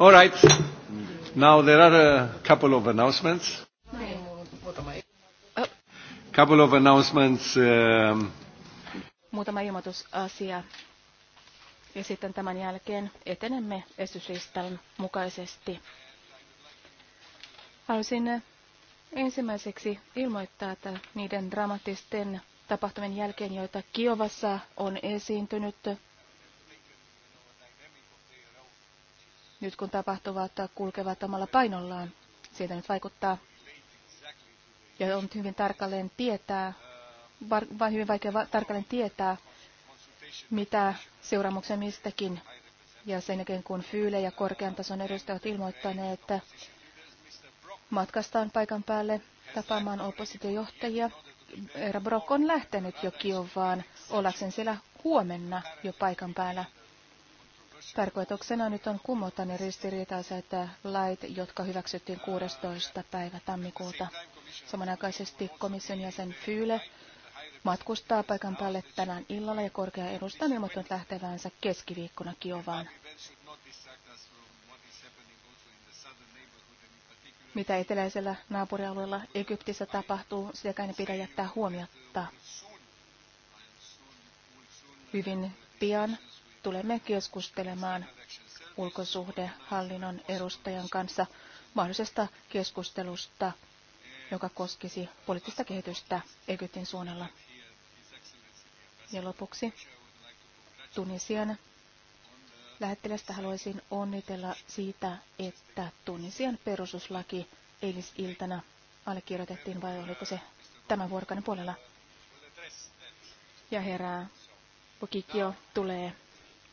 All right. Now there are a couple of announcements. Couple of announcements. Um, Muutama ilmoitusasia. Ja sitten tämän jälkeen etenemme esityslistan mukaisesti. Haluaisin ensimmäiseksi ilmoittaa, että niiden dramaattisten tapahtumien jälkeen, joita Kiovassa on esiintynyt nyt kun tapahtuvat kulkevat omalla painollaan. Siitä nyt vaikuttaa. Ja on hyvin tarkalleen tietää, vai hyvin vaikea tarkalleen tietää, mitä seuraamuksia mistäkin. Ja sen jälkeen kun Fyyle ja korkean tason edustajat ilmoittaneet, että matkastaan paikan päälle tapaamaan oppositiojohtajia, Herra Brock on lähtenyt jo Kiovaan ollakseen siellä huomenna jo paikan päällä. Tarkoituksena nyt on kumota ne ristiriitaiset lait, jotka hyväksyttiin 16. päivä tammikuuta. Samanaikaisesti komission jäsen Füle matkustaa paikan päälle tänään illalla ja korkea edustaja on ilmoittanut lähtevänsä keskiviikkona Kiovaan. Mitä eteläisellä naapurialueella Egyptissä tapahtuu, sitäkään ei pidä jättää huomiotta. Hyvin pian tulemme keskustelemaan ulkosuhdehallinnon edustajan kanssa mahdollisesta keskustelusta, joka koskisi poliittista kehitystä Egyptin suunnalla. Ja lopuksi Tunisian lähettilästä haluaisin onnitella siitä, että Tunisian perustuslaki eilisiltana allekirjoitettiin, vai oliko se tämän vuorokauden puolella. Ja herää Bukikio tulee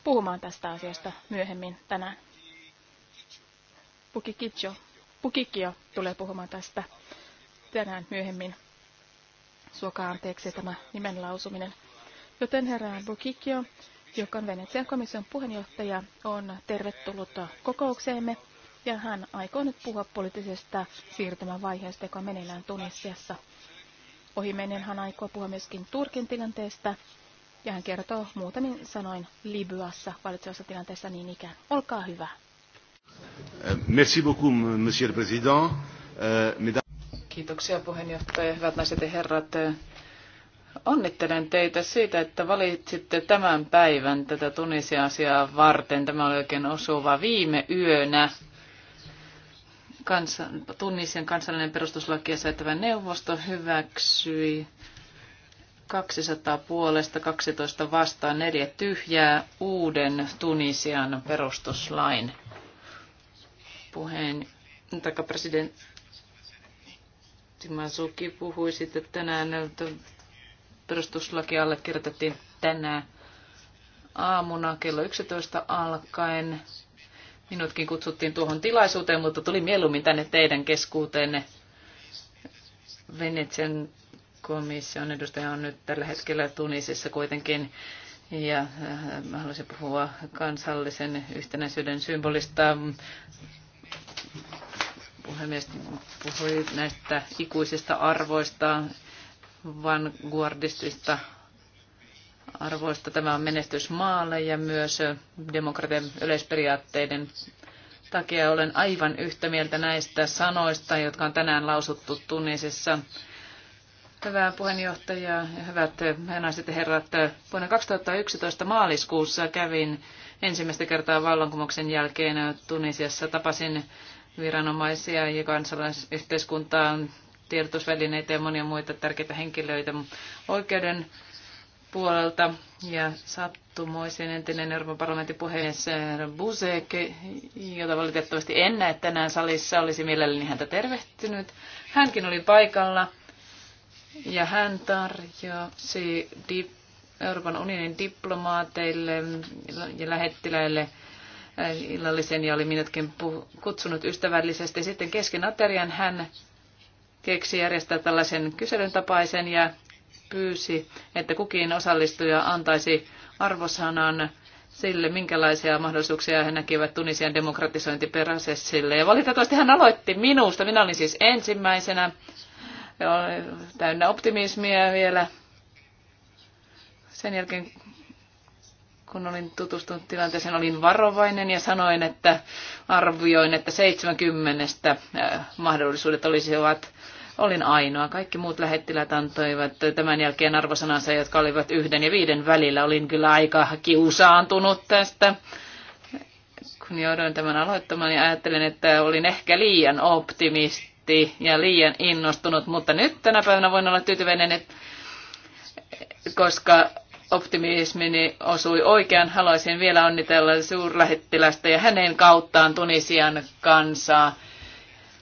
puhumaan tästä asiasta myöhemmin tänään. Pukikicho, Pukikio tulee puhumaan tästä tänään myöhemmin. Suokaa anteeksi tämä nimen lausuminen. Joten herra Bukikio, joka on Venetsian komission puheenjohtaja, on tervetullut kokoukseemme ja hän aikoo nyt puhua poliittisesta siirtymävaiheesta, joka on meneillään Tunisiassa. Ohi hän aikoo puhua myöskin Turkin tilanteesta ja hän kertoo muutamin sanoin Libyassa valitsevassa tilanteessa niin ikään. Olkaa hyvä. Euh, merci beaucoup, monsieur le président. Euh, Kiitoksia puheenjohtaja, hyvät naiset ja herrat. Onnittelen teitä siitä, että valitsitte tämän päivän tätä Tunisia-asiaa varten. Tämä oli oikein osuva viime yönä. Kansan, Tunisian kansallinen perustuslaki ja säätävä neuvosto hyväksyi 200 puolesta, 12 vastaan, 4 tyhjää uuden Tunisian perustuslain puheen, Taka president Masuki puhui sitten tänään, että perustuslaki allekirjoitettiin tänään aamuna kello 11 alkaen. Minutkin kutsuttiin tuohon tilaisuuteen, mutta tuli mieluummin tänne teidän keskuuteenne Venetsian komission edustaja on nyt tällä hetkellä Tunisissa kuitenkin ja äh, mä haluaisin puhua kansallisen yhtenäisyyden symbolista. Puhemies puhui näistä ikuisista arvoista, vanguardistista arvoista. Tämä on menestys maalle ja myös demokratian yleisperiaatteiden takia olen aivan yhtä mieltä näistä sanoista, jotka on tänään lausuttu Tunisissa. Hyvää puheenjohtajaa ja hyvät eh, naiset ja herrat. Eh, vuonna 2011 maaliskuussa kävin ensimmäistä kertaa vallankumouksen jälkeen eh, Tunisiassa. Tapasin viranomaisia ja kansalaisyhteiskuntaa, tiedotusvälineitä ja monia muita tärkeitä henkilöitä oikeuden puolelta. Ja sattumoisin entinen Euroopan parlamentin puhemies Buzek, jota valitettavasti en näe tänään salissa, olisi mielelläni häntä tervehtinyt. Hänkin oli paikalla ja hän tarjosi dip- Euroopan unionin diplomaateille ja lähettiläille äh, illallisen ja oli minutkin kutsunut ystävällisesti. Sitten kesken aterian hän keksi järjestää tällaisen kyselyn tapaisen ja pyysi, että kukin osallistuja antaisi arvosanan sille, minkälaisia mahdollisuuksia he näkivät Tunisian demokratisointiprosessille. Ja valitettavasti hän aloitti minusta. Minä olin siis ensimmäisenä on täynnä optimismia vielä. Sen jälkeen, kun olin tutustunut tilanteeseen, olin varovainen ja sanoin, että arvioin, että 70 äh, mahdollisuudet olisivat Olin ainoa. Kaikki muut lähettilät antoivat tämän jälkeen arvosanansa, jotka olivat yhden ja viiden välillä. Olin kyllä aika kiusaantunut tästä kun jouduin tämän aloittamaan, niin ajattelin, että olin ehkä liian optimisti optimisti ja liian innostunut, mutta nyt tänä päivänä voin olla tyytyväinen, että koska optimismini osui oikean, haluaisin vielä onnitella suurlähettilästä ja hänen kauttaan Tunisian kansaa.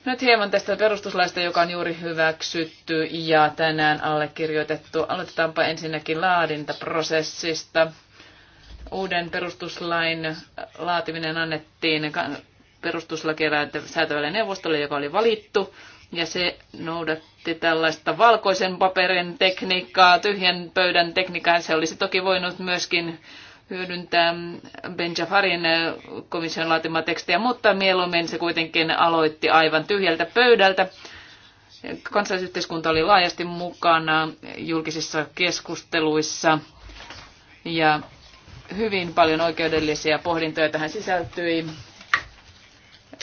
Nyt hieman tästä perustuslaista, joka on juuri hyväksytty ja tänään allekirjoitettu. Aloitetaanpa ensinnäkin laadintaprosessista. Uuden perustuslain laatiminen annettiin perustuslakia säätävälle neuvostolle, joka oli valittu. Ja se noudatti tällaista valkoisen paperin tekniikkaa, tyhjän pöydän tekniikkaa. Se olisi toki voinut myöskin hyödyntää Ben Jafarin äh, komission laatimaa tekstiä, mutta mieluummin se kuitenkin aloitti aivan tyhjältä pöydältä. Kansalaisyhteiskunta oli laajasti mukana julkisissa keskusteluissa ja hyvin paljon oikeudellisia pohdintoja tähän sisältyi.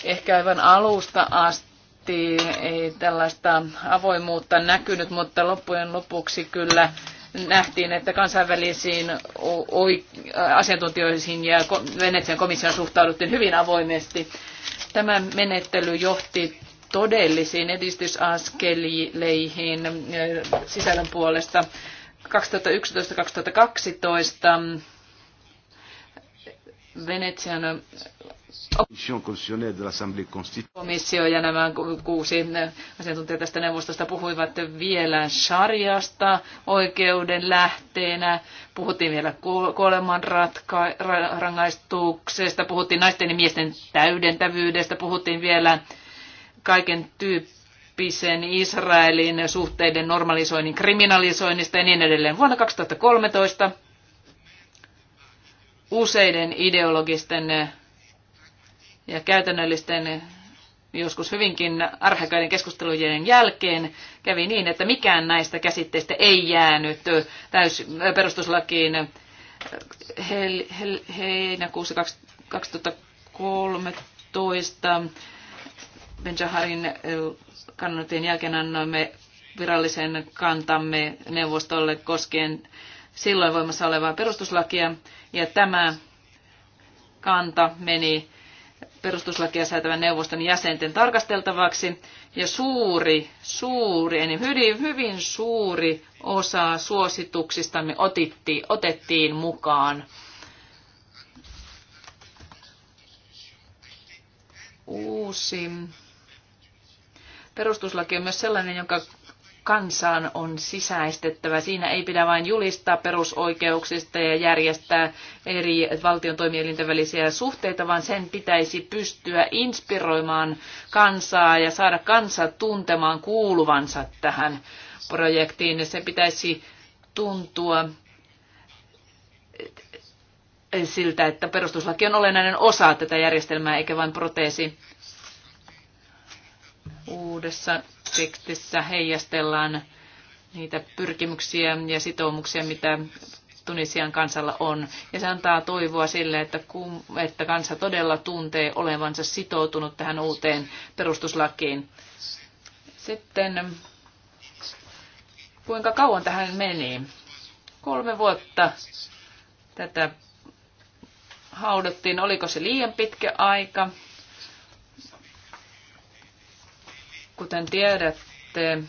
Ehkä aivan alusta asti ei tällaista avoimuutta näkynyt, mutta loppujen lopuksi kyllä nähtiin, että kansainvälisiin asiantuntijoihin ja Venetsian komission suhtauduttiin hyvin avoimesti. Tämä menettely johti todellisiin edistysaskeleihin eh, sisällön puolesta 2011-2012 Venetsian Komissio ja nämä kuusi asiantuntijaa tästä neuvostosta puhuivat vielä sarjasta oikeuden lähteenä. Puhuttiin vielä kuoleman ratka- ra- rangaistuksesta, puhuttiin naisten ja miesten täydentävyydestä, puhuttiin vielä kaiken tyyppisen Israelin suhteiden normalisoinnin kriminalisoinnista ja niin edelleen. Vuonna 2013 useiden ideologisten ja käytännöllisten joskus hyvinkin arhakaiden keskustelujen jälkeen kävi niin, että mikään näistä käsitteistä ei jäänyt täys, perustuslakiin hel, hel, heinäkuussa 2013 Benjaharin eh, kannanotin jälkeen annoimme virallisen kantamme neuvostolle koskien silloin voimassa olevaa perustuslakia, ja tämä kanta meni perustuslakia säätävän neuvoston jäsenten tarkasteltavaksi. Ja suuri, suuri, eli hyvin, hyvin suuri osa suosituksistamme otettiin, otettiin mukaan. Uusi perustuslaki on myös sellainen, jonka kansaan on sisäistettävä. Siinä ei pidä vain julistaa perusoikeuksista ja järjestää eri valtion toimielinten välisiä suhteita, vaan sen pitäisi pystyä inspiroimaan kansaa ja saada kansa tuntemaan kuuluvansa tähän projektiin. Se pitäisi tuntua siltä, että perustuslaki on olennainen osa tätä järjestelmää eikä vain proteesi uudessa aspektissa heijastellaan niitä pyrkimyksiä ja sitoumuksia, mitä Tunisian kansalla on. Ja se antaa toivoa sille, että, kun, että kansa todella tuntee olevansa sitoutunut tähän uuteen perustuslakiin. Sitten kuinka kauan tähän meni? Kolme vuotta tätä haudottiin. Oliko se liian pitkä aika? Kuten tiedätte,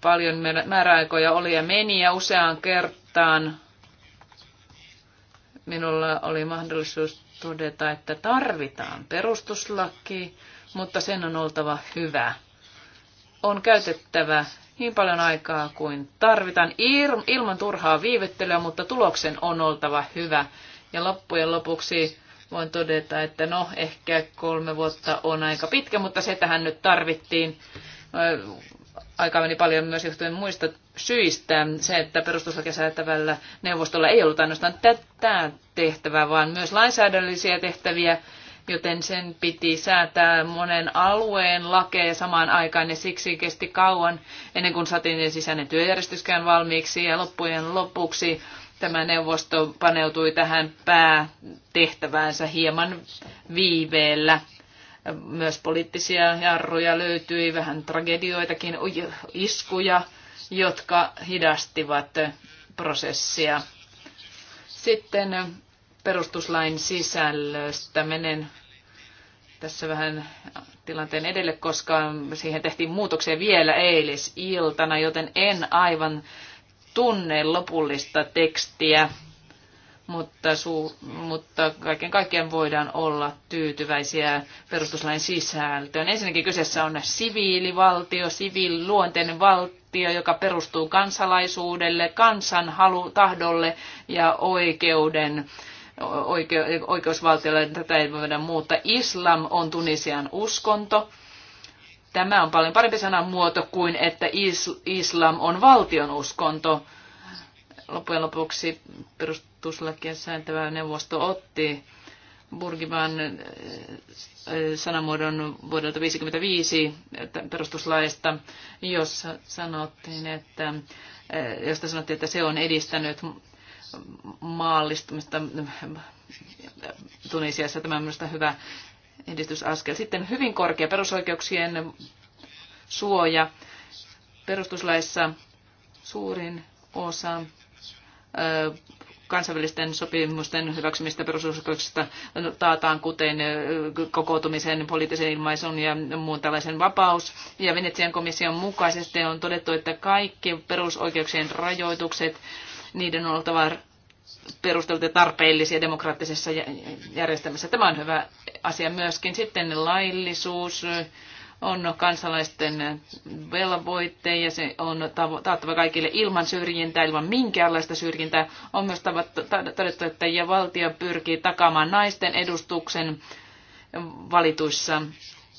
paljon määräaikoja oli ja meni ja useaan kertaan minulla oli mahdollisuus todeta, että tarvitaan perustuslaki, mutta sen on oltava hyvä. On käytettävä niin paljon aikaa kuin tarvitaan ilman turhaa viivettelyä, mutta tuloksen on oltava hyvä. Ja loppujen lopuksi voin todeta, että no ehkä kolme vuotta on aika pitkä, mutta se tähän nyt tarvittiin. Aika meni paljon myös johtuen muista syistä. Se, että perustuslakisäätävällä neuvostolla ei ollut ainoastaan tätä tehtävää, vaan myös lainsäädännöllisiä tehtäviä, joten sen piti säätää monen alueen lakeja samaan aikaan ja siksi kesti kauan ennen kuin saatiin sisäinen työjärjestyskään valmiiksi ja loppujen lopuksi tämä neuvosto paneutui tähän päätehtäväänsä hieman viiveellä. Myös poliittisia jarruja löytyi, vähän tragedioitakin, iskuja, jotka hidastivat prosessia. Sitten perustuslain sisällöstä menen tässä vähän tilanteen edelle, koska siihen tehtiin muutoksia vielä eilisiltana, joten en aivan tunne lopullista tekstiä, mutta, su, mutta kaiken kaikkiaan voidaan olla tyytyväisiä perustuslain sisältöön. Ensinnäkin kyseessä on siviilivaltio, siviililuonteinen valtio, joka perustuu kansalaisuudelle, kansan halu, tahdolle ja oikeuden oikeusvaltiolle. Tätä ei voida muuttaa. Islam on Tunisian uskonto Tämä on paljon parempi sanamuoto kuin, että islam on valtion uskonto. Loppujen lopuksi perustuslakien sääntävä neuvosto otti Burgivan eh, sanamuodon vuodelta 1955 perustuslaista, jossa sanottiin, että, eh, josta sanottiin, että se on edistänyt maallistumista Tunisiassa. Tämä on minusta hyvä edistysaskel. Sitten hyvin korkea perusoikeuksien suoja. Perustuslaissa suurin osa kansainvälisten sopimusten hyväksymistä perusoikeuksista taataan, kuten kokoutumisen, poliittisen ilmaisun ja muun tällaisen vapaus. Ja Venetsian komission mukaisesti on todettu, että kaikki perusoikeuksien rajoitukset, niiden on oltava perusteltu tarpeellisia demokraattisessa järjestelmässä. Tämä on hyvä asia myöskin. Sitten laillisuus on kansalaisten velvoitte ja se on taattava kaikille ilman syrjintää, ilman minkäänlaista syrjintää. On myös todettu, että ja valtio pyrkii takaamaan naisten edustuksen valituissa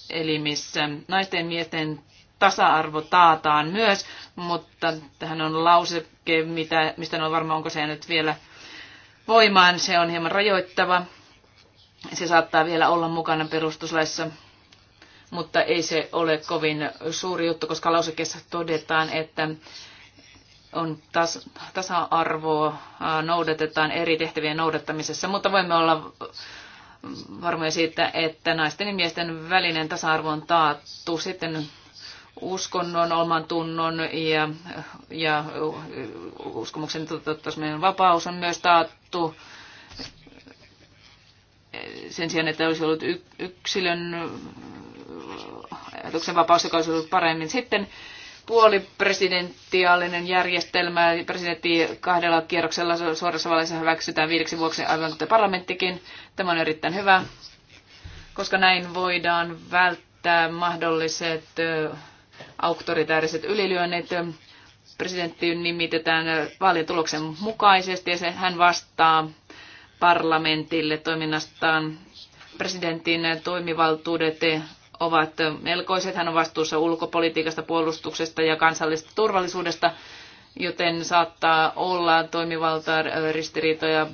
elimissä. Naisten ja miesten tasa-arvo taataan myös, mutta tähän on lauseke, mitä, mistä on varmaan, onko se nyt vielä voimaan. Se on hieman rajoittava. Se saattaa vielä olla mukana perustuslaissa, mutta ei se ole kovin suuri juttu, koska lausekkeessa todetaan, että on tas, tasa-arvoa noudatetaan eri tehtävien noudattamisessa, mutta voimme olla varmoja siitä, että naisten ja miesten välinen tasa-arvo on taattu. Sitten uskonnon, oman tunnon ja, ja uskomuksen toteuttamisen vapaus on myös taattu sen sijaan, että olisi ollut yksilön ajatuksen vapaus, joka olisi ollut paremmin. Sitten puolipresidentiaalinen järjestelmä. Presidentti kahdella kierroksella suorassa vaaleissa hyväksytään viideksi vuoksi, aivan kuten parlamenttikin. Tämä on erittäin hyvä, koska näin voidaan välttää mahdolliset auktoritääriset ylilyönnit. Presidentti nimitetään vaalituloksen tuloksen mukaisesti ja se, hän vastaa parlamentille toiminnastaan. Presidentin toimivaltuudet ovat melkoiset. Hän on vastuussa ulkopolitiikasta, puolustuksesta ja kansallisesta turvallisuudesta, joten saattaa olla toimivaltaristiriitoja äh,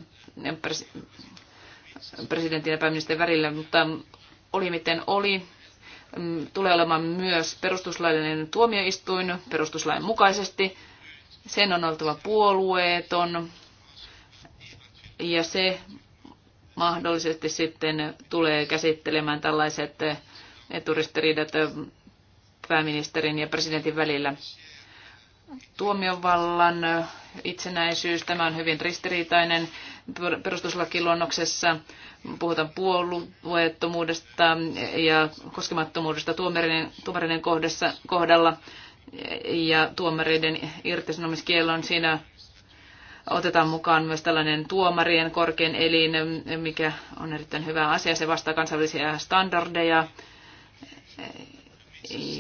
ristiriitoja presidentin ja pääministerin välillä, mutta oli miten oli. Mm, tulee olemaan myös perustuslaillinen tuomioistuin perustuslain mukaisesti. Sen on oltava puolueeton ja se mahdollisesti sitten tulee käsittelemään tällaiset eturistiriidat pääministerin ja presidentin välillä tuomiovallan itsenäisyys. Tämä on hyvin ristiriitainen perustuslakiluonnoksessa. Puhutaan puolueettomuudesta ja koskemattomuudesta tuomareiden, tuomareiden kohdassa, kohdalla ja tuomareiden irtisanomiskielon siinä otetaan mukaan myös tällainen tuomarien korkein elin, mikä on erittäin hyvä asia. Se vastaa kansainvälisiä standardeja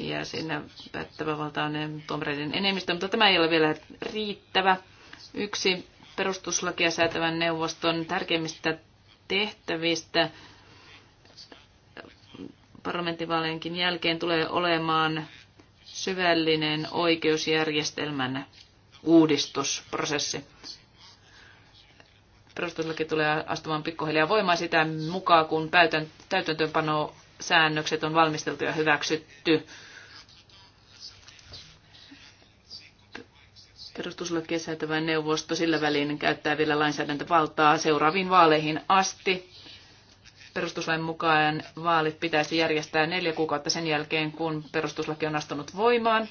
ja siinä päättävä valta on eh, tuomareiden enemmistö, mutta tämä ei ole vielä riittävä. Yksi perustuslakia säätävän neuvoston tärkeimmistä tehtävistä parlamenttivaalienkin jälkeen tulee olemaan syvällinen oikeusjärjestelmän uudistusprosessi. Perustuslaki tulee astumaan pikkuhiljaa voimaan sitä mukaan, kun täytäntöönpano säännökset on valmisteltu ja hyväksytty. Perustuslakia säätävä neuvosto sillä välin käyttää vielä lainsäädäntövaltaa seuraaviin vaaleihin asti. Perustuslain mukaan vaalit pitäisi järjestää neljä kuukautta sen jälkeen, kun perustuslaki on astunut voimaan.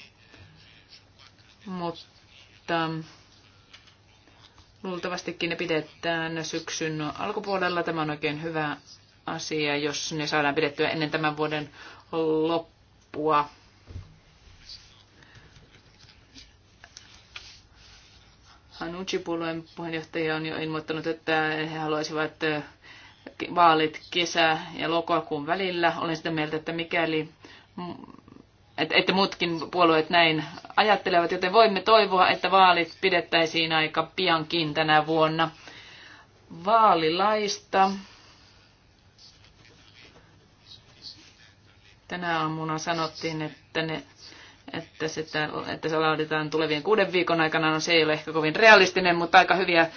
Mutta luultavastikin ne pidetään syksyn alkupuolella. Tämä on oikein hyvä asia, jos ne saadaan pidettyä ennen tämän vuoden loppua. Hanucci-puolueen puheenjohtaja on jo ilmoittanut, että he haluaisivat vaalit kesä- ja lokakuun välillä. Olen sitä mieltä, että mikäli että muutkin puolueet näin ajattelevat, joten voimme toivoa, että vaalit pidettäisiin aika piankin tänä vuonna. Vaalilaista Tänä aamuna sanottiin, että, ne, että, sitä, että se laaditaan tulevien kuuden viikon aikana. No se ei ole ehkä kovin realistinen, mutta aika hyviä äh,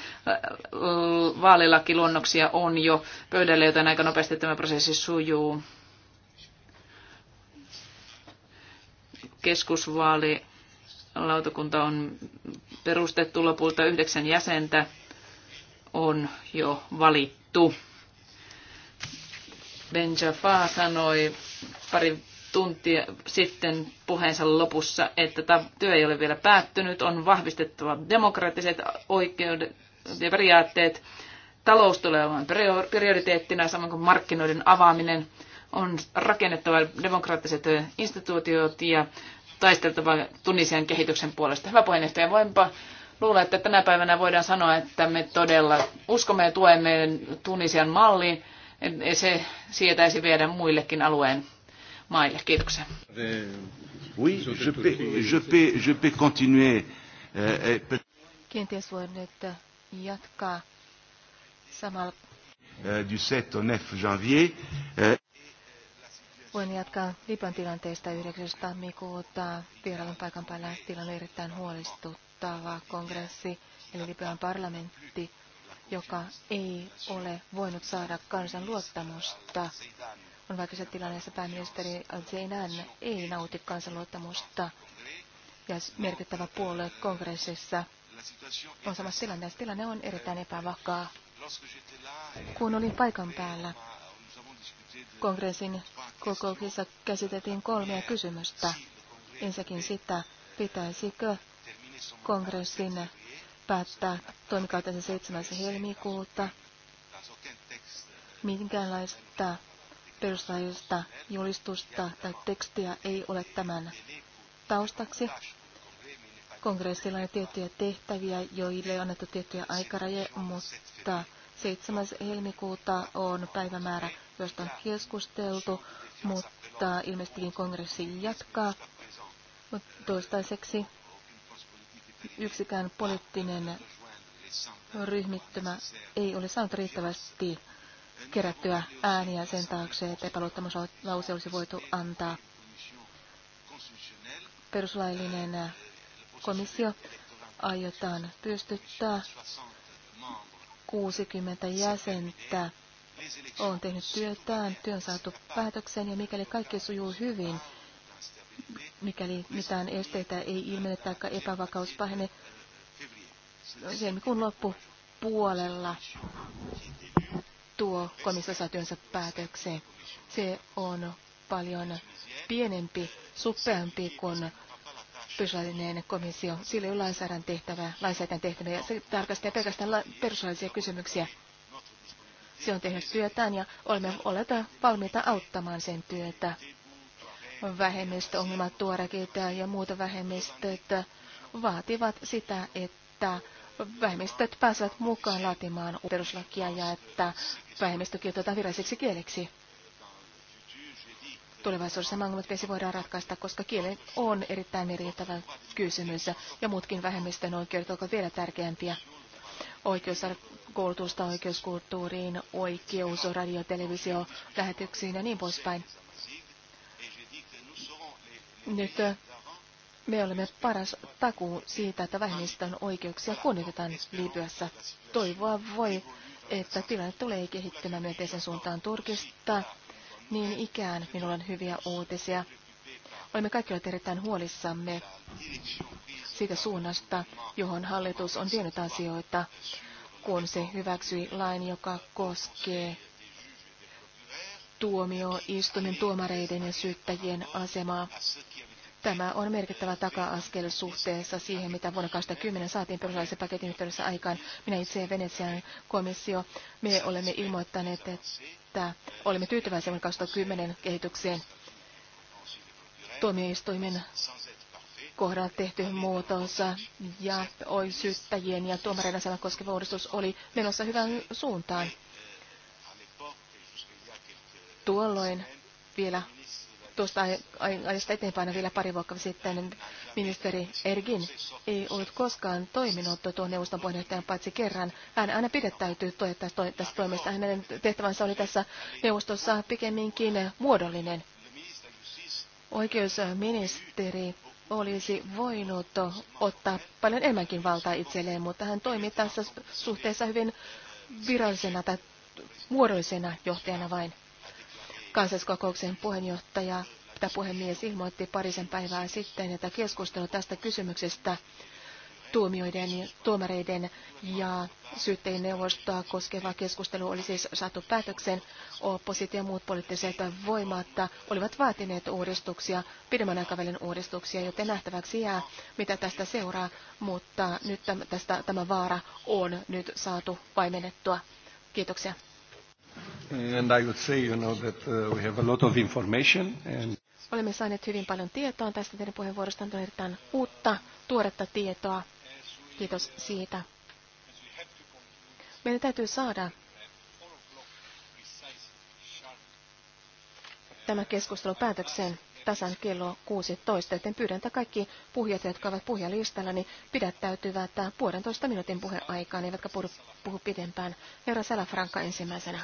vaalilakiluonnoksia on jo pöydälle, joten aika nopeasti tämä prosessi sujuu. Keskusvaali lautakunta on perustettu lopulta yhdeksän jäsentä on jo valittu. Jaffa sanoi pari tuntia sitten puheensa lopussa, että tämä työ ei ole vielä päättynyt, on vahvistettava demokraattiset oikeudet ja periaatteet, talous tulee olemaan prioriteettina, samoin kuin markkinoiden avaaminen, on rakennettava demokraattiset instituutiot ja taisteltava Tunisian kehityksen puolesta. Hyvä puheenjohtaja, voinpa luulla, että tänä päivänä voidaan sanoa, että me todella uskomme ja tuemme Tunisian malliin se sietäisi viedä muillekin alueen maille. Kiitoksia. Oui, je peux, je peux, je peux continuer. Euh, Kenties voin nyt jatkaa samalla. Euh, du 7 au 9 janvier. Euh, voin jatkaa Liban tilanteesta 9. tammikuuta. Vierailun paikan päällä tilanne erittäin huolestuttava. Kongressi, eli Liban parlamentti, joka ei ole voinut saada kansan luottamusta. On vaikeassa tilanteessa pääministeri zainan ei nauti kansan luottamusta. Ja merkittävä puolue kongressissa on samassa tilanteessa. Tilanne on erittäin epävakaa. Kun olin paikan päällä, kongressin kokouksessa käsiteltiin kolmea kysymystä. Ensinnäkin sitä, pitäisikö kongressin päättää toimikautensa 7. helmikuuta. Minkäänlaista perustajista, julistusta tai tekstiä ei ole tämän taustaksi. Kongressilla on tiettyjä tehtäviä, joille on annettu tiettyjä aikarajoja, mutta 7. helmikuuta on päivämäärä, josta on keskusteltu, mutta ilmeisesti kongressi jatkaa. Toistaiseksi yksikään poliittinen ryhmittymä ei ole saanut riittävästi kerättyä ääniä sen taakse, että epäluottamuslause olisi voitu antaa. Peruslaillinen komissio aiotaan pystyttää. 60 jäsentä on tehnyt työtään, työn saatu päätökseen ja mikäli kaikki sujuu hyvin, mikäli mitään esteitä ei ilmene tai epävakaus pahene helmikuun loppupuolella tuo komissio työnsä päätökseen. Se on paljon pienempi, suppeampi kuin perustuslaillinen komissio. Sillä ei ole lainsäädännön tehtävää, lainsäädännön tehtävää ja se tarkastaa pelkästään perustuslaillisia kysymyksiä. Se on tehnyt työtään ja olemme olleet valmiita auttamaan sen työtä vähemmistöongelmat, tuorekit ja muut vähemmistöt vaativat sitä, että vähemmistöt pääsevät mukaan laatimaan peruslakia ja että vähemmistö kirjoitetaan viralliseksi kieleksi. Tulevaisuudessa vesi voidaan ratkaista, koska kieli on erittäin merkittävä kysymys ja muutkin vähemmistön oikeudet ovat vielä tärkeämpiä. Oikeus koulutusta, oikeuskulttuuriin, oikeus radio, televisio, lähetyksiin ja niin poispäin. Nyt me olemme paras takuu siitä, että vähemmistön oikeuksia kunnioitetaan Libyassa. Toivoa voi, että tilanne tulee kehittymään myönteisen suuntaan Turkista. Niin ikään minulla on hyviä uutisia. Olemme kaikki olleet erittäin huolissamme siitä suunnasta, johon hallitus on vienyt asioita, kun se hyväksyi lain, joka koskee tuomioistuimen tuomareiden ja syyttäjien asemaa. Tämä on merkittävä taka-askel suhteessa siihen, mitä vuonna 2010 saatiin perustuslaisen paketin yhteydessä aikaan. Minä itse ja Venetsian komissio, me olemme ilmoittaneet, että olemme tyytyväisiä vuonna 2010 kehitykseen. Tuomioistuimen kohdalla tehty muutos ja syyttäjien ja tuomareiden asemaa koskeva uudistus oli menossa hyvään suuntaan. Tuolloin vielä tuosta ajasta eteenpäin vielä pari vuotta sitten ministeri Ergin ei ollut koskaan toiminut tuon neuvoston puheenjohtajan paitsi kerran. Hän aina pidettäytyy tästä toimesta. Hänen tehtävänsä oli tässä neuvostossa pikemminkin muodollinen. Oikeusministeri olisi voinut ottaa paljon enemmänkin valtaa itselleen, mutta hän toimii tässä suhteessa hyvin virallisena tai muodollisena johtajana vain kansalliskokouksen puheenjohtaja tai puhemies ilmoitti parisen päivää sitten, että keskustelu tästä kysymyksestä tuomioiden, tuomareiden ja syyttäjien neuvostoa koskeva keskustelu oli siis saatu päätöksen. Oppositio ja muut poliittiset voimat olivat vaatineet uudistuksia, pidemmän aikavälin uudistuksia, joten nähtäväksi jää, mitä tästä seuraa, mutta nyt tästä, tämä vaara on nyt saatu vaimennettua. Kiitoksia. And I would say, you know, that uh, we have a lot of information and Olemme saaneet hyvin paljon tietoa tästä teidän puheenvuorostaan. on erittäin uutta, tuoretta tietoa. Kiitos siitä. Meidän täytyy saada tämä keskustelu päätökseen tasan kello 16, joten pyydän, että kaikki puhujat, jotka ovat puhujalistalla, niin pidättäytyvät puolentoista minuutin puheaikaan, eivätkä puhu, puhu pidempään. Herra Salafranka ensimmäisenä.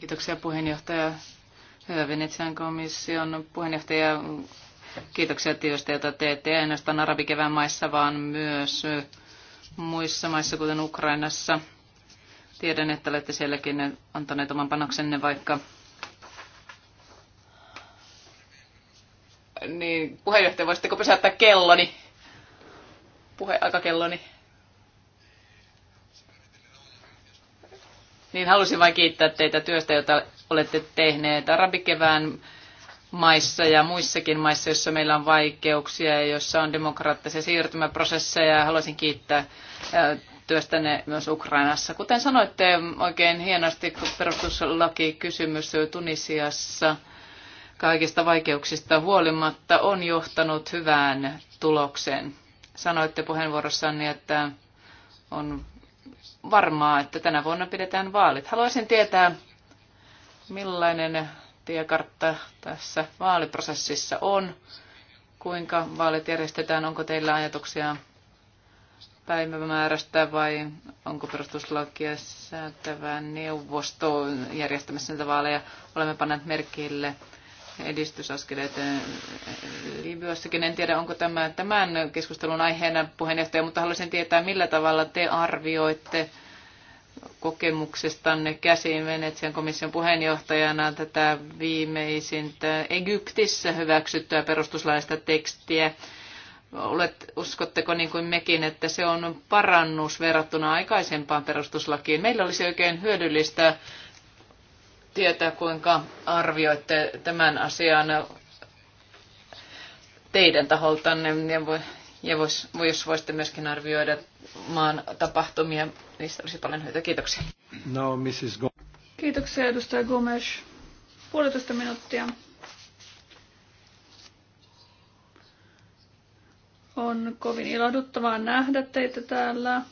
Kiitoksia puheenjohtaja. Hyvä Venetsian komission puheenjohtaja. Kiitoksia työstä, jota teette ainoastaan arabikevään maissa, vaan myös muissa maissa, kuten Ukrainassa. Tiedän, että olette sielläkin antaneet oman panoksenne, vaikka Niin, puheenjohtaja, voisitteko pysäyttää kelloni? Puheaikakelloni. Niin halusin vain kiittää teitä työstä, jota olette tehneet arabikevään maissa ja muissakin maissa, joissa meillä on vaikeuksia ja joissa on demokraattisia siirtymäprosesseja. Haluaisin kiittää työstänne myös Ukrainassa. Kuten sanoitte oikein hienosti, kun perustuslaki kysymys Tunisiassa – kaikista vaikeuksista huolimatta on johtanut hyvään tulokseen. Sanoitte puheenvuorossanne, että on varmaa, että tänä vuonna pidetään vaalit. Haluaisin tietää, millainen tiekartta tässä vaaliprosessissa on, kuinka vaalit järjestetään, onko teillä ajatuksia päivämäärästä vai onko perustuslakia säätävä neuvosto järjestämässä näitä vaaleja. Olemme panneet merkille edistysaskeleita eh, Libyassakin. En tiedä, onko tämä tämän keskustelun aiheena puheenjohtaja, mutta haluaisin tietää, millä tavalla te arvioitte kokemuksestanne käsiin Venetsian komission puheenjohtajana tätä viimeisintä Egyptissä hyväksyttyä perustuslaista tekstiä. Olet, uskotteko niin kuin mekin, että se on parannus verrattuna aikaisempaan perustuslakiin? Meillä olisi oikein hyödyllistä tietää, kuinka arvioitte tämän asian teidän taholtanne ja, voi, ja vois, jos voisitte myöskin arvioida maan tapahtumia, niistä olisi paljon hyötyä. Kiitoksia. No, Mrs. Go- Kiitoksia edustaja Gomes. Puolitoista minuuttia. On kovin ilahduttavaa nähdä teitä täällä,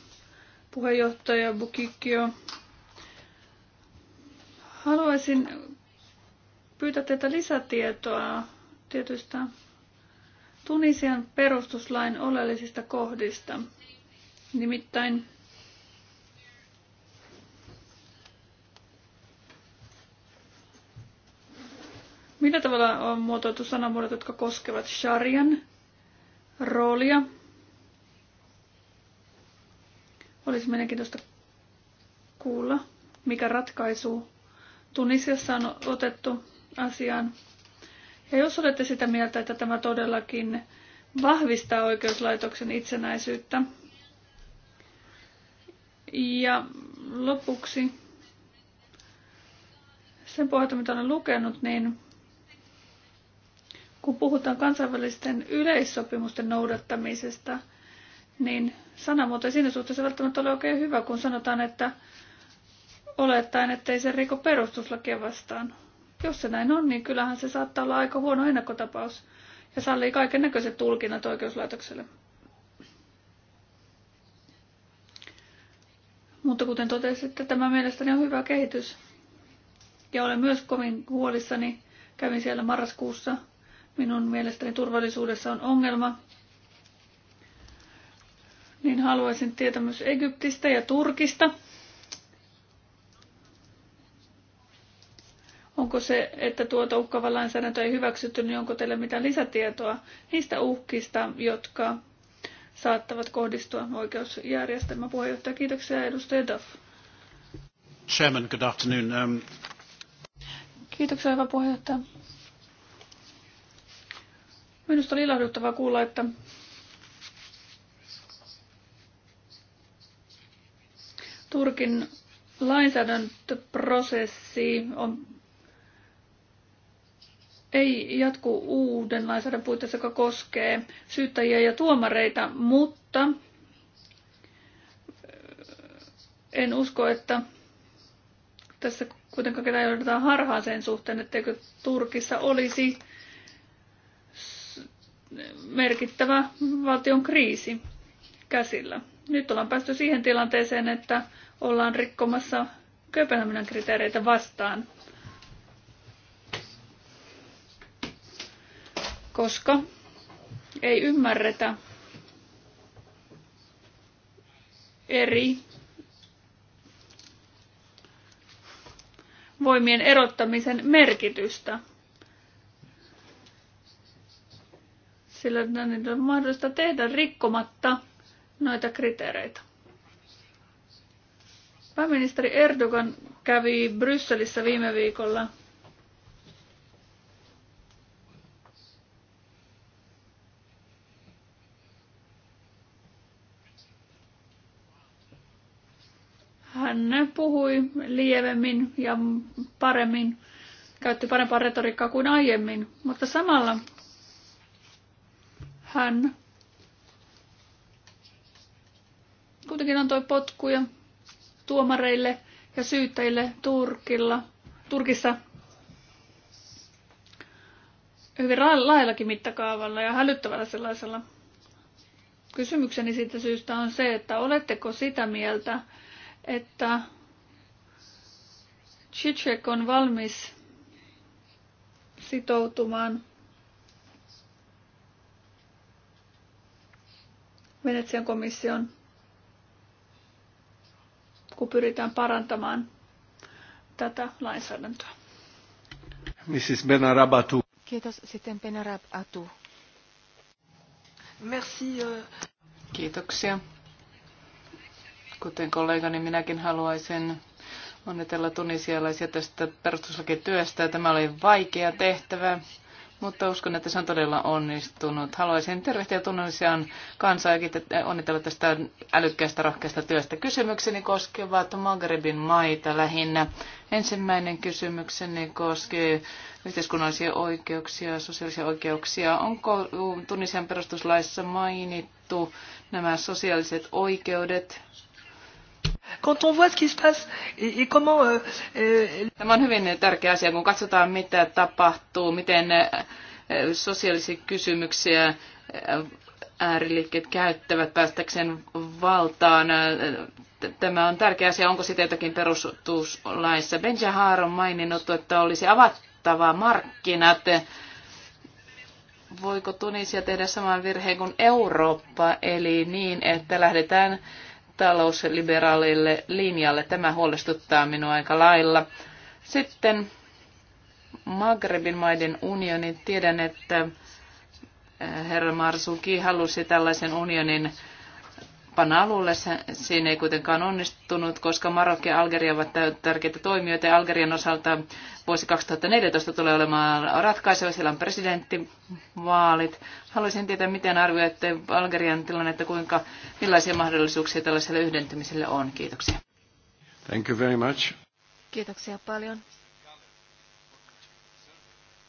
puheenjohtaja Bukikio. Haluaisin pyytää teitä lisätietoa tietystä Tunisian perustuslain oleellisista kohdista. Nimittäin Millä tavalla on muotoiltu sanamuodot, jotka koskevat sharian roolia? Olisi mielenkiintoista kuulla, mikä ratkaisu Tunisiassa on otettu asiaan. Ja jos olette sitä mieltä, että tämä todellakin vahvistaa oikeuslaitoksen itsenäisyyttä. Ja lopuksi sen pohjalta, mitä olen lukenut, niin kun puhutaan kansainvälisten yleissopimusten noudattamisesta, niin sanamuoto ei siinä suhteessa välttämättä ole oikein hyvä, kun sanotaan, että olettaen, ettei se riko perustuslakia vastaan. Jos se näin on, niin kyllähän se saattaa olla aika huono ennakkotapaus ja sallii kaiken näköiset tulkinnat oikeuslaitokselle. Mutta kuten totesitte, tämä mielestäni on hyvä kehitys. Ja olen myös kovin huolissani. Kävin siellä marraskuussa. Minun mielestäni turvallisuudessa on ongelma. Niin haluaisin tietää myös Egyptistä ja Turkista. Onko se, että tuota uhkava lainsäädäntö ei hyväksytty, niin onko teillä mitään lisätietoa niistä uhkista, jotka saattavat kohdistua oikeusjärjestelmän puheenjohtaja. Kiitoksia edustaja Duff. Chairman, good afternoon. Um... Kiitoksia hyvä puheenjohtaja. Minusta oli ilahduttavaa kuulla, että Turkin lainsäädäntöprosessi on ei jatku uuden lainsäädännön puitteissa, joka koskee syyttäjiä ja tuomareita, mutta eh, en usko, että tässä kuitenkaan ketään joudutaan harhaan sen suhteen, etteikö Turkissa olisi merkittävä valtion kriisi käsillä. Nyt ollaan päästy siihen tilanteeseen, että ollaan rikkomassa Kööpenhaminan kriteereitä vastaan koska ei ymmärretä eri voimien erottamisen merkitystä. Sillä niitä on mahdollista tehdä rikkomatta noita kriteereitä. Pääministeri Erdogan kävi Brysselissä viime viikolla – puhui lievemmin ja paremmin, käytti parempaa retoriikkaa kuin aiemmin, mutta samalla hän kuitenkin antoi potkuja tuomareille ja syyttäjille Turkilla, Turkissa hyvin laillakin mittakaavalla ja hälyttävällä sellaisella. Kysymykseni siitä syystä on se, että oletteko sitä mieltä, että Chichek on valmis sitoutumaan Venetsian komission, kun pyritään parantamaan tätä lainsäädäntöä. Mrs. Benarab Atu. Kiitos. Sitten Benarab Atu. Merci. Euh. Kiitoksia. Kuten kollegani, minäkin haluaisin onnitella tunisialaisia tästä perustuslakityöstä. Tämä oli vaikea tehtävä, mutta uskon, että se on todella onnistunut. Haluaisin tervehtiä tunnisiaan kansaa ja äh, onnitella tästä älykkäästä rohkeasta työstä. Kysymykseni koskevat Magrebin maita lähinnä. Ensimmäinen kysymykseni koskee yhteiskunnallisia oikeuksia, sosiaalisia oikeuksia. Onko Tunisian perustuslaissa mainittu nämä sosiaaliset oikeudet Quand on voit ce qui se passe et, et comment, euh, euh Tämä on hyvin tärkeä asia, kun katsotaan mitä tapahtuu, miten äh, sosiaalisia kysymyksiä äh, ääriliikkeet käyttävät päästäkseen valtaan. Tämä on tärkeä asia. Onko sitä jotakin perustuslaissa? Benjahar on maininnut, että olisi avattava markkinat. Voiko Tunisia tehdä saman virheen kuin Eurooppa, eli niin, että lähdetään talousliberaalille linjalle. Tämä huolestuttaa minua aika lailla. Sitten Magrebin maiden unioni. Tiedän, että eh, herra Marsuki halusi tällaisen unionin panna alulle. Siinä ei kuitenkaan onnistunut, koska Marokko ja Algeria ovat tärkeitä toimijoita. Ja Algerian osalta vuosi 2014 tulee olemaan ratkaiseva. Siellä on presidenttivaalit. Haluaisin tietää, miten arvioitte Algerian tilannetta, kuinka, millaisia mahdollisuuksia tällaiselle yhdentymiselle on. Kiitoksia. Thank you very much. Kiitoksia paljon.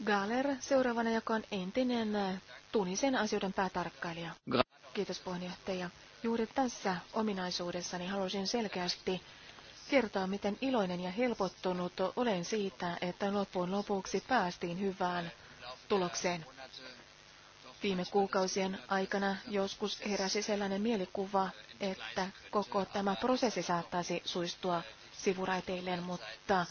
Galer seuraavana, joka on entinen Tunisen asioiden päätarkkailija. Kiitos puheenjohtaja. Juuri tässä ominaisuudessani halusin selkeästi kertoa, miten iloinen ja helpottunut olen siitä, että loppuun lopuksi päästiin hyvään tulokseen. Viime kuukausien aikana joskus heräsi sellainen mielikuva, että koko tämä prosessi saattaisi suistua sivuraiteilleen, mutta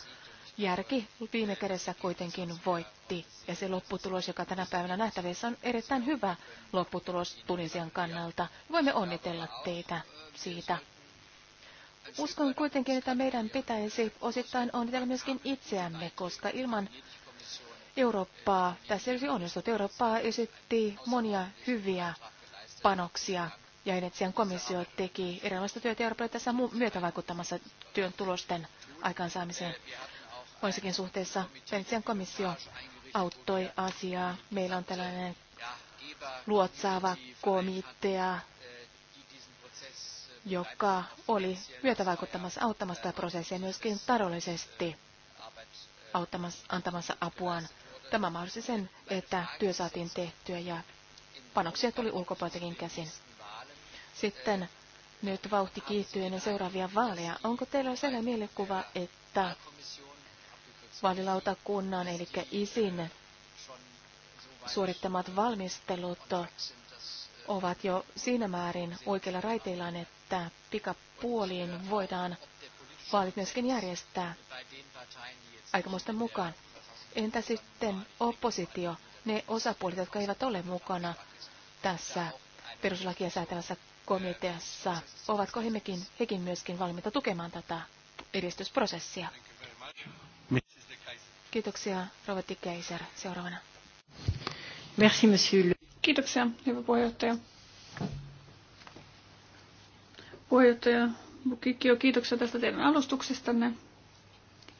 järki viime kädessä kuitenkin voitti. Ja se lopputulos, joka tänä päivänä nähtävissä on erittäin hyvä lopputulos Tunisian kannalta. Voimme onnitella teitä siitä. Uskon kuitenkin, että meidän pitäisi osittain onnitella myöskin itseämme, koska ilman Eurooppaa, tässä ei olisi onnistunut, Eurooppaa esitti monia hyviä panoksia ja Venetsian komissio teki erilaista työtä Euroopalle tässä myötävaikuttamassa työn tulosten aikaansaamiseen. Moissakin suhteessa Venetsian komissio auttoi asiaa. Meillä on tällainen luotsaava komitea, joka oli myötävaikuttamassa auttamassa tätä prosessia myöskin taloudellisesti antamassa apuaan. Tämä mahdollisti sen, että työ saatiin tehtyä ja panoksia tuli ulkopuoltakin käsin. Sitten nyt vauhti kiihtyy ennen seuraavia vaaleja. Onko teillä sellainen mielikuva, että vaalilautakunnan, eli ISIN suorittamat valmistelut ovat jo siinä määrin oikeilla raiteillaan, että pikapuoliin voidaan vaalit myöskin järjestää aikamoisten mukaan. Entä sitten oppositio, ne osapuolet, jotka eivät ole mukana tässä peruslakia säätävässä komiteassa, ovatko hekin myöskin valmiita tukemaan tätä edistysprosessia? Kiitoksia, Rova Tikkeiser. Seuraavana. Merci, monsieur. Kiitoksia, hyvä puheenjohtaja. Puheenjohtaja Bukikio, kiitoksia tästä teidän alustuksestanne.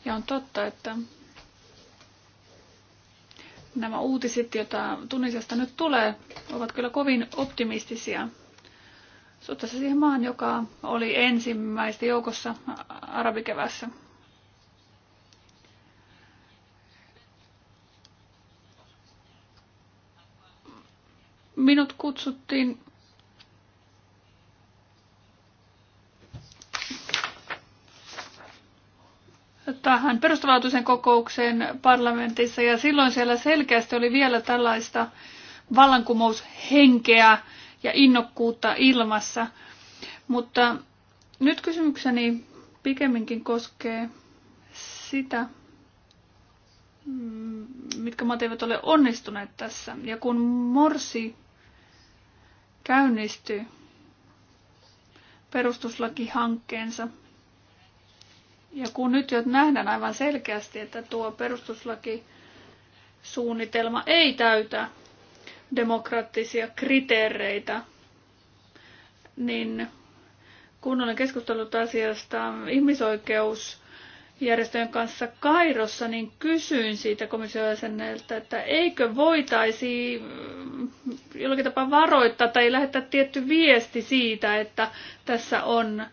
Ja on totta, että nämä uutiset, joita Tunisesta nyt tulee, ovat kyllä kovin optimistisia. Suhteessa siihen maan, joka oli ensimmäistä joukossa arabikevässä Minut kutsuttiin tähän perustavaltuisen kokoukseen parlamentissa ja silloin siellä selkeästi oli vielä tällaista vallankumoushenkeä ja innokkuutta ilmassa. Mutta nyt kysymykseni pikemminkin koskee sitä, mitkä maat eivät ole onnistuneet tässä. Ja kun Morsi käynnistyy perustuslakihankkeensa. Ja kun nyt jo nähdään aivan selkeästi, että tuo perustuslakisuunnitelma ei täytä demokraattisia kriteereitä, niin kun olen keskustellut asiasta ihmisoikeus järjestöjen kanssa Kairossa, niin kysyin siitä komission jäseneltä, että eikö voitaisi mm, jollakin tapaa varoittaa tai lähettää tietty viesti siitä, että tässä on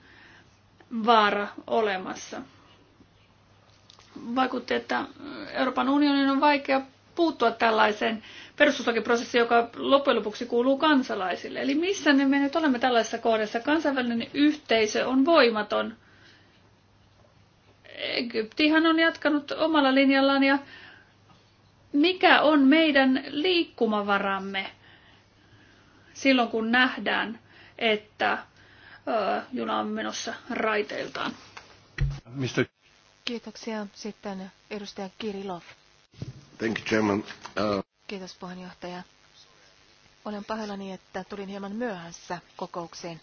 vaara olemassa. Vaikutti, että Euroopan unionin on vaikea puuttua tällaiseen perustuslakiprosessiin, joka loppujen lopuksi kuuluu kansalaisille. Eli missä me nyt olemme tällaisessa kohdassa? Kansainvälinen yhteisö on voimaton – Egyptihan on jatkanut omalla linjallaan ja mikä on meidän liikkumavaramme silloin, kun nähdään, että ö, juna on menossa raiteiltaan. Mistä? Kiitoksia. Sitten edustaja Kirilov. Thank you, Chairman. Uh... Kiitos puheenjohtaja. Olen pahoillani, että tulin hieman myöhässä kokoukseen.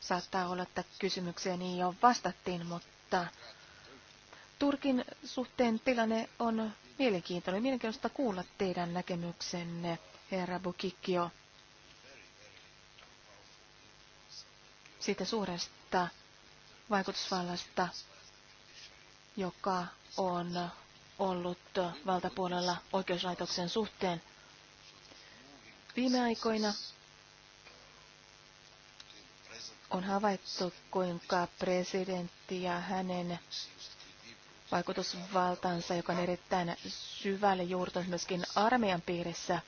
Saattaa olla, että kysymykseen jo vastattiin, mutta Turkin suhteen tilanne on mielenkiintoinen. Mielenkiintoista kuulla teidän näkemyksenne, herra Bukikio. Siitä suuresta vaikutusvallasta, joka on ollut valtapuolella oikeuslaitoksen suhteen. Viime aikoina on havaittu, kuinka presidentti ja hänen vaikutusvaltaansa, joka on erittäin syvälle juurtunut myöskin armeijan piirissä,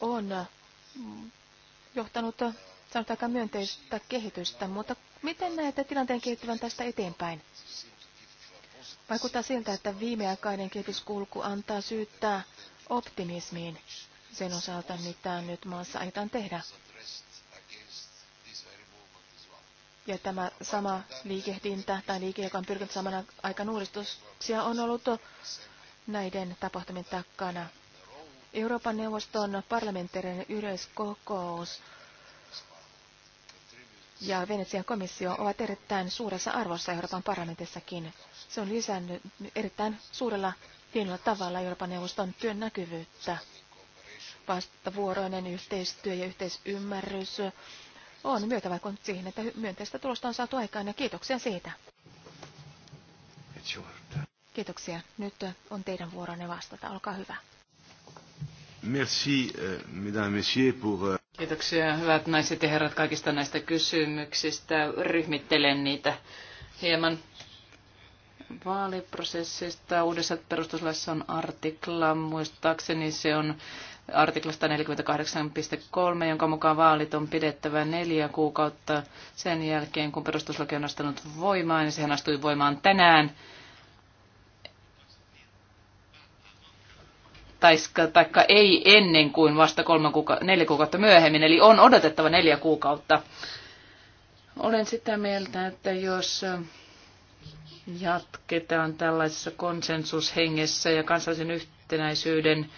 on johtanut sanotaanko myönteistä kehitystä, mutta miten näette tilanteen kehittyvän tästä eteenpäin? Vaikuttaa siltä, että viimeaikainen kehityskulku antaa syyttää optimismiin sen osalta, mitä nyt maassa aiotaan tehdä. Ja tämä sama liikehdintä tai liike, joka on pyrkinyt samana aikana uudistuksia, on ollut näiden tapahtumien takana. Euroopan neuvoston parlamentaarinen yleiskokous ja Venetsian komissio ovat erittäin suuressa arvossa Euroopan parlamentissakin. Se on lisännyt erittäin suurella hienolla tavalla Euroopan neuvoston työn näkyvyyttä. Vastavuoroinen yhteistyö ja yhteisymmärrys on myötävaikunut siihen, että myönteistä tulosta on saatu aikaan ja kiitoksia siitä. Kiitoksia. Nyt on teidän vuoronne vastata. Olkaa hyvä. Merci, euh, mesdames, messieurs, pour... Euh, kiitoksia, hyvät naiset ja herrat, kaikista näistä kysymyksistä. Ryhmittelen niitä hieman vaaliprosessista. Uudessa perustuslaissa on artikla, muistaakseni se on artiklasta 48.3, jonka mukaan vaalit on pidettävä neljä kuukautta sen jälkeen, kun perustuslaki on astunut voimaan, ja sehän astui voimaan tänään. Taiska, taikka ei ennen kuin vasta kolme kuuka- neljä kuukautta myöhemmin, eli on odotettava neljä kuukautta. Olen sitä mieltä, että jos jatketaan tällaisessa konsensushengessä ja kansallisen yhtenäisyyden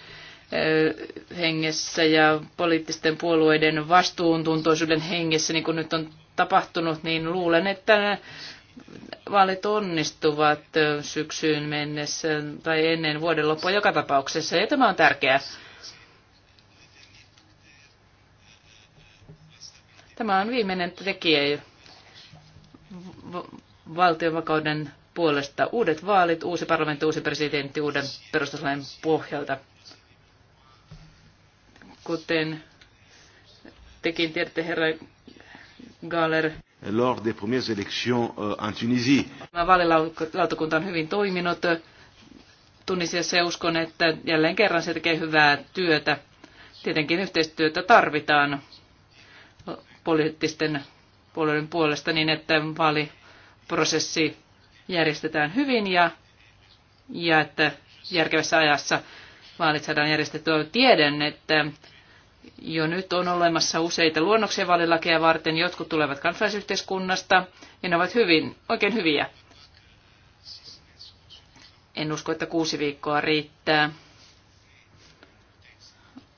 hengessä ja poliittisten puolueiden vastuuntuntoisuuden hengessä, niin kuin nyt on tapahtunut, niin luulen, että vaalit onnistuvat syksyyn mennessä tai ennen vuoden loppua joka tapauksessa, ja tämä on tärkeää. Tämä on viimeinen tekijä valtionvakauden puolesta. Uudet vaalit, uusi parlamentti, uusi presidentti uuden perustuslain pohjalta kuten tekin tiedätte, herra Galer. Lors des premières élections euh, en Tunisie. Tämä vaalilautakunta on hyvin toiminut Tunisiassa ja uskon, että jälleen kerran se tekee hyvää työtä. Tietenkin yhteistyötä tarvitaan poliittisten puolueiden puolesta niin, että vaaliprosessi järjestetään hyvin ja, ja että järkevässä ajassa vaalit saadaan järjestettyä. Tiedän, että jo nyt on olemassa useita luonnoksia vaalilakeja varten. Jotkut tulevat kansalaisyhteiskunnasta ja ne ovat hyvin, oikein hyviä. En usko, että kuusi viikkoa riittää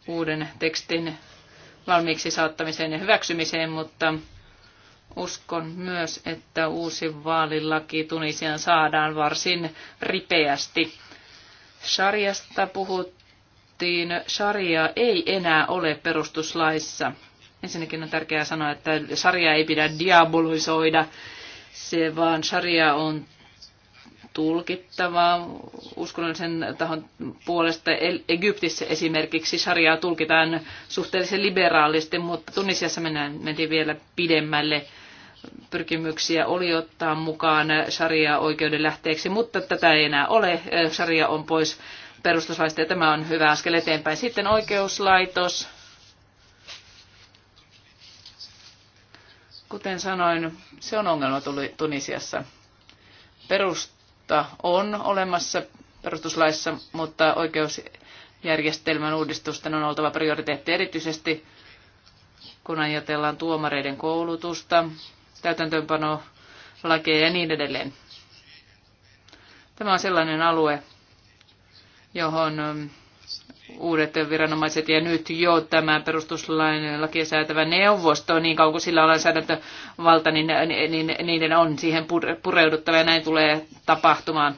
uuden tekstin valmiiksi saattamiseen ja hyväksymiseen, mutta uskon myös, että uusi vaalilaki Tunisian saadaan varsin ripeästi. Sarjasta puhut puhuttiin, sharia ei enää ole perustuslaissa. Ensinnäkin on tärkeää sanoa, että sharia ei pidä diabolisoida, se vaan sharia on tulkittava. uskonnollisen tahon puolesta. Egyptissä esimerkiksi sarjaa tulkitaan suhteellisen liberaalisti, mutta Tunisiassa mennään, mentiin vielä pidemmälle. Pyrkimyksiä oli ottaa mukaan sarjaa oikeuden lähteeksi, mutta tätä ei enää ole. Sarja on pois perustuslaista ja tämä on hyvä askel eteenpäin. Sitten oikeuslaitos. Kuten sanoin, se on ongelma Tunisiassa. Perusta on olemassa perustuslaissa, mutta oikeusjärjestelmän uudistusten on oltava prioriteetti erityisesti, kun ajatellaan tuomareiden koulutusta, täytäntöönpano, lakeja ja niin edelleen. Tämä on sellainen alue, johon ähm, uudet viranomaiset ja nyt jo tämä perustuslain lakia säätävä neuvosto, niin kauan kuin sillä on lainsäädäntövalta, niin, niin, niin niiden on siihen pureuduttava ja näin tulee tapahtumaan.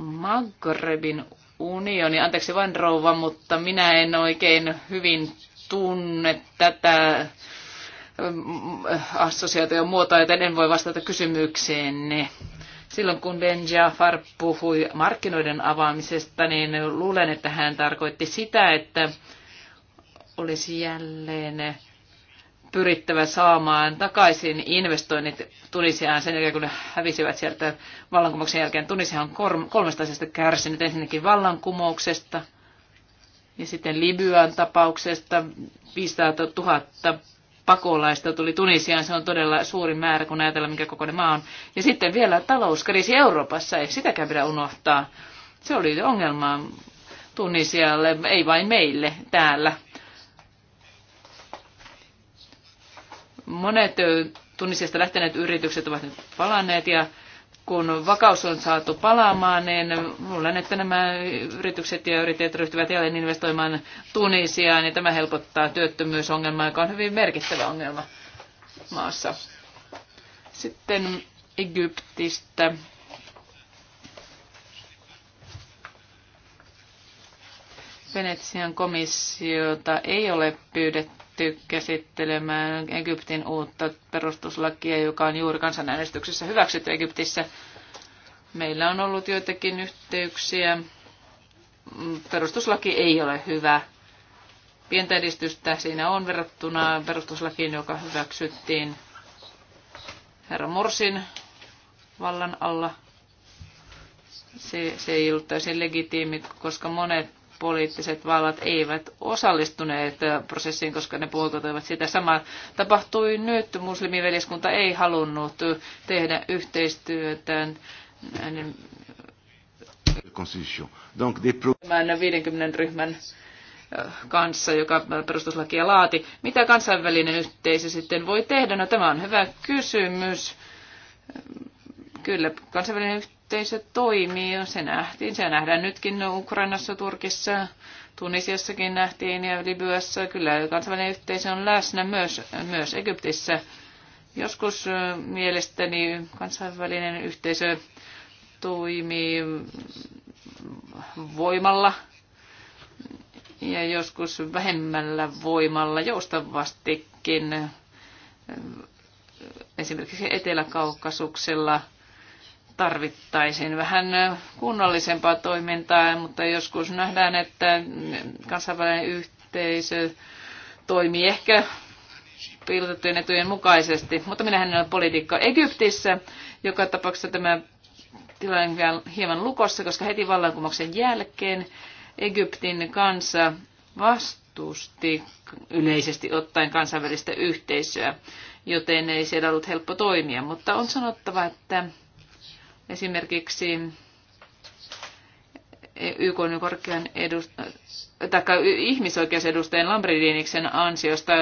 Maghrebin unioni, anteeksi vain rouva, mutta minä en oikein hyvin tunne tätä ähm, assosiaation muotoa, joten en voi vastata kysymykseenne. Silloin kun Ben Jafar puhui markkinoiden avaamisesta, niin luulen, että hän tarkoitti sitä, että olisi jälleen pyrittävä saamaan takaisin investoinnit Tunisiaan sen jälkeen, kun ne hävisivät sieltä vallankumouksen jälkeen. Tunisia on kolmesta asiasta kärsinyt. Ensinnäkin vallankumouksesta ja sitten Libyan tapauksesta 500 000 pakolaista tuli Tunisiaan. Se on todella suuri määrä, kun ajatellaan, mikä kokoinen maa on. Ja sitten vielä talouskriisi Euroopassa. Ei sitäkään pidä unohtaa. Se oli ongelma Tunisialle, ei vain meille täällä. Monet Tunisiasta lähteneet yritykset ovat nyt palanneet ja kun vakaus on saatu palaamaan, niin luulen, että nämä yritykset ja yrittäjät ryhtyvät jälleen investoimaan Tunisiaan, ja tämä helpottaa työttömyysongelmaa, joka on hyvin merkittävä ongelma maassa. Sitten Egyptistä. Venetsian komissiota ei ole pyydetty pyritty käsittelemään Egyptin uutta perustuslakia, joka on juuri kansanäänestyksessä hyväksytty Egyptissä. Meillä on ollut joitakin yhteyksiä. Perustuslaki ei ole hyvä. Pientä edistystä siinä on verrattuna perustuslakiin, joka hyväksyttiin herra Morsin vallan alla. Se, se ei ollut täysin legitiimi, koska monet poliittiset vallat eivät osallistuneet prosessiin, koska ne puolkoivat sitä. Sama tapahtui nyt. Muslimiveljeskunta ei halunnut tehdä yhteistyötä tämän 50 ryhmän kanssa, joka perustuslakia laati. Mitä kansainvälinen yhteisö sitten voi tehdä? No tämä on hyvä kysymys Kyllä, kansainvälinen yhteisö toimii ja se nähtiin. Se nähdään nytkin Ukrainassa, Turkissa, Tunisiassakin nähtiin ja Libyassa. Kyllä kansainvälinen yhteisö on läsnä myös, myös Egyptissä. Joskus mielestäni kansainvälinen yhteisö toimii voimalla ja joskus vähemmällä voimalla joustavastikin esimerkiksi Etelä-Kaukasuksella – tarvittaisiin vähän kunnollisempaa toimintaa, mutta joskus nähdään, että kansainvälinen yhteisö toimii ehkä piilotettujen etujen mukaisesti, mutta minähän en politiikka Egyptissä. Joka tapauksessa tämä tilanne on vielä hieman lukossa, koska heti vallankumouksen jälkeen Egyptin kansa vastusti yleisesti ottaen kansainvälistä yhteisöä, joten ei siellä ollut helppo toimia. Mutta on sanottava, että Esimerkiksi YK on korkean edust- ihmisoikeusedustajan Lambridiniksen ansiosta,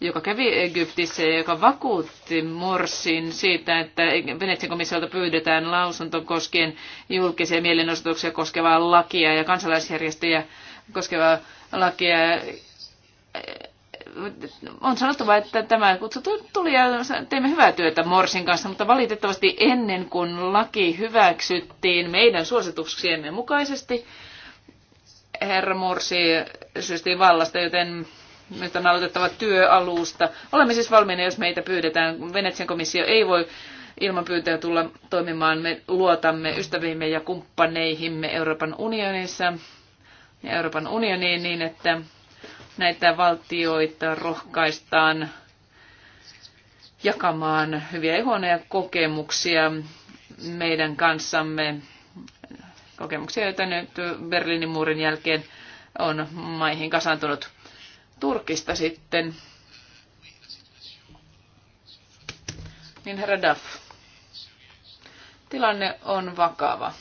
joka kävi Egyptissä ja joka vakuutti Morsin siitä, että Venetsian komissiolta pyydetään lausunto koskien julkisia mielenosoituksia koskevaa lakia ja kansalaisjärjestöjä koskevaa lakia on sanottava, että tämä kutsu tuli ja teimme hyvää työtä Morsin kanssa, mutta valitettavasti ennen kuin laki hyväksyttiin meidän suosituksiemme mukaisesti, herra Morsi syystiin vallasta, joten nyt on aloitettava työalusta. Olemme siis valmiina, jos meitä pyydetään. Venetsian komissio ei voi ilman pyyntöä tulla toimimaan. Me luotamme ystäviimme ja kumppaneihimme Euroopan unionissa ja Euroopan unioniin niin, että näitä valtioita rohkaistaan jakamaan hyviä ja huonoja kokemuksia meidän kanssamme. Kokemuksia, joita nyt Berliinin muurin jälkeen on maihin kasantunut. Turkista sitten. Niin herra Duff, tilanne on vakava.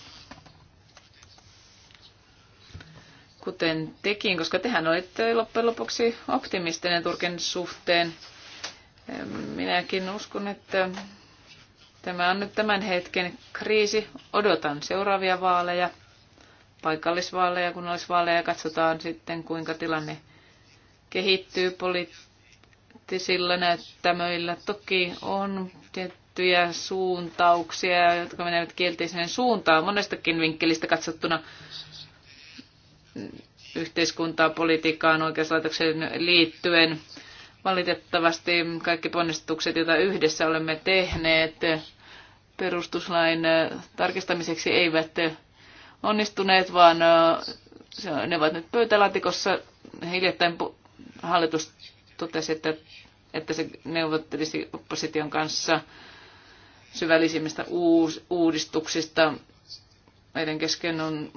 kuten tekin, koska tehän olitte loppujen lopuksi optimistinen Turkin suhteen. Minäkin uskon, että tämä on nyt tämän hetken kriisi. Odotan seuraavia vaaleja, paikallisvaaleja, kunnallisvaaleja katsotaan sitten, kuinka tilanne kehittyy poliittisilla näyttämöillä. Toki on tiettyjä suuntauksia, jotka menevät kielteiseen suuntaan monestakin vinkkelistä katsottuna yhteiskuntaa, politiikkaan, oikeuslaitokseen liittyen. Valitettavasti kaikki ponnistukset, joita yhdessä olemme tehneet perustuslain tarkistamiseksi, eivät onnistuneet, vaan ne ovat nyt pöytälaatikossa. Hiljattain hallitus totesi, että, että se neuvottelisi opposition kanssa syvällisimmistä uudistuksista meidän kesken on,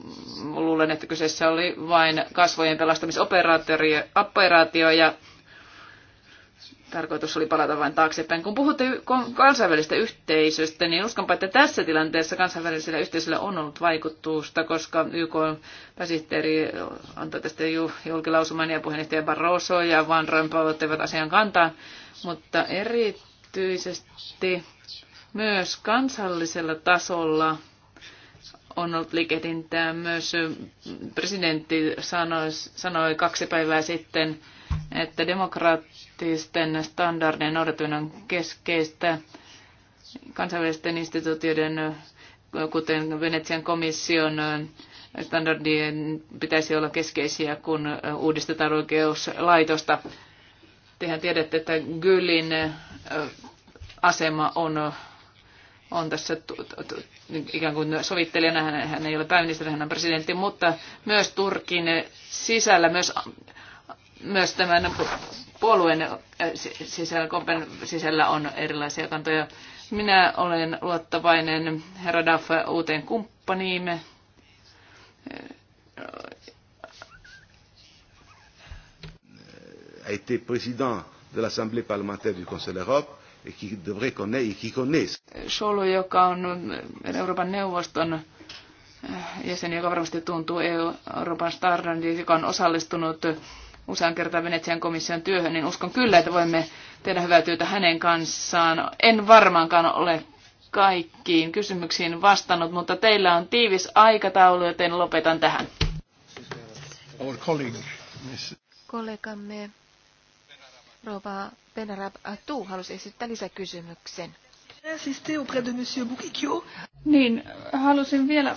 luulen, että kyseessä oli vain kasvojen pelastamisoperaatio ja tarkoitus oli palata vain taaksepäin. Kun puhutte kansainvälistä yhteisöstä, niin uskonpa, että tässä tilanteessa kansainvälisellä yhteisöllä on ollut vaikutusta, koska YK pääsihteeri antoi tästä julkilausuman ja puheenjohtaja Barroso ja Van Rompuy ottivat asian kantaa, mutta erityisesti myös kansallisella tasolla – on ollut liikehdintää. Myös presidentti sanoi, sanoi kaksi päivää sitten, että demokraattisten standardien noudattaminen on keskeistä kansainvälisten instituutioiden, kuten Venetsian komission standardien pitäisi olla keskeisiä, kun uudistetaan oikeuslaitosta. Tehän tiedätte, että Gylin asema on on tässä ikään kuin sovittelijana, hän, hän ei ole pääministeri, hän on presidentti, mutta myös Turkin sisällä, myös, myös tämän puolueen äh, sisällä, kompen sisällä on erilaisia kantoja. Minä olen luottavainen herra Daff uuteen kumppaniimme. a été président de l'Assemblée parlementaire du Conseil d'Europe. Solu, qui connaître et qui connaissent. joka on Euroopan neuvoston eh, jäsen, joka varmasti tuntuu Euroopan standardiin, joka on osallistunut usean kertaan Venetsian komission työhön, niin uskon kyllä, että voimme tehdä hyvää työtä hänen kanssaan. En varmaankaan ole kaikkiin kysymyksiin vastannut, mutta teillä on tiivis aikataulu, joten lopetan tähän. Our colleague, Kollegamme Rova Benarab Atu halusi esittää lisäkysymyksen. Niin, halusin vielä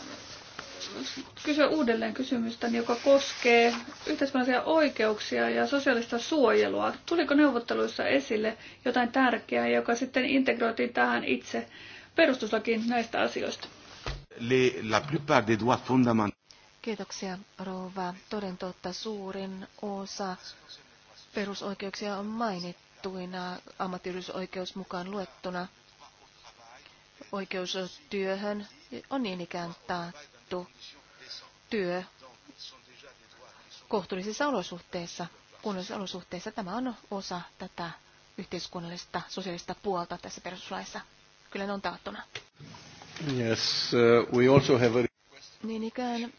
kysyä uudelleen kysymystä, joka koskee yhteiskunnallisia oikeuksia ja sosiaalista suojelua. Tuliko neuvotteluissa esille jotain tärkeää, joka sitten integroitiin tähän itse perustuslakiin näistä asioista? Kiitoksia, Rova. Toden totta, suurin osa perusoikeuksia on mainittuina, ammattiyhdysoikeus mukaan luettuna. Oikeus työhön on niin ikään taattu. Työ kohtuullisissa olosuhteissa, kunnollisissa olosuhteissa, tämä on osa tätä yhteiskunnallista, sosiaalista puolta tässä perustuslaissa. Kyllä ne on taattuna. Yes, uh, we also have a... Niin ikään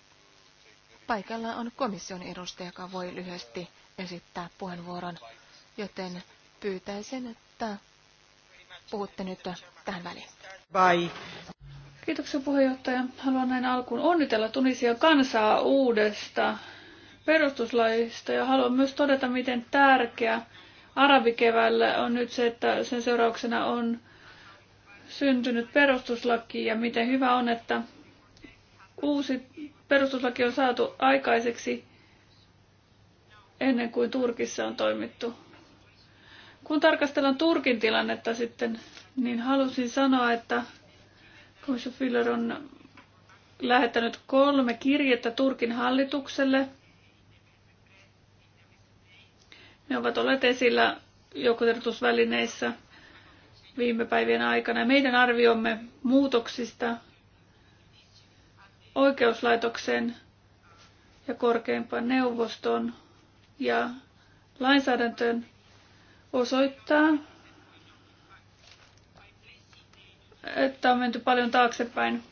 paikalla on komission edustaja, joka voi lyhyesti esittää puheenvuoron, joten pyytäisin, että puhutte nyt tähän väliin. Bye. Kiitoksia puheenjohtaja. Haluan näin alkuun onnitella Tunisia kansaa uudesta perustuslaista ja haluan myös todeta, miten tärkeä arabikevällä on nyt se, että sen seurauksena on syntynyt perustuslaki ja miten hyvä on, että uusi perustuslaki on saatu aikaiseksi ennen kuin Turkissa on toimittu. Kun tarkastellaan Turkin tilannetta sitten, niin halusin sanoa, että Filler on lähettänyt kolme kirjettä Turkin hallitukselle. Ne ovat olleet esillä joukkotiedotusvälineissä viime päivien aikana. Meidän arviomme muutoksista oikeuslaitokseen ja korkeimpaan neuvostoon ja lainsäädäntöön osoittaa, että on menty paljon taaksepäin.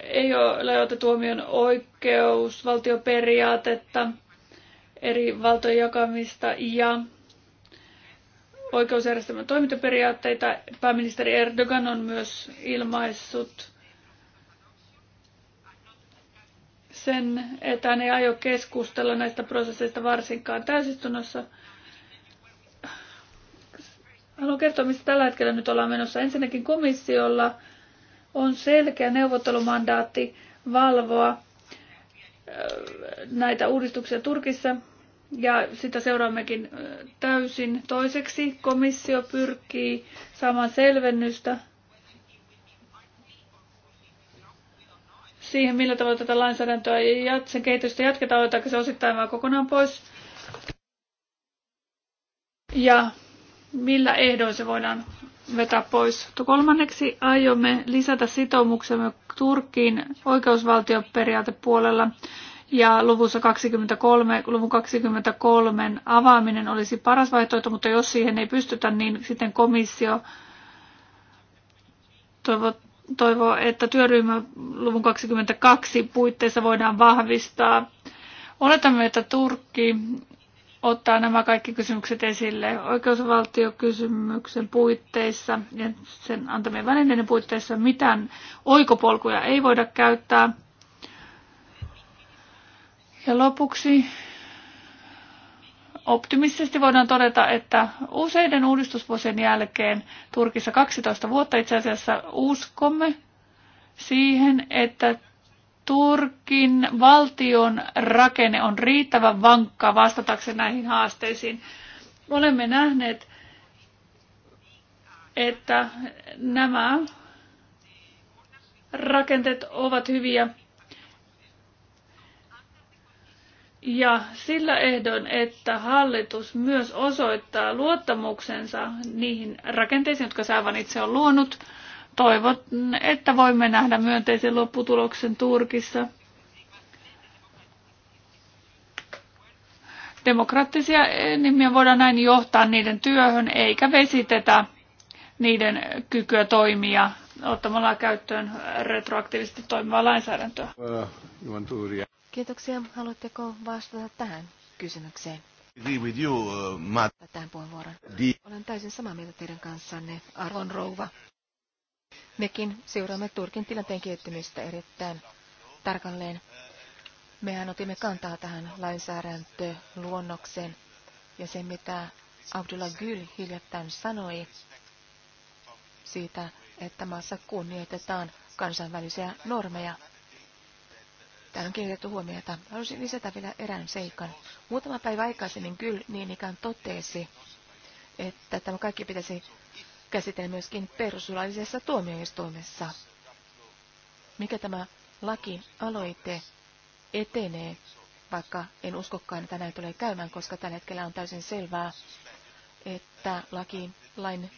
Ei ole otettu huomioon oikeusvaltioperiaatetta, eri valtojen jakamista ja oikeusjärjestelmän toimintaperiaatteita. Pääministeri Erdogan on myös ilmaissut sen, että hän ei aio keskustella näistä prosesseista varsinkaan täysistunnossa. Haluan kertoa, mistä tällä hetkellä nyt ollaan menossa. Ensinnäkin komissiolla on selkeä neuvottelumandaatti valvoa äh, näitä uudistuksia Turkissa ja sitä seuraammekin äh, täysin. Toiseksi komissio pyrkii saamaan selvennystä siihen, millä tavalla tätä lainsäädäntöä ja sen kehitystä jatketaan, otetaanko se osittain vaan kokonaan pois. Ja millä ehdoin se voidaan vetää pois. Kolmanneksi aiomme lisätä sitoumuksemme Turkkiin oikeusvaltioperiaatepuolella ja luvussa 23, luvun 23 avaaminen olisi paras vaihtoehto, mutta jos siihen ei pystytä, niin sitten komissio toivot, toivoo, että työryhmä luvun 22 puitteissa voidaan vahvistaa. Oletamme, että Turkki ottaa nämä kaikki kysymykset esille oikeusvaltiokysymyksen puitteissa ja sen antamien välineiden puitteissa. Mitään oikopolkuja ei voida käyttää. Ja lopuksi Optimistisesti voidaan todeta, että useiden uudistusvuosien jälkeen, Turkissa 12 vuotta itse asiassa, uskomme siihen, että Turkin valtion rakenne on riittävän vankka vastatakseen näihin haasteisiin. Olemme nähneet, että nämä rakenteet ovat hyviä Ja sillä ehdoin, että hallitus myös osoittaa luottamuksensa niihin rakenteisiin, jotka saavan itse on luonut. Toivon, että voimme nähdä myönteisen lopputuloksen Turkissa. Demokraattisia nimiä voidaan näin johtaa niiden työhön, eikä vesitetä niiden kykyä toimia ottamalla käyttöön retroaktiivisesti toimivaa lainsäädäntöä. Kiitoksia. Haluatteko vastata tähän kysymykseen? With you, uh, Tähän puheenvuoron. Olen täysin samaa mieltä teidän kanssanne, arvon rouva. Mekin seuraamme Turkin tilanteen kehittymistä erittäin tarkalleen. Mehän otimme kantaa tähän lainsäädäntöluonnokseen ja sen, mitä Abdullah Gül hiljattain sanoi siitä, että maassa kunnioitetaan kansainvälisiä normeja. Tähän on kiinnitetty huomiota. Haluaisin lisätä vielä erään seikan. Muutama päivä aikaisemmin kyllä niin ikään totesi, että tämä kaikki pitäisi käsitellä myöskin perusulallisessa tuomioistuimessa. Mikä tämä laki aloite etenee, vaikka en uskokaan, että näin tulee käymään, koska tällä hetkellä on täysin selvää, että lakiin, lain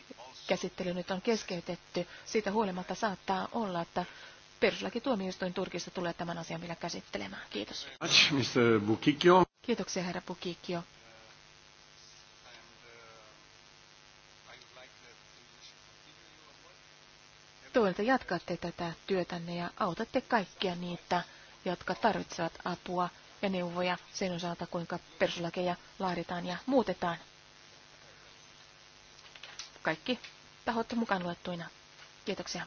käsittely nyt on keskeytetty. Siitä huolimatta saattaa olla, että perustuslakituomioistuin Turkissa tulee tämän asian vielä käsittelemään. Kiitos. Kiitoksia, herra Bukikio. Toivon, että jatkatte tätä työtänne ja autatte kaikkia niitä, jotka tarvitsevat apua ja neuvoja sen osalta, kuinka peruslakeja laaditaan ja muutetaan. Kaikki tahot mukaan luettuina. Kiitoksia.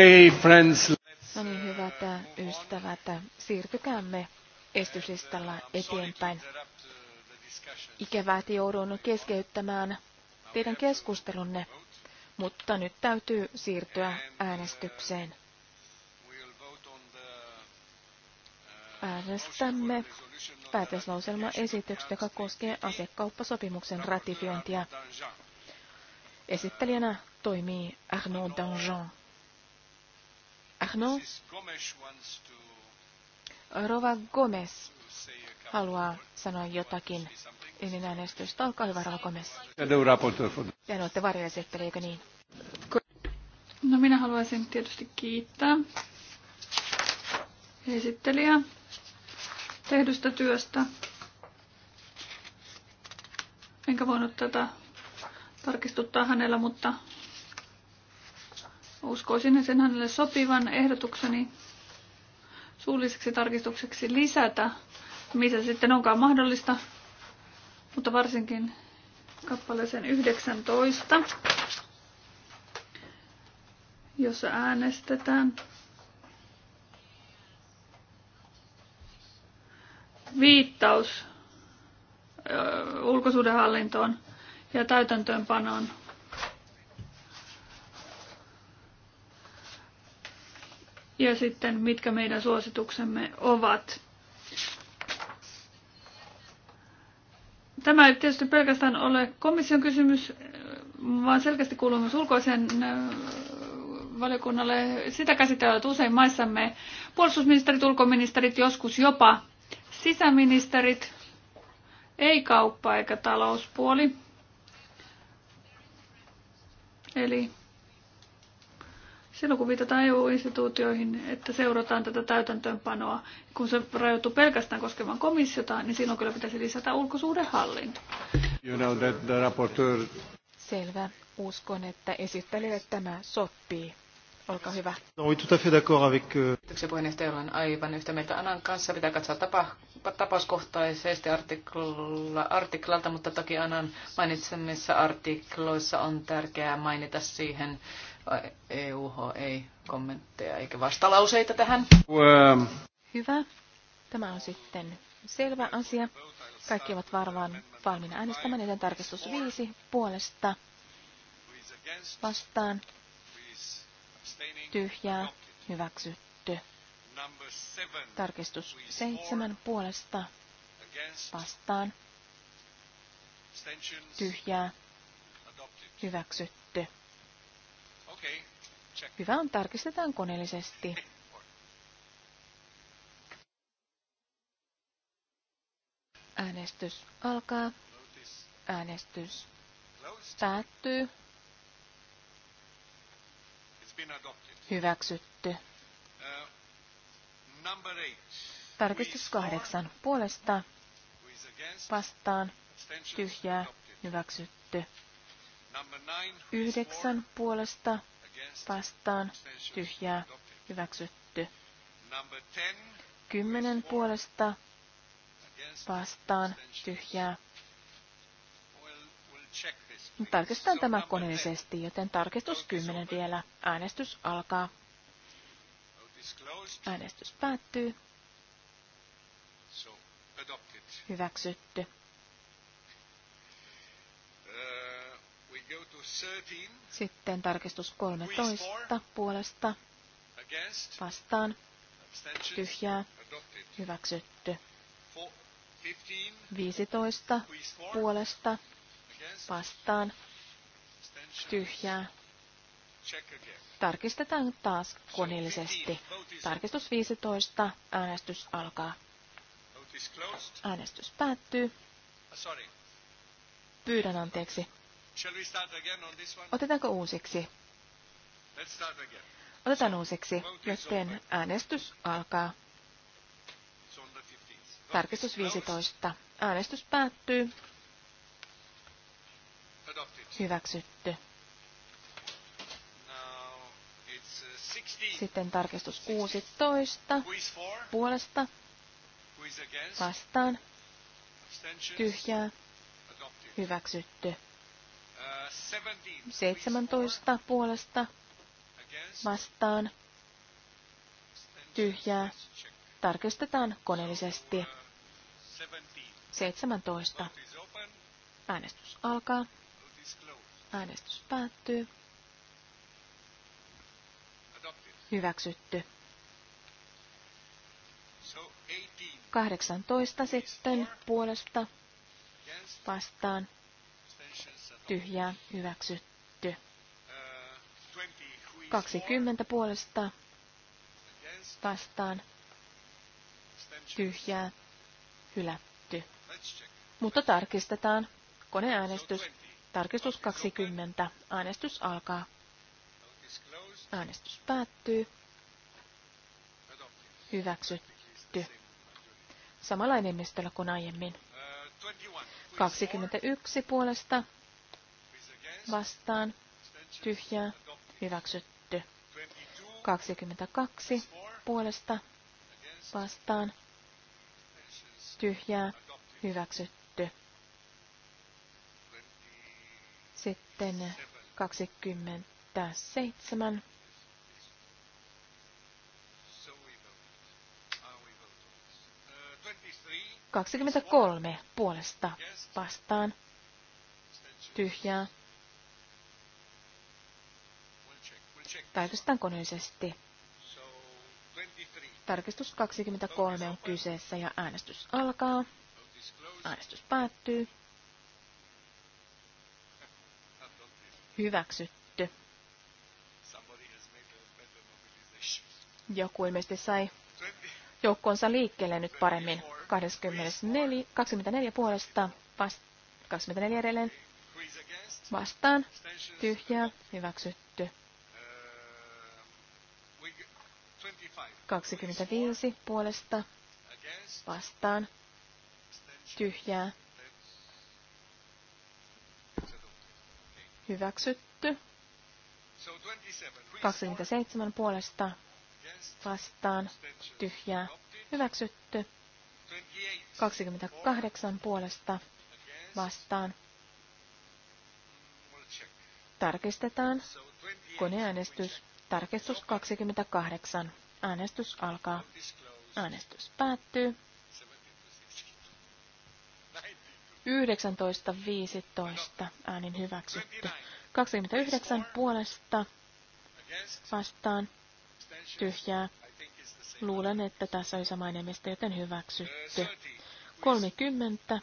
Okay, friends. No niin, hyvät äh, ystävät, äh, siirtykäämme estyslistalla eteenpäin. Ikävää, että joudun keskeyttämään teidän keskustelunne, mutta nyt täytyy siirtyä uh, äänestykseen. Uh, Äänestämme päätöslauselma esityksestä, joka koskee asekauppasopimuksen ratifiointia. Esittelijänä toimii Arnaud Danjean. Arno. Rova Gomez haluaa sanoa jotakin ennen äänestystä. Olkaa hyvä, Rova Gomez. Ja ne olette varjoesittely, eikö niin? No minä haluaisin tietysti kiittää esittelijää tehdystä työstä. Enkä voinut tätä tarkistuttaa hänellä, mutta uskoisin sen hänelle sopivan ehdotukseni suulliseksi tarkistukseksi lisätä, missä sitten onkaan mahdollista, mutta varsinkin kappaleeseen 19, jossa äänestetään viittaus ulkosuudenhallintoon ja täytäntöönpanoon ja sitten mitkä meidän suosituksemme ovat. Tämä ei tietysti pelkästään ole komission kysymys, vaan selkeästi kuuluu myös ulkoisen valiokunnalle. Sitä käsitellään usein maissamme puolustusministerit, ulkoministerit, joskus jopa sisäministerit, ei kauppa eikä talouspuoli. Eli silloin kun viitataan EU-instituutioihin, että seurataan tätä täytäntöönpanoa, kun se rajoittuu pelkästään koskevan komissiota, niin silloin kyllä pitäisi lisätä ulkosuhdehallinto. You know that the rapporteur... Selvä. Uskon, että esittelijälle tämä sopii. Olkaa hyvä. No, oui, tout à fait d'accord avec... Euh- Kiitoksia puheenjohtaja, olen aivan yhtä mieltä Anan kanssa. Pitää katsoa tapa, tapauskohtaisesti artikla, artiklalta, mutta toki Anan mainitsemissa artikloissa on tärkeää mainita siihen EUH ei kommentteja eikä vastalauseita tähän. Um. Hyvä. Tämä on sitten selvä asia. Kaikki ovat varmaan valmiina äänestämään, joten tarkistus 5 puolesta vastaan tyhjää hyväksytty. Tarkistus 7 puolesta vastaan tyhjää hyväksytty Hyvä on, tarkistetaan koneellisesti. Äänestys alkaa. Äänestys päättyy. Hyväksytty. Uh, Tarkistus kahdeksan. Puolesta vastaan tyhjää hyväksytty. Yhdeksän puolesta vastaan tyhjää hyväksytty. Kymmenen puolesta vastaan tyhjää. Tarkistetaan tämä koneellisesti, joten tarkistus 10 vielä. Äänestys alkaa. Äänestys päättyy. Hyväksytty. Sitten tarkistus 13 puolesta vastaan tyhjää hyväksytty. 15 puolesta vastaan tyhjää. Tarkistetaan taas koneellisesti. Tarkistus 15. Äänestys alkaa. Äänestys päättyy. Pyydän anteeksi. Otetaanko uusiksi? Otetaan uusiksi, joten äänestys alkaa. Tarkistus 15. Äänestys päättyy. Hyväksytty. Uh, Sitten tarkistus 16. Puolesta. Vastaan. Tyhjää. Hyväksytty. 17 puolesta vastaan tyhjää. Tarkistetaan koneellisesti. 17. Äänestys alkaa. Äänestys päättyy. Hyväksytty. 18 sitten puolesta vastaan tyhjää hyväksytty. 20 puolesta vastaan tyhjää hylätty. Mutta tarkistetaan. Koneäänestys. Tarkistus 20. Äänestys alkaa. Äänestys päättyy. Hyväksytty. Samalla enemmistöllä kuin aiemmin. 21 puolesta vastaan tyhjää hyväksytty. 22 puolesta vastaan tyhjää hyväksytty. Sitten 27 kolme puolesta vastaan. Tyhjää Tarkistetaan koneellisesti. Tarkistus 23 on kyseessä ja äänestys alkaa. Äänestys päättyy. Hyväksytty. Joku ilmeisesti sai joukkonsa liikkeelle nyt paremmin. 24, 24 puolesta, vast, 24 edelleen vastaan, tyhjää, hyväksytty. 25 puolesta vastaan tyhjää. Hyväksytty. 27 puolesta vastaan tyhjää. Hyväksytty. 28 puolesta vastaan. Tarkistetaan koneäänestys. Tarkistus 28. Äänestys alkaa. Äänestys päättyy. 19.15 äänin hyväksytty. 29 puolesta vastaan tyhjää. Luulen, että tässä oli sama enemmistö, joten hyväksytty. 30.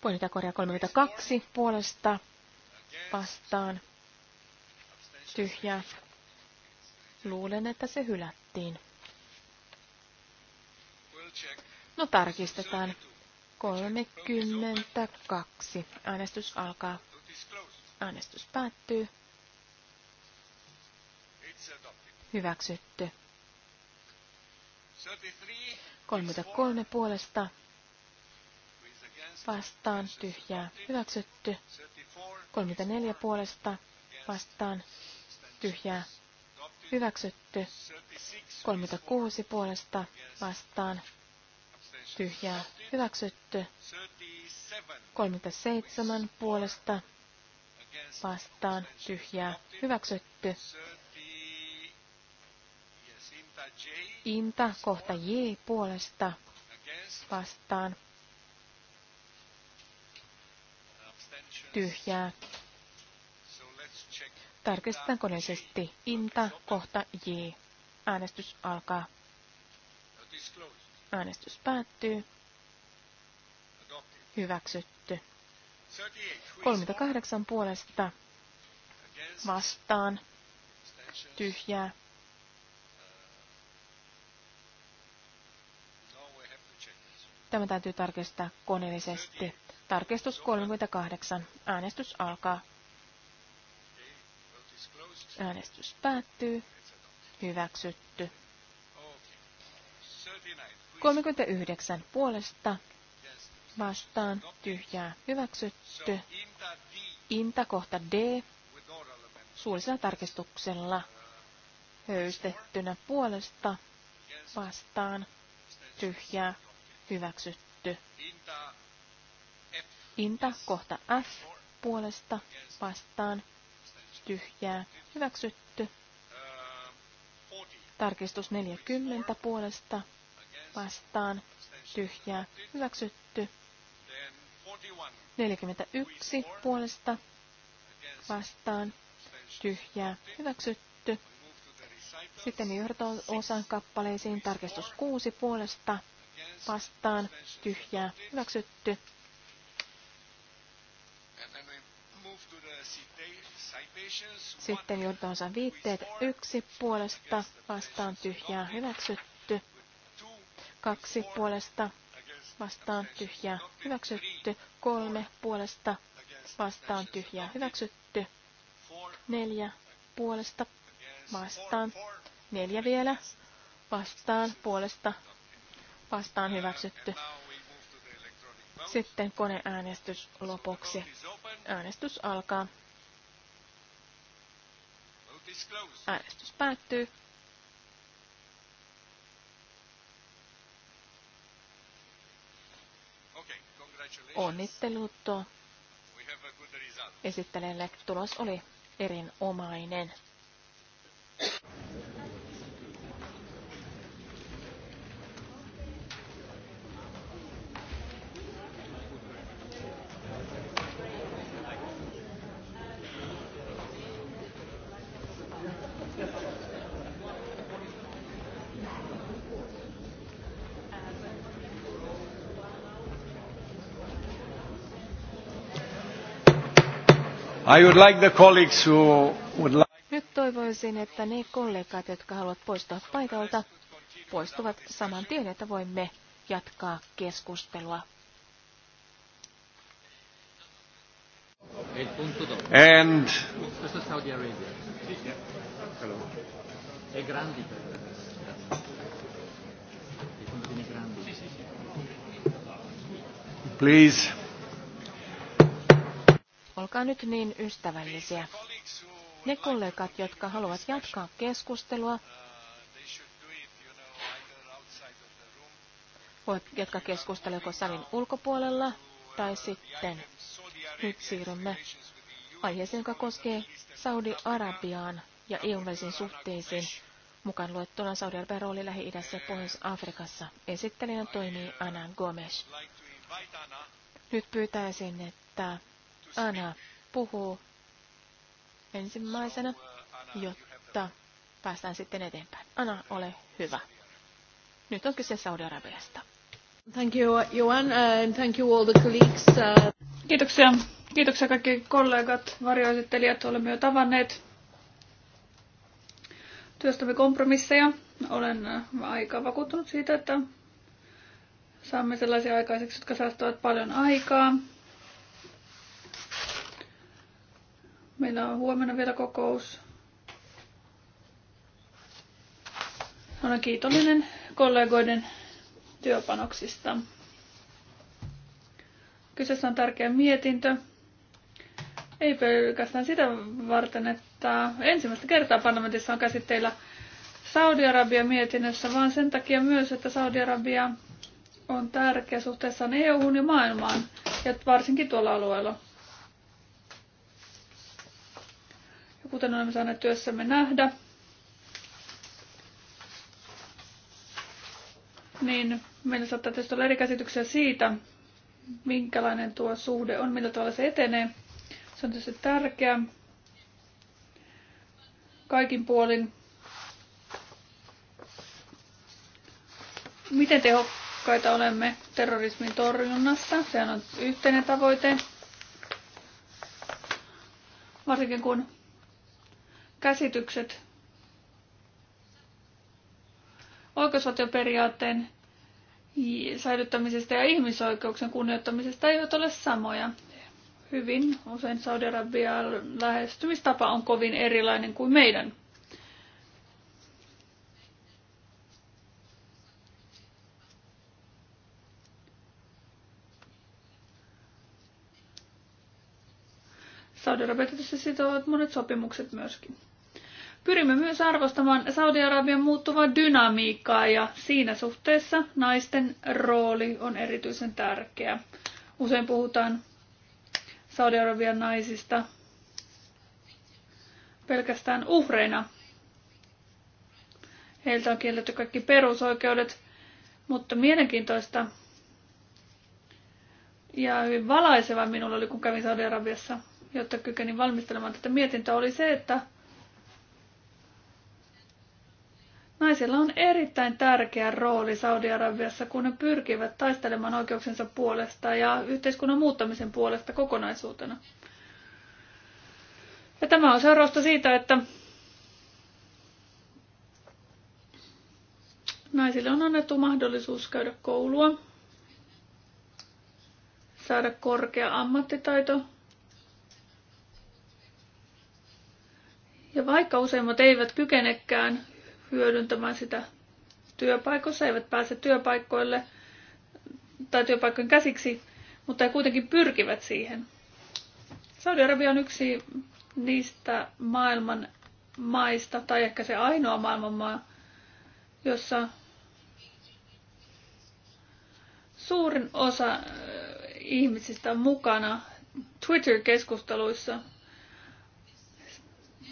Puolita korjaa 32 puolesta vastaan tyhjää. Luulen, että se hylättiin. No tarkistetaan. 32. Äänestys alkaa. Äänestys päättyy. Hyväksytty. 33 puolesta vastaan tyhjää hyväksytty. 34 puolesta vastaan tyhjää Hyväksytty. 36 puolesta vastaan. Tyhjää. Hyväksytty. 37 puolesta vastaan. Tyhjää. Hyväksytty. Inta kohta J puolesta vastaan. Tyhjää. Tarkistetaan koneisesti. Inta, kohta J. Äänestys alkaa. Äänestys päättyy. Hyväksytty. 38 puolesta vastaan. Tyhjää. Tämä täytyy tarkistaa koneellisesti. Tarkistus 38. Äänestys alkaa. Äänestys päättyy. Hyväksytty. 39 puolesta vastaan tyhjää hyväksytty. Inta kohta D suullisella tarkistuksella höystettynä puolesta vastaan tyhjää hyväksytty. Inta kohta F puolesta vastaan tyhjää, hyväksytty. Tarkistus 40 puolesta vastaan, tyhjää, hyväksytty. 41 puolesta vastaan, tyhjää, hyväksytty. Sitten johdato-osan kappaleisiin tarkistus 6 puolesta vastaan, tyhjää, hyväksytty. Sitten johtonsa viitteet yksi puolesta vastaan tyhjää hyväksytty. Kaksi puolesta vastaan tyhjää hyväksytty. Kolme puolesta vastaan tyhjää hyväksytty. Neljä puolesta vastaan. Neljä vielä vastaan puolesta vastaan hyväksytty. Sitten koneäänestys lopuksi. Äänestys alkaa. Äänestys päättyy. Onnittelut. Esittelijälle tulos oli erinomainen. Nyt toivoisin, että ne kollegat, jotka haluavat poistua paikalta, poistuvat saman tien, että voimme jatkaa keskustelua. And Please olkaa nyt niin ystävällisiä. Ne kollegat, jotka haluavat jatkaa keskustelua, voivat jatkaa keskustelua joko salin ulkopuolella tai sitten nyt siirrymme aiheeseen, joka koskee Saudi-Arabiaan ja eu välisiin suhteisiin, mukaan luettuna Saudi-Arabian rooli Lähi-idässä ja Pohjois-Afrikassa. Esittelijänä toimii Anna Gomes. Nyt pyytäisin, että Ana puhuu ensimmäisenä, jotta päästään sitten eteenpäin. Ana ole hyvä. Nyt on kyse Saudi-Arabiasta. Thank you, Johan, and thank you all the colleagues. Uh, Kiitoksia. Kiitoksia kaikki kollegat, varjoesittelijät, olemme jo tavanneet. Työstämme kompromisseja. Olen äh, aika vakuuttunut siitä, että saamme sellaisia aikaiseksi, jotka säästävät paljon aikaa Meillä on huomenna vielä kokous. Olen kiitollinen kollegoiden työpanoksista. Kyseessä on tärkeä mietintö. Ei pelkästään sitä varten, että ensimmäistä kertaa parlamentissa on käsitteillä Saudi-Arabia mietinnössä, vaan sen takia myös, että Saudi-Arabia on tärkeä suhteessaan EU-hun ja maailmaan, ja varsinkin tuolla alueella. Ja kuten olemme saaneet työssämme nähdä, niin meillä saattaa tietysti olla eri käsityksiä siitä, minkälainen tuo suhde on, millä tavalla se etenee. Se on tietysti tärkeää kaikin puolin. Miten tehokkaita olemme terrorismin torjunnassa? Sehän on yhteinen tavoite. Varsinkin kun käsitykset oikeusvaltioperiaatteen säilyttämisestä ja ihmisoikeuksien kunnioittamisesta eivät ole samoja. Hyvin usein Saudi-Arabian lähestymistapa on kovin erilainen kuin meidän saudi arabiassa tietysti sitovat monet sopimukset myöskin. Pyrimme myös arvostamaan Saudi-Arabian muuttuvaa dynamiikkaa ja siinä suhteessa naisten rooli on erityisen tärkeä. Usein puhutaan Saudi-Arabian naisista pelkästään uhreina. Heiltä on kielletty kaikki perusoikeudet, mutta mielenkiintoista ja hyvin valaiseva minulla oli, kun kävin Saudi-Arabiassa – jotta kykenin valmistelemaan tätä mietintöä, oli se, että naisilla on erittäin tärkeä rooli Saudi-Arabiassa, kun ne pyrkivät taistelemaan oikeuksensa puolesta ja yhteiskunnan muuttamisen puolesta kokonaisuutena. Ja tämä on seurausta siitä, että naisille on annettu mahdollisuus käydä koulua, saada korkea ammattitaito Ja vaikka useimmat eivät kykenekään hyödyntämään sitä työpaikossa, eivät pääse työpaikoille tai työpaikkojen käsiksi, mutta he kuitenkin pyrkivät siihen. Saudi-Arabia on yksi niistä maailman maista, tai ehkä se ainoa maailman maa, jossa suurin osa eh, ihmisistä on mukana Twitter-keskusteluissa –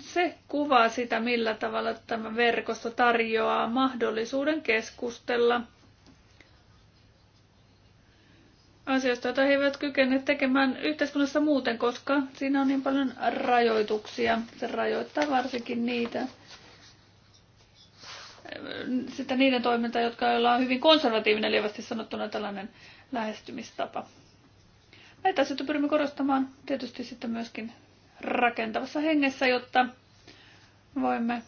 se kuvaa sitä, millä tavalla tämä verkosto tarjoaa mahdollisuuden keskustella asioista, joita he eivät kykene tekemään yhteiskunnassa muuten, koska siinä on niin paljon rajoituksia. Se rajoittaa varsinkin niitä, sitä niiden toimintaa, jotka joilla on hyvin konservatiivinen, lievästi sanottuna tällainen lähestymistapa. Näitä asioita pyrimme korostamaan tietysti sitten myöskin rakentavassa hengessä, jotta voimme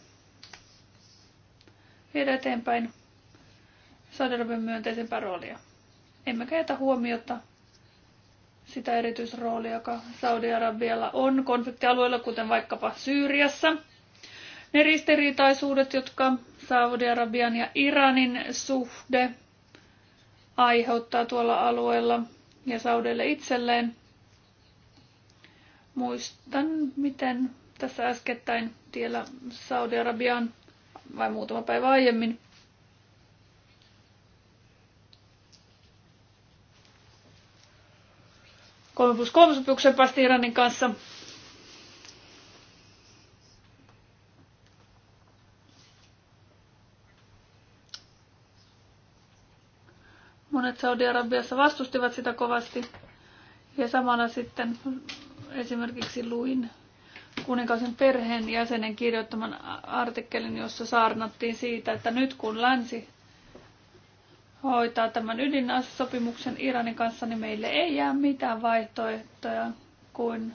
viedä eteenpäin Saudi-Arabian myönteisempää roolia. Emmekä jätä huomiota sitä erityisroolia, joka Saudi-Arabialla on konfliktialueella, kuten vaikkapa Syyriassa. Ne ristiriitaisuudet, jotka Saudi-Arabian ja Iranin suhde aiheuttaa tuolla alueella ja Saudelle itselleen, Muistan, miten tässä äskettäin tiellä Saudi-Arabiaan vai muutama päivä aiemmin kolme plus kolme sopimuksen päästi Iranin kanssa. Monet Saudi-Arabiassa vastustivat sitä kovasti. Ja samalla sitten esimerkiksi luin kuninkaisen perheen jäsenen kirjoittaman artikkelin, jossa saarnattiin siitä, että nyt kun länsi hoitaa tämän ydinasesopimuksen Iranin kanssa, niin meille ei jää mitään vaihtoehtoja kuin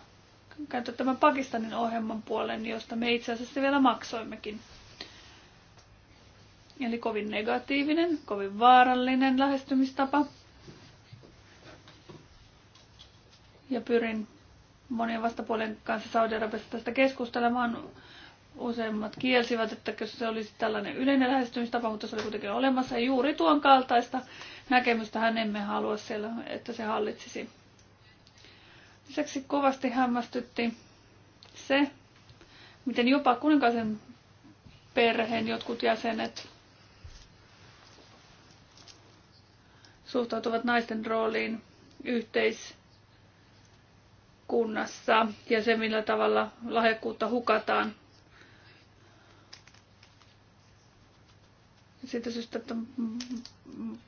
käyttää tämän Pakistanin ohjelman puolen, josta me itse asiassa vielä maksoimmekin. Eli kovin negatiivinen, kovin vaarallinen lähestymistapa. Ja pyrin monien vastapuolen kanssa Saudi-Arabiasta tästä keskustelemaan. Useimmat kielsivät, että se olisi tällainen yleinen lähestymistapa, mutta se oli kuitenkin olemassa. Ja juuri tuon kaltaista näkemystä hän emme halua siellä, että se hallitsisi. Lisäksi kovasti hämmästytti se, miten jopa kuninkaisen perheen jotkut jäsenet suhtautuvat naisten rooliin yhteis- kunnassa ja se, millä tavalla lahjakkuutta hukataan. Siitä syystä, että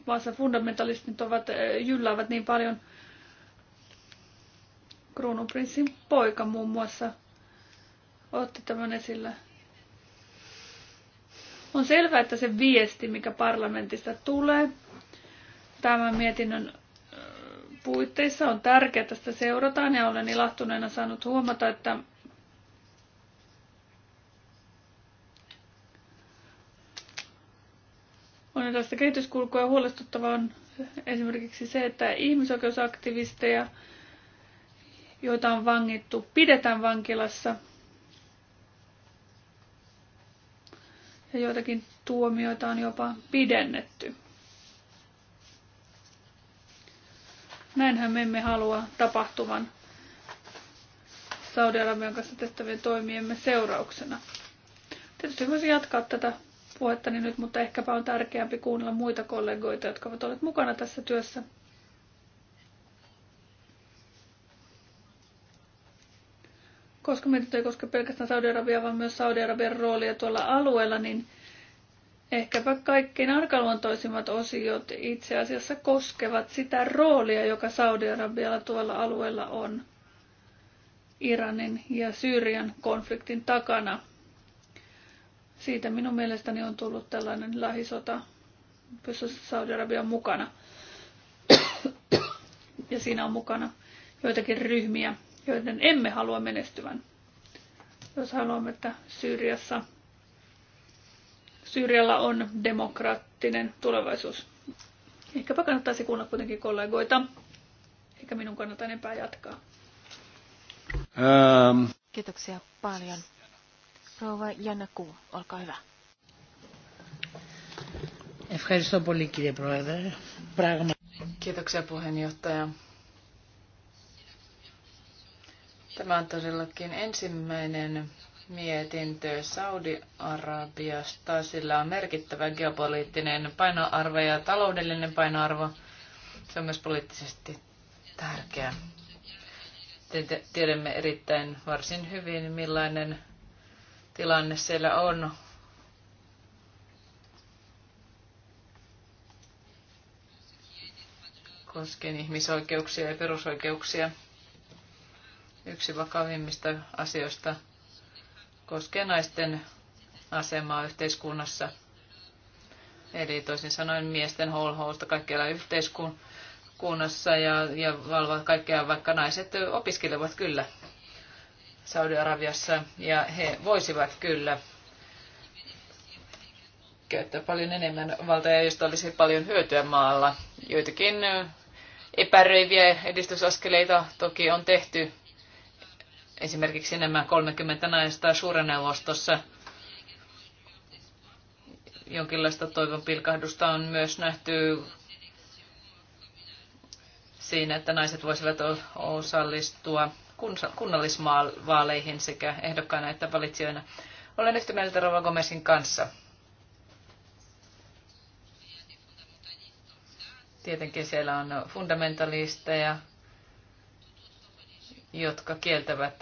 maassa fundamentalistit ovat, eh, jylläävät niin paljon kruununprinssin poika muun muassa otti tämän esille. On selvää, että se viesti, mikä parlamentista tulee tämän mietinnön puitteissa on tärkeää, että sitä seurataan ja olen ilahtuneena saanut huomata, että on tästä kehityskulkua ja huolestuttavaa on esimerkiksi se, että ihmisoikeusaktivisteja, joita on vangittu, pidetään vankilassa ja joitakin tuomioita on jopa pidennetty. Näinhän me emme halua tapahtuvan Saudi-Arabian kanssa tehtävien toimiemme seurauksena. Tietysti voisin jatkaa tätä puhettani nyt, mutta ehkäpä on tärkeämpi kuunnella muita kollegoita, jotka ovat olleet mukana tässä työssä. Koska mietintö ei koske pelkästään Saudi-Arabiaa, vaan myös Saudi-Arabian roolia tuolla alueella, niin Ehkäpä kaikkein arkaluontoisimmat osiot itse asiassa koskevat sitä roolia, joka Saudi-Arabialla tuolla alueella on Iranin ja Syyrian konfliktin takana. Siitä minun mielestäni on tullut tällainen lähisota, jossa Saudi-Arabia on mukana. ja siinä on mukana joitakin ryhmiä, joiden emme halua menestyvän. Jos haluamme, että Syyriassa Syyrialla on demokraattinen tulevaisuus. Ehkäpä kannattaisi kuunnella kuitenkin kollegoita, eikä minun kannata enempää jatkaa. Ähm. Kiitoksia paljon. Rouva Janna Kuu, olkaa hyvä. Kiitoksia puheenjohtaja. Tämä on todellakin ensimmäinen mietintö Saudi-Arabiasta. Sillä on merkittävä geopoliittinen painoarvo ja taloudellinen painoarvo. Se on myös poliittisesti tärkeä. Tiedämme erittäin varsin hyvin, millainen tilanne siellä on. koskien ihmisoikeuksia ja perusoikeuksia. Yksi vakavimmista asioista koskee naisten asemaa yhteiskunnassa. Eli toisin sanoen miesten holhousta kaikkialla yhteiskunnassa ja, ja valvovat kaikkea, vaikka naiset opiskelevat kyllä Saudi-Arabiassa ja he voisivat kyllä käyttää paljon enemmän valtaa, josta olisi paljon hyötyä maalla. Joitakin epäröiviä edistysaskeleita toki on tehty esimerkiksi nämä 30 naista suureneuvostossa. Jonkinlaista toivon pilkahdusta on myös nähty siinä, että naiset voisivat osallistua kunnallisvaaleihin sekä ehdokkaina että valitsijoina. Olen yhtä mieltä Rova Gomesin kanssa. Tietenkin siellä on fundamentalisteja, jotka kieltävät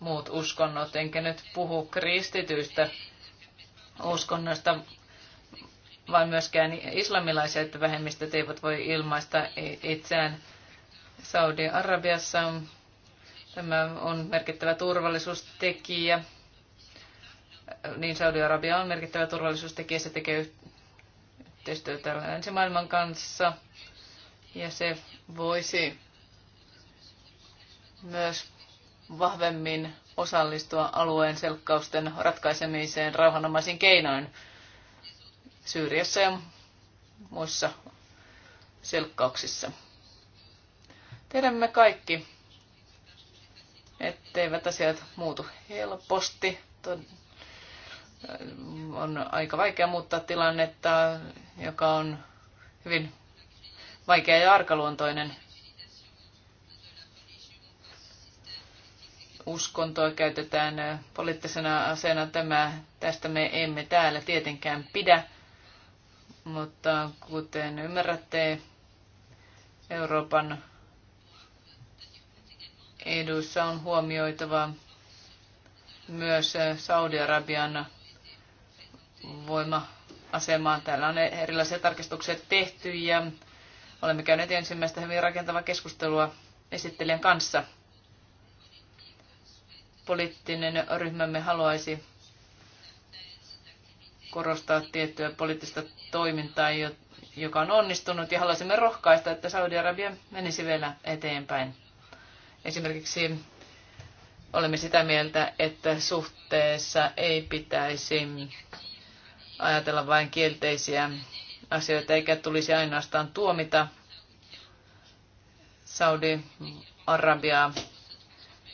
muut uskonnot. Enkä nyt puhu kristityistä uskonnosta vaan myöskään islamilaiset vähemmistöt eivät voi ilmaista itseään. Saudi-Arabiassa tämä on merkittävä turvallisuustekijä. Niin Saudi-Arabia on merkittävä turvallisuustekijä. Se tekee yhteistyötä länsimaailman kanssa ja se voisi myös vahvemmin osallistua alueen selkkausten ratkaisemiseen rauhanomaisin keinoin Syyriassa ja muissa selkkauksissa. Tiedämme kaikki, etteivät asiat muutu helposti. On aika vaikea muuttaa tilannetta, joka on hyvin vaikea ja arkaluontoinen uskontoa käytetään poliittisena aseena. Tämä, tästä me emme täällä tietenkään pidä, mutta kuten ymmärrätte, Euroopan eduissa on huomioitava myös Saudi-Arabian voima-asemaa. Täällä on erilaisia tarkistuksia tehty ja olemme käyneet ensimmäistä hyvin rakentavaa keskustelua esittelijän kanssa poliittinen ryhmämme haluaisi korostaa tiettyä poliittista toimintaa, joka on onnistunut, ja haluaisimme rohkaista, että Saudi-Arabia menisi vielä eteenpäin. Esimerkiksi olemme sitä mieltä, että suhteessa ei pitäisi ajatella vain kielteisiä asioita, eikä tulisi ainoastaan tuomita Saudi-Arabiaa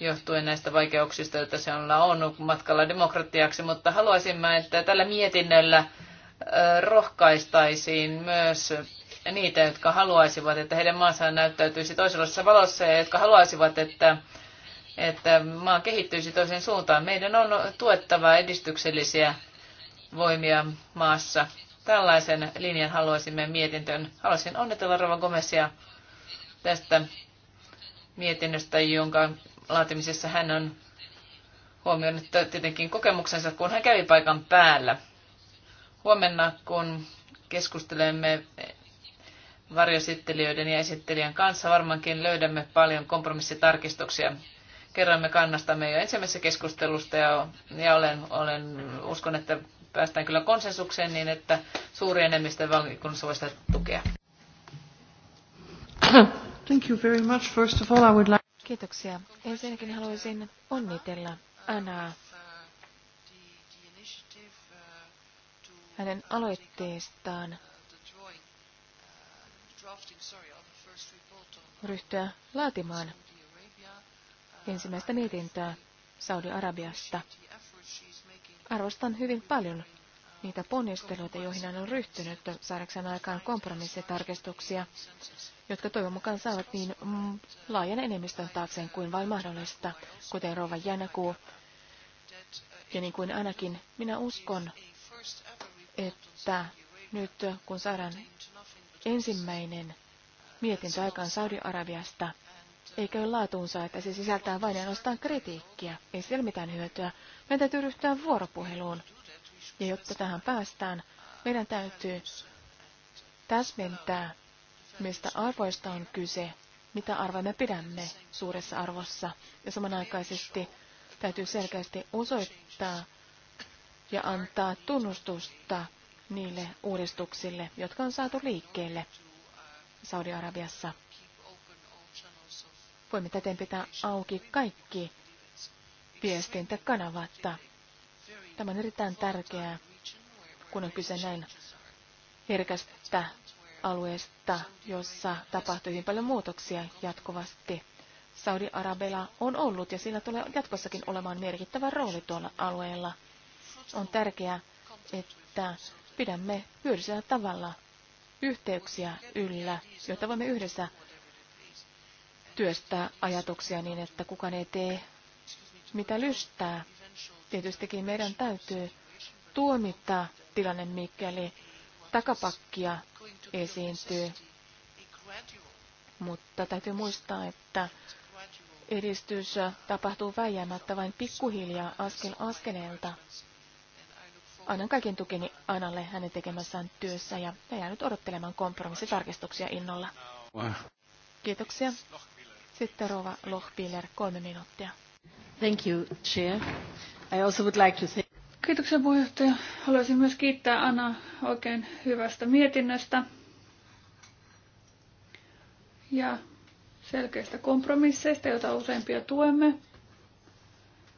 johtuen näistä vaikeuksista, joita se on ollut matkalla demokratiaksi, mutta mä että tällä mietinnöllä rohkaistaisiin myös niitä, jotka haluaisivat, että heidän maassaan näyttäytyisi toisenlaisessa valossa ja jotka haluaisivat, että, että maa kehittyisi toiseen suuntaan. Meidän on tuettava edistyksellisiä voimia maassa. Tällaisen linjan haluaisimme mietintöön. Haluaisin onnitella Rova Gomesia tästä mietinnöstä, jonka laatimisessa hän on huomioinut tietenkin kokemuksensa, kun hän kävi paikan päällä. Huomenna, kun keskustelemme varjosittelijöiden ja esittelijän kanssa, varmaankin löydämme paljon kompromissitarkistuksia. Kerroimme kannastamme jo ensimmäisessä keskustelusta ja, ja olen, olen, uskon, että päästään kyllä konsensukseen niin, että suuri enemmistö valmiikunnassa voi sitä tukea. Thank you very much. First of all, I would like... Kiitoksia. Ensinnäkin haluaisin onnitella Anaa hänen aloitteestaan ryhtyä laatimaan ensimmäistä mietintöä Saudi-Arabiasta. Arvostan hyvin paljon niitä ponnisteluita, joihin hän on ryhtynyt saadakseen aikaan kompromissitarkistuksia, jotka toivon mukaan saavat niin mm, laajan enemmistön taakseen kuin vain mahdollista, kuten Rova Janaku. Ja niin kuin ainakin minä uskon, että nyt kun saadaan ensimmäinen mietintö aikaan Saudi-Arabiasta, ei käy laatuunsa, että se sisältää vain ainoastaan kritiikkiä. Ei siellä mitään hyötyä. Meidän täytyy ryhtyä vuoropuheluun ja jotta tähän päästään, meidän täytyy täsmentää, mistä arvoista on kyse, mitä arvoja me pidämme suuressa arvossa. Ja samanaikaisesti täytyy selkeästi osoittaa ja antaa tunnustusta niille uudistuksille, jotka on saatu liikkeelle Saudi-Arabiassa. Voimme täten pitää auki kaikki viestintäkanavat Tämä on erittäin tärkeää, kun on kyse näin herkästä alueesta, jossa tapahtuu hyvin paljon muutoksia jatkuvasti. Saudi-Arabella on ollut ja sillä tulee jatkossakin olemaan merkittävä rooli tuolla alueella. On tärkeää, että pidämme hyödyllisellä tavalla yhteyksiä yllä, jotta voimme yhdessä työstää ajatuksia niin, että kukaan ei tee mitä lystää Tietystikin meidän täytyy tuomita tilanne, mikäli takapakkia esiintyy. Mutta täytyy muistaa, että edistys tapahtuu väijämättä vain pikkuhiljaa askel askeleelta. Annan kaiken tukeni Analle hänen tekemässään työssä ja jää nyt odottelemaan kompromissitarkistuksia innolla. Kiitoksia. Sitten Rova Lohpiller, kolme minuuttia. Thank you, Chair. I also would like to say... Kiitoksia puheenjohtaja. Haluaisin myös kiittää Anna oikein hyvästä mietinnöstä ja selkeistä kompromisseista, joita useimpia tuemme.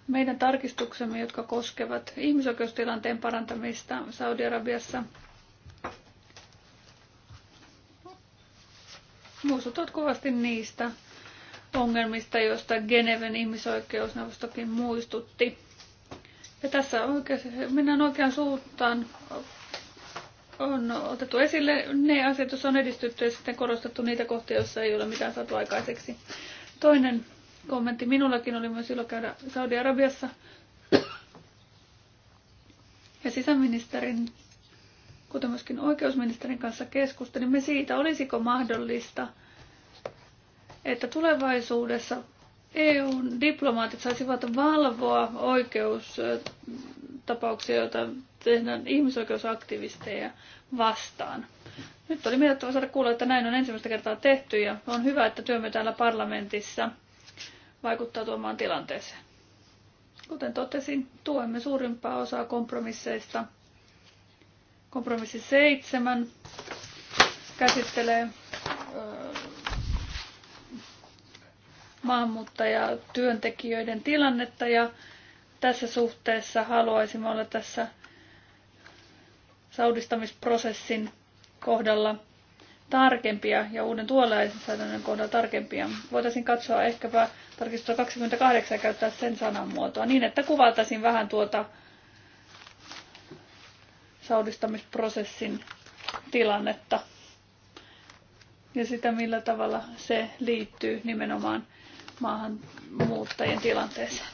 Meidän tarkistuksemme, jotka koskevat ihmisoikeustilanteen parantamista Saudi-Arabiassa, muistutat kovasti niistä ongelmista, joista Geneven ihmisoikeusneuvostokin muistutti ja tässä oikeassa, mennään oikeaan suuntaan. On otettu esille ne asiat, joissa on edistytty ja sitten korostettu niitä kohtia, joissa ei ole mitään saatu aikaiseksi. Toinen kommentti minullakin oli myös ilo käydä Saudi-Arabiassa. Ja sisäministerin, kuten myöskin oikeusministerin kanssa keskustelimme siitä, olisiko mahdollista, että tulevaisuudessa eu diplomaatit saisivat valvoa oikeustapauksia, joita tehdään ihmisoikeusaktivisteja vastaan. Nyt oli miellyttävä saada kuulla, että näin on ensimmäistä kertaa tehty ja on hyvä, että työmme täällä parlamentissa vaikuttaa tuomaan tilanteeseen. Kuten totesin, tuemme suurimpaa osaa kompromisseista. Kompromissi seitsemän käsittelee maahanmuuttajatyöntekijöiden tilannetta ja tässä suhteessa haluaisimme olla tässä saudistamisprosessin kohdalla tarkempia ja uuden tuolainsäädännön kohdalla tarkempia. Voitaisiin katsoa ehkäpä tarkistusta 28 ja käyttää sen sananmuotoa niin, että kuvaltaisin vähän tuota saudistamisprosessin tilannetta ja sitä, millä tavalla se liittyy nimenomaan maahanmuuttajien tilanteeseen.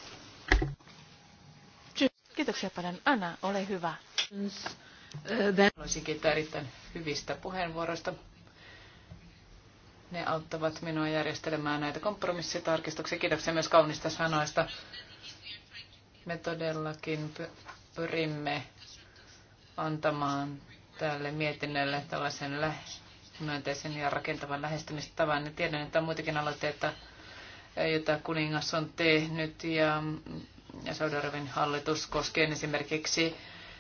Kiitoksia paljon. Anna, ole hyvä. Haluaisin kiittää erittäin hyvistä puheenvuoroista. Ne auttavat minua järjestelemään näitä kompromissitarkistuksia. Kiitoksia myös kaunista sanoista. Me todellakin pyrimme antamaan tälle mietinnölle tällaisen myönteisen ja rakentavan lähestymistavan. tiedän, että on muitakin aloitteita, jota kuningas on tehnyt ja, ja Saudi-Arabian hallitus koskien esimerkiksi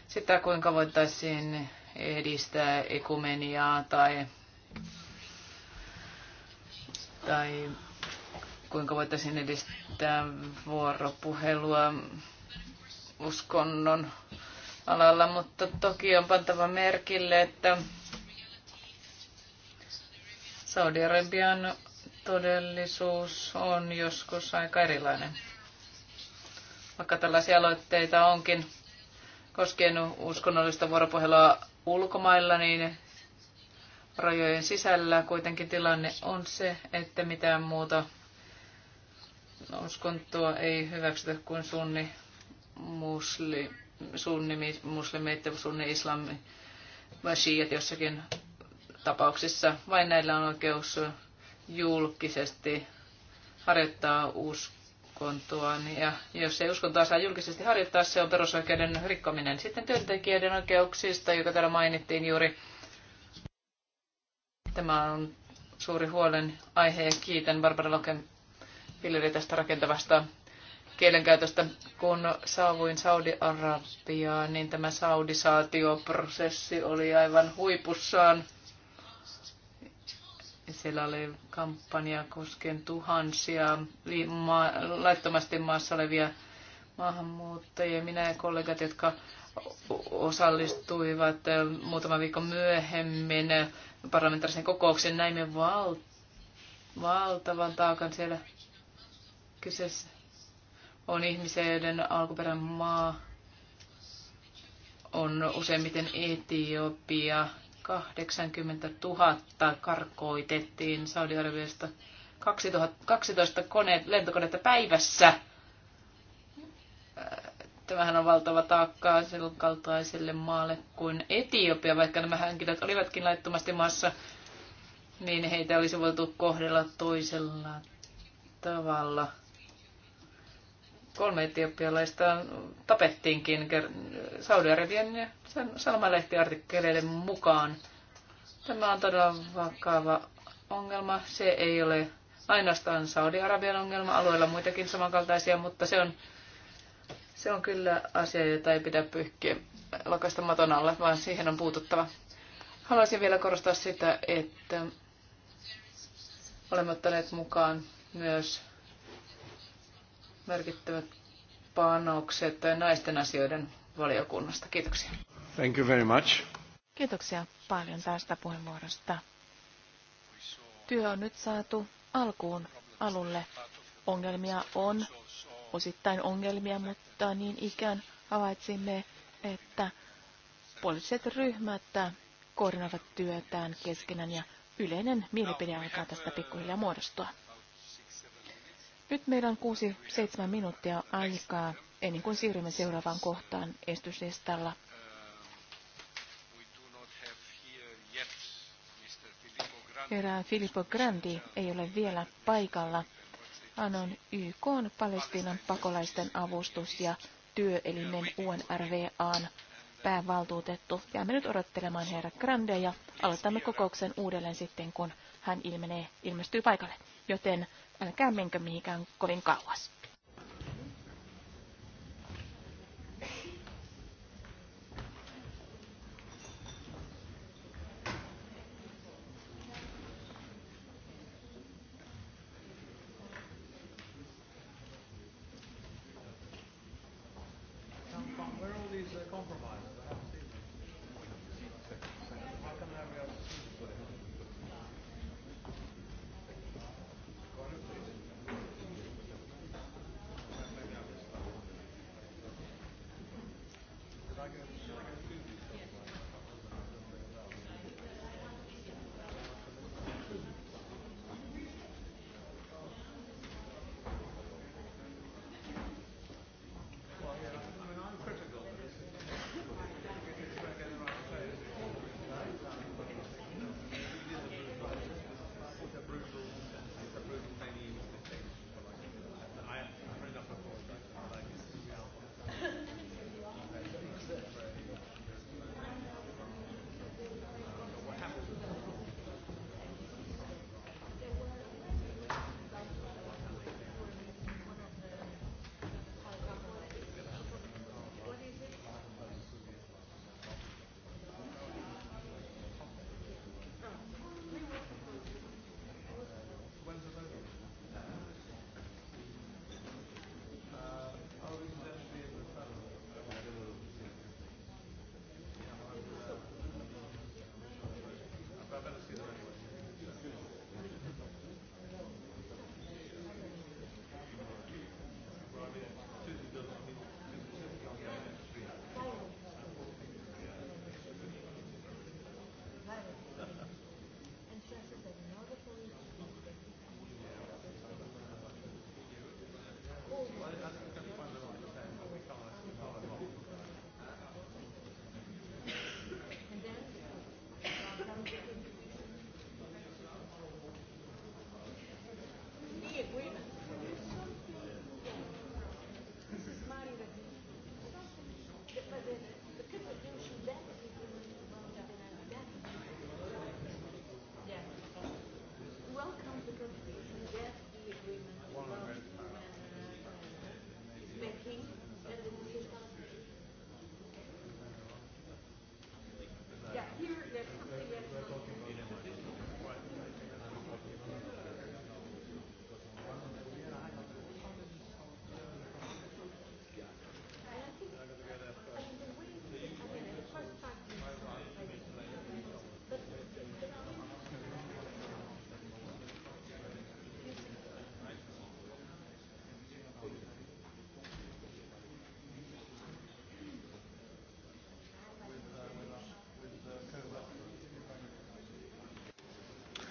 sitä, kuinka voitaisiin edistää ekumeniaa tai, tai kuinka voitaisiin edistää vuoropuhelua uskonnon alalla, mutta toki on pantava merkille, että Saudi-Arabian todellisuus on joskus aika erilainen. Vaikka tällaisia aloitteita onkin koskien uskonnollista vuoropuhelua ulkomailla, niin rajojen sisällä kuitenkin tilanne on se, että mitään muuta uskontoa ei hyväksytä kuin sunni musli, sunni muslimit ja sunni islami vai shiit jossakin tapauksissa. Vain näillä on oikeus julkisesti harjoittaa uskontoa. Niin- ja jos ei uskontoa saa julkisesti harjoittaa, se on perusoikeuden rikkominen. Sitten työntekijöiden oikeuksista, joka täällä mainittiin juuri. Tämä on suuri huolen aihe ja kiitän Barbara Loken Pilleri tästä rakentavasta kielenkäytöstä. Kun saavuin Saudi-Arabiaan, niin tämä saudisaatioprosessi oli aivan huipussaan. Siellä oli kampanja kosken tuhansia laittomasti maassa olevia maahanmuuttajia. Minä ja kollegat, jotka osallistuivat eh, muutama viikko myöhemmin parlamentaarisen kokouksen, näimme val- valtavan taakan siellä kyseessä. On ihmisiä, joiden alkuperän maa on useimmiten Etiopia, 80 000 karkoitettiin Saudi-Arabiasta 12 kone, lentokonetta päivässä. Tämähän on valtava taakka, sen kaltaiselle maalle kuin Etiopia, vaikka nämä henkilöt olivatkin laittomasti maassa, niin heitä olisi voitu kohdella toisella tavalla. Kolme etiopialaista tapettiinkin Saudi-Arabian ja sanomalehtiartikkeleiden mukaan. Tämä on todella vakava ongelma. Se ei ole ainoastaan Saudi-Arabian ongelma, alueella muitakin samankaltaisia, mutta se on, se on kyllä asia, jota ei pidä pyyhkiä lakasta maton alla, vaan siihen on puututtava. Haluaisin vielä korostaa sitä, että olemme ottaneet mukaan myös merkittävät panokset naisten asioiden valiokunnasta. Kiitoksia. Thank you very much. Kiitoksia paljon tästä puheenvuorosta. Työ on nyt saatu alkuun alulle. Ongelmia on, osittain ongelmia, mutta niin ikään havaitsimme, että poliittiset ryhmät koordinoivat työtään keskenään ja yleinen mielipide alkaa tästä pikkuhiljaa muodostua. Nyt meillä on 6-7 minuuttia aikaa ennen kuin siirrymme seuraavaan kohtaan estyslistalla. Herra Filippo Grandi ei ole vielä paikalla. Hän on YK on Palestiinan pakolaisten avustus- ja työelimen UNRWAn päävaltuutettu. Jäämme nyt odottelemaan herra Grande ja aloitamme kokouksen uudelleen sitten, kun hän ilmenee, ilmestyy paikalle. Joten älkää menkö mihinkään kovin kauas.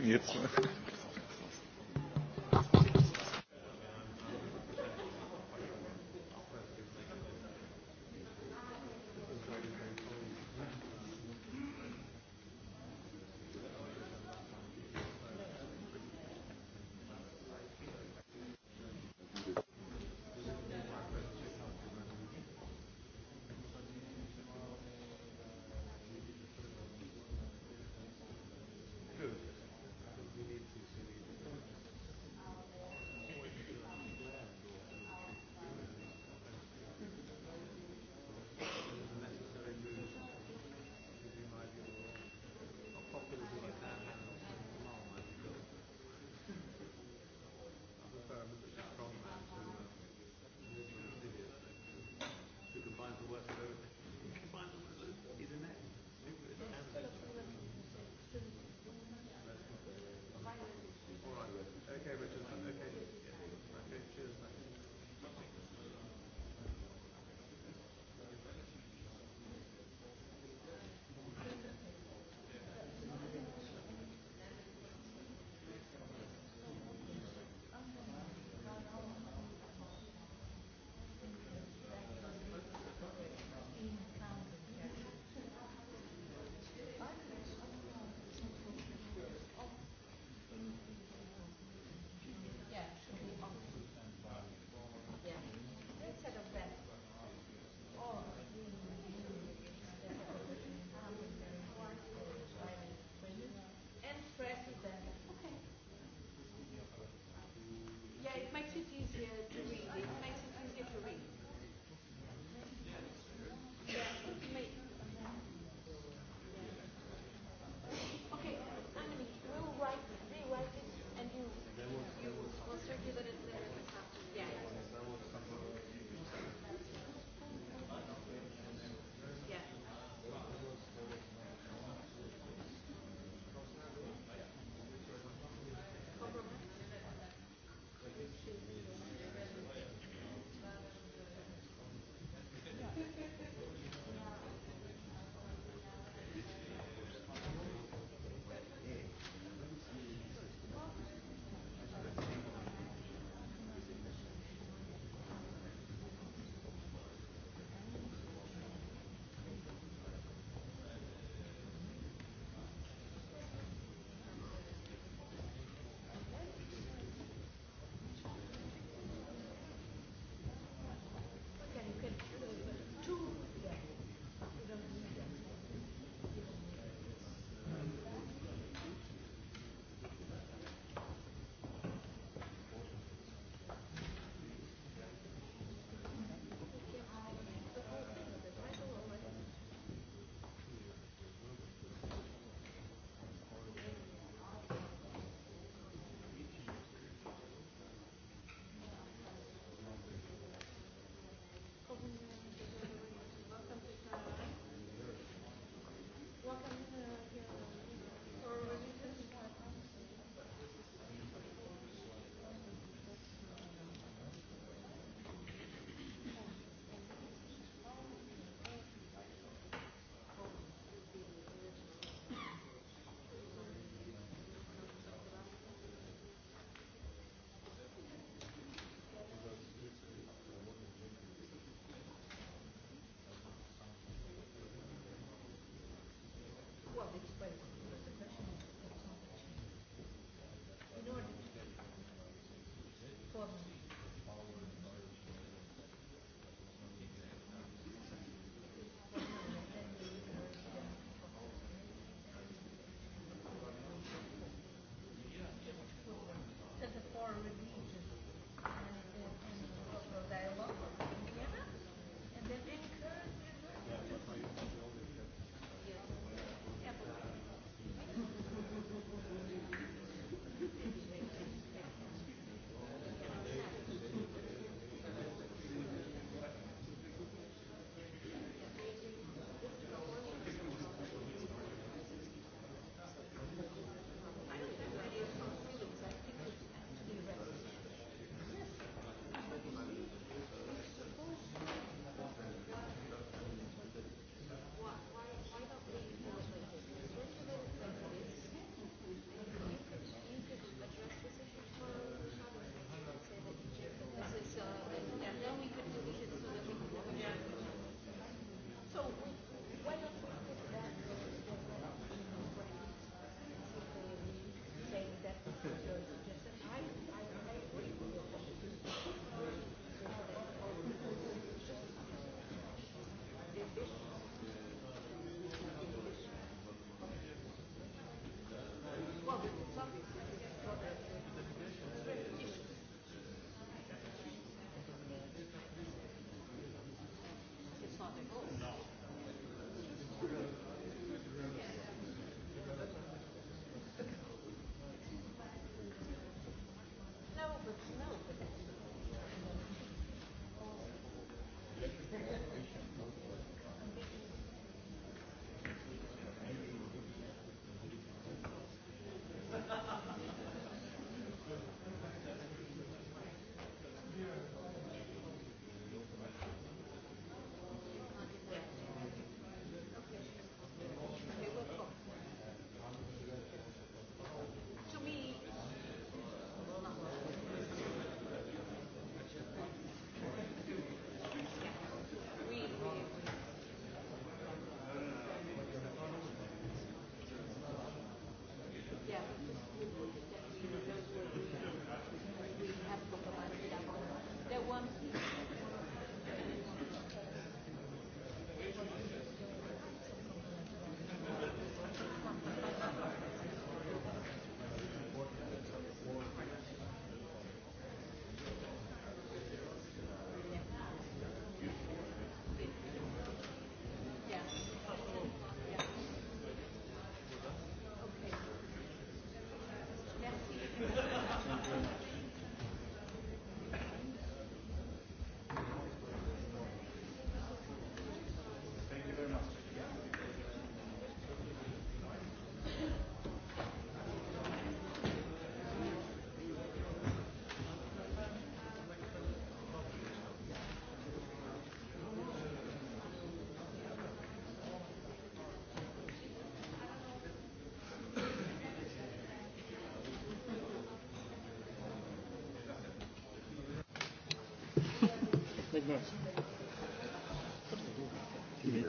Jetzt.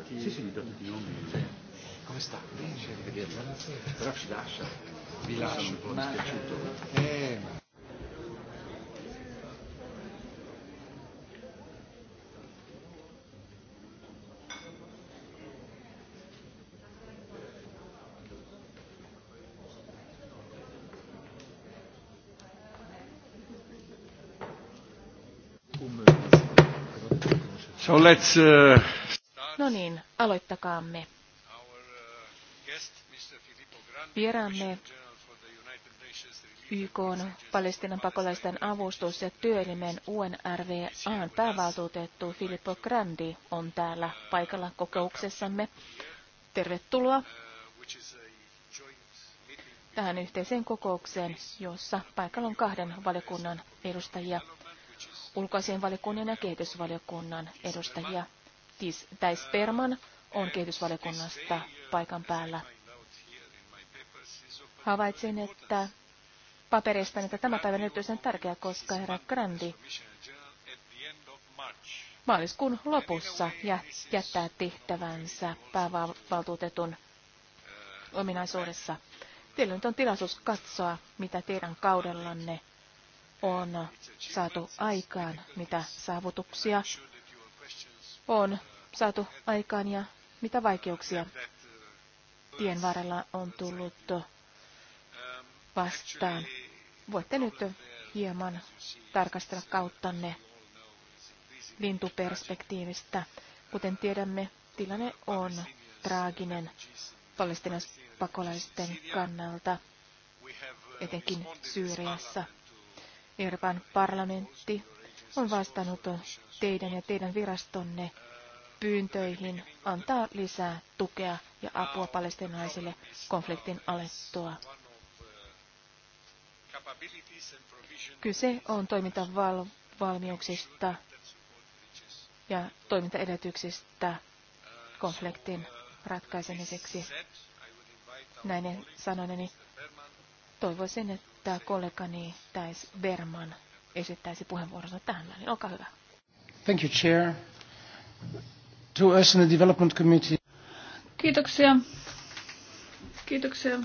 Sì, sì, do tutti i nomi. Come sta? Però ci lascia. Vi lascio un po' dispiaciuto. So let's, uh, No niin, aloittakaamme. Vieraamme YK on Palestinan pakolaisten avustus- ja työelimen UNRWAn päävaltuutettu Filippo Grandi on täällä paikalla kokouksessamme. Tervetuloa tähän yhteiseen kokoukseen, jossa paikalla on kahden valiokunnan edustajia ulkoasianvaliokunnan ja kehitysvaliokunnan edustajia. Tai Sperman on kehitysvaliokunnasta paikan päällä. Havaitsin, että paperista, että tämä päivä nyt on tärkeä, koska herra Grandi maaliskuun lopussa jättää tehtävänsä päävaltuutetun ominaisuudessa. Teillä nyt on tilaisuus katsoa, mitä teidän kaudellanne on saatu aikaan, mitä saavutuksia on saatu aikaan ja mitä vaikeuksia tien varrella on tullut vastaan. Voitte nyt hieman tarkastella kauttanne lintuperspektiivistä. Kuten tiedämme, tilanne on traaginen palestinaispakolaisten kannalta, etenkin Syyriassa. Euroopan parlamentti on vastannut teidän ja teidän virastonne pyyntöihin antaa lisää tukea ja apua palestinaisille konfliktin alettua. Kyse on toimintavalmiuksista ja toimintaedellytyksistä konfliktin ratkaisemiseksi. Näin sanoneni toivoisin, että että kollegani Täis Berman esittäisi puheenvuoronsa tähän väliin. Olkaa hyvä. Thank you, Chair. To us in the Development Committee. Kiitoksia. Kiitoksia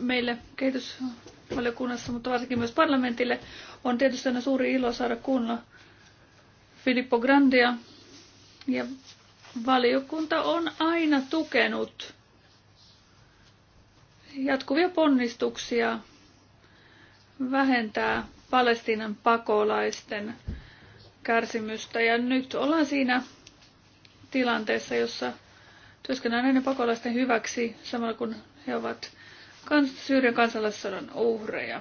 meille kehitysvaliokunnassa, mutta varsinkin myös parlamentille. On tietysti aina suuri ilo saada kuulla Filippo Grandia. Ja valiokunta on aina tukenut jatkuvia ponnistuksia vähentää Palestiinan pakolaisten kärsimystä. Ja nyt ollaan siinä tilanteessa, jossa työskennellään näiden pakolaisten hyväksi samalla kun he ovat Syyrian kansalaissodan uhreja.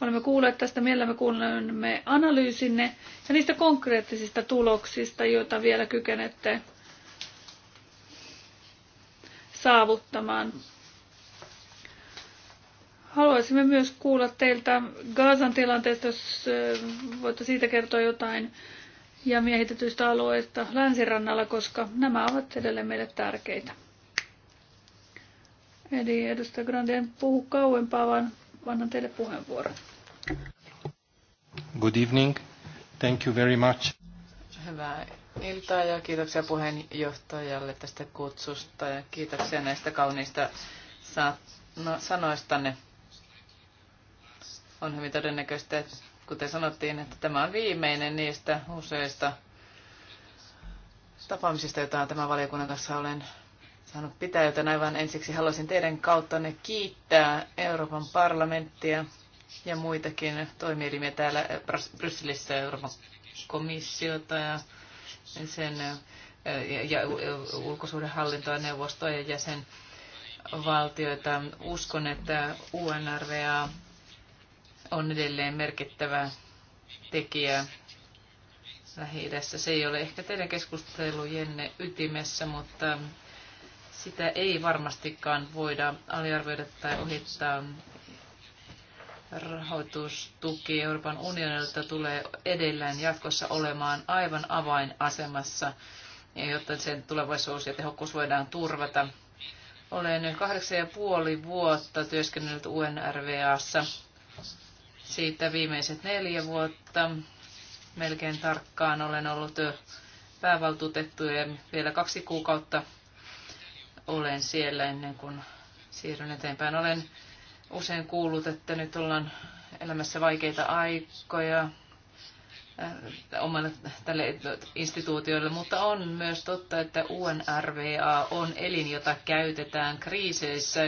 Olemme kuulleet tästä, mielellämme kuulemme analyysinne ja niistä konkreettisista tuloksista, joita vielä kykenette saavuttamaan Haluaisimme myös kuulla teiltä Gazan tilanteesta, jos voitte siitä kertoa jotain, ja miehitetyistä alueista länsirannalla, koska nämä ovat edelleen meille tärkeitä. Eli edustaja Grandi en puhu kauempaa, vaan annan teille puheenvuoron. Good evening. Thank you very much. Hyvää iltaa ja kiitoksia puheenjohtajalle tästä kutsusta ja kiitoksia näistä kauniista no, sanoistanne on hyvin todennäköistä, kuten sanottiin, että tämä on viimeinen niistä useista tapaamisista, joita tämän valiokunnan kanssa olen saanut pitää, joten aivan ensiksi haluaisin teidän kauttanne kiittää Euroopan parlamenttia ja muitakin toimielimiä täällä Brysselissä, Euroopan komissiota ja sen ja, ulkosuhdehallintoa, neuvostoa ja jäsenvaltioita. Uskon, että UNRVA on edelleen merkittävä tekijä lähi -idässä. Se ei ole ehkä teidän keskustelujenne ytimessä, mutta sitä ei varmastikaan voida aliarvioida tai ohittaa. Rahoitustuki Euroopan unionilta tulee edelleen jatkossa olemaan aivan avainasemassa, jotta sen tulevaisuus ja tehokkuus voidaan turvata. Olen kahdeksan ja puoli vuotta työskennellyt UNRWAssa siitä viimeiset neljä vuotta melkein tarkkaan olen ollut päävaltuutettu ja vielä kaksi kuukautta olen siellä ennen kuin siirryn eteenpäin. Olen usein kuullut, että nyt ollaan elämässä vaikeita aikoja äh, omalle tälle instituutioille, mutta on myös totta, että UNRVA on elin, jota käytetään kriiseissä,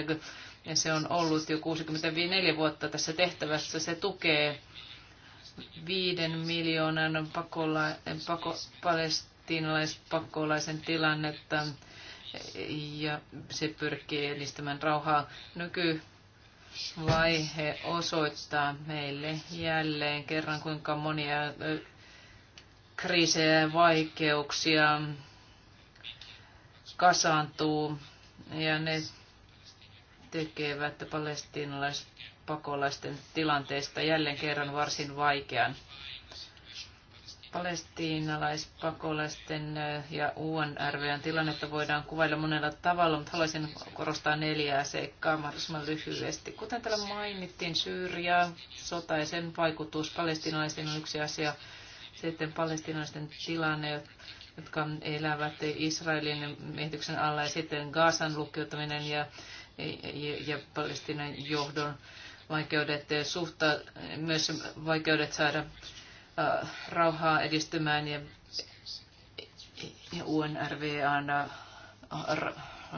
ja se on ollut jo 64 vuotta tässä tehtävässä. Se tukee viiden miljoonan pakola, pako, palestiinalaispakolaisen tilannetta ja se pyrkii edistämään rauhaa. Nykyvaihe osoittaa meille jälleen kerran, kuinka monia kriisejä ja vaikeuksia kasaantuu ja ne tekevät palestiinalaispakolaisten tilanteesta jälleen kerran varsin vaikean. Palestiinalaispakolaisten äh, ja UNRVn tilannetta voidaan kuvailla monella tavalla, mutta haluaisin korostaa neljää seikkaa mahdollisimman lyhyesti. Kuten täällä mainittiin, Syyria, sota ja sen vaikutus Palestiinalaisten on yksi asia. Sitten palestiinalaisten tilanne, jotka elävät Israelin miehityksen alla ja sitten Gaasan lukkiutuminen ja ja Palestinan johdon vaikeudet, suhta, myös vaikeudet saada rauhaa edistymään ja UNRWAn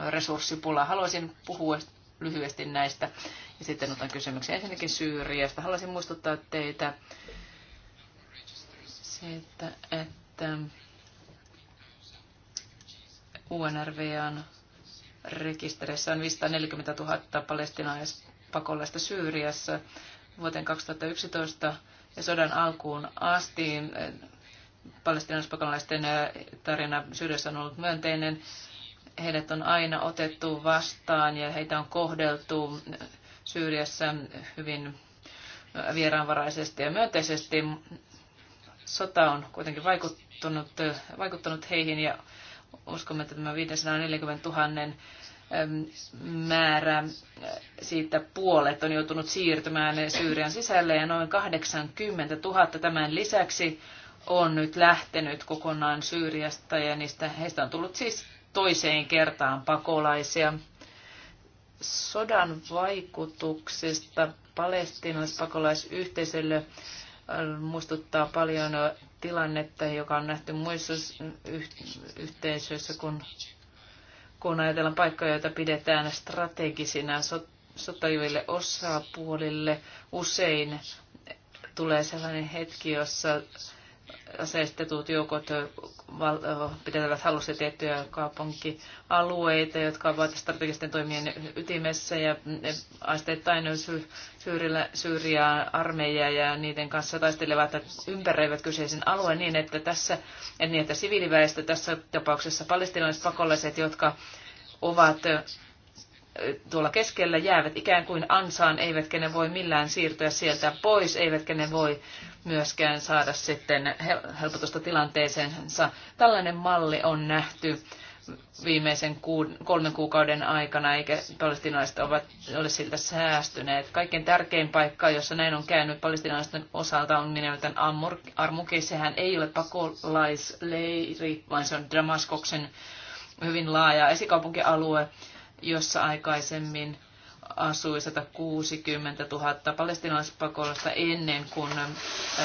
resurssipula. Haluaisin puhua lyhyesti näistä ja sitten otan kysymyksiä ensinnäkin Syyriasta. Haluaisin muistuttaa teitä siitä, että UNRWAn rekisterissä on 540 000 palestinaispakolaista Syyriassa vuoteen 2011 ja sodan alkuun asti. Eh, Palestinaispakolaisten eh, tarina Syyriassa on ollut myönteinen. Heidät on aina otettu vastaan ja heitä on kohdeltu eh, Syyriassa hyvin vieraanvaraisesti ja myönteisesti. Sota on kuitenkin vaikuttanut, vaikuttanut heihin ja Uskomme, että tämä 540 000 määrä, äh, siitä puolet on joutunut siirtymään Syyrian sisälle ja noin 80 000 tämän lisäksi on nyt lähtenyt kokonaan Syyriasta ja niistä, heistä on tullut siis toiseen kertaan pakolaisia. Sodan vaikutuksesta palestinalaispakolaisyhteisölle äh, muistuttaa paljon tilannetta, joka on nähty muissa yhteisöissä, kun, kun ajatellaan paikkoja, joita pidetään strategisina sot, sotajuville osapuolille. Usein tulee sellainen hetki, jossa aseistetut joukot pitävät halussa tiettyjä kaupunkialueita, jotka ovat strategisten toimien ytimessä ja asteittain syyriä Syyriaa armeijaa ja niiden kanssa taistelevat ympäröivät kyseisen alueen niin, että tässä, niin että siviiliväestö tässä tapauksessa palestinaiset pakolaiset, jotka ovat tuolla keskellä jäävät ikään kuin ansaan, eivätkä ne voi millään siirtyä sieltä pois, eivätkä ne voi myöskään saada sitten helpotusta tilanteeseensa. Tällainen malli on nähty viimeisen kolmen kuukauden aikana, eikä palestinaiset ovat, ole siltä säästyneet. Kaikkein tärkein paikka, jossa näin on käynyt palestinaisten osalta, on nimeltään Armuki. Sehän ei ole pakolaisleiri, vaan se on Damaskoksen hyvin laaja esikaupunkialue, jossa aikaisemmin asui 160 000 palestinaispakolasta ennen kuin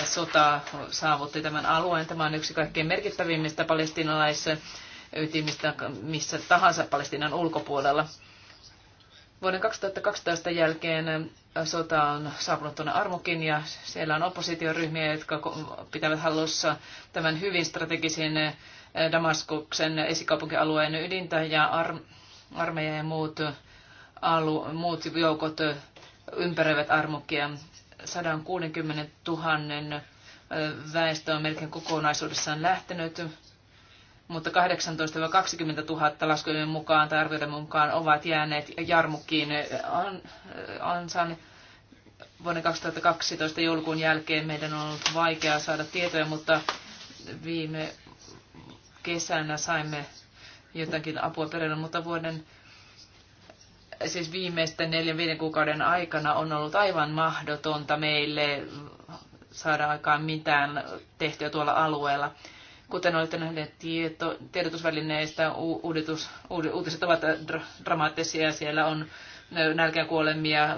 sota saavutti tämän alueen. Tämä on yksi kaikkein merkittävimmistä palestinalaisytimistä missä tahansa Palestinan ulkopuolella. Vuoden 2012 jälkeen sota on saapunut tuonne Armokin ja siellä on oppositioryhmiä, jotka pitävät hallussa tämän hyvin strategisen Damaskuksen esikaupunkialueen ydintä ja Ar- armeija ja muut, alu, muut joukot ympäröivät armukkia. 160 000 väestö on melkein kokonaisuudessaan lähtenyt, mutta 18 000 20 000 laskujen mukaan tai arvioiden mukaan ovat jääneet jarmukkiin ansan. Vuoden 2012 joulukuun jälkeen meidän on ollut vaikeaa saada tietoja, mutta viime kesänä saimme jotakin apua perillä, mutta vuoden siis viimeisten neljän viiden kuukauden aikana on ollut aivan mahdotonta meille saada aikaan mitään tehtyä tuolla alueella. Kuten olette nähneet tieto, tiedotusvälineistä, uudetus, uutiset ovat dramaattisia. Siellä on nälkäkuolemia,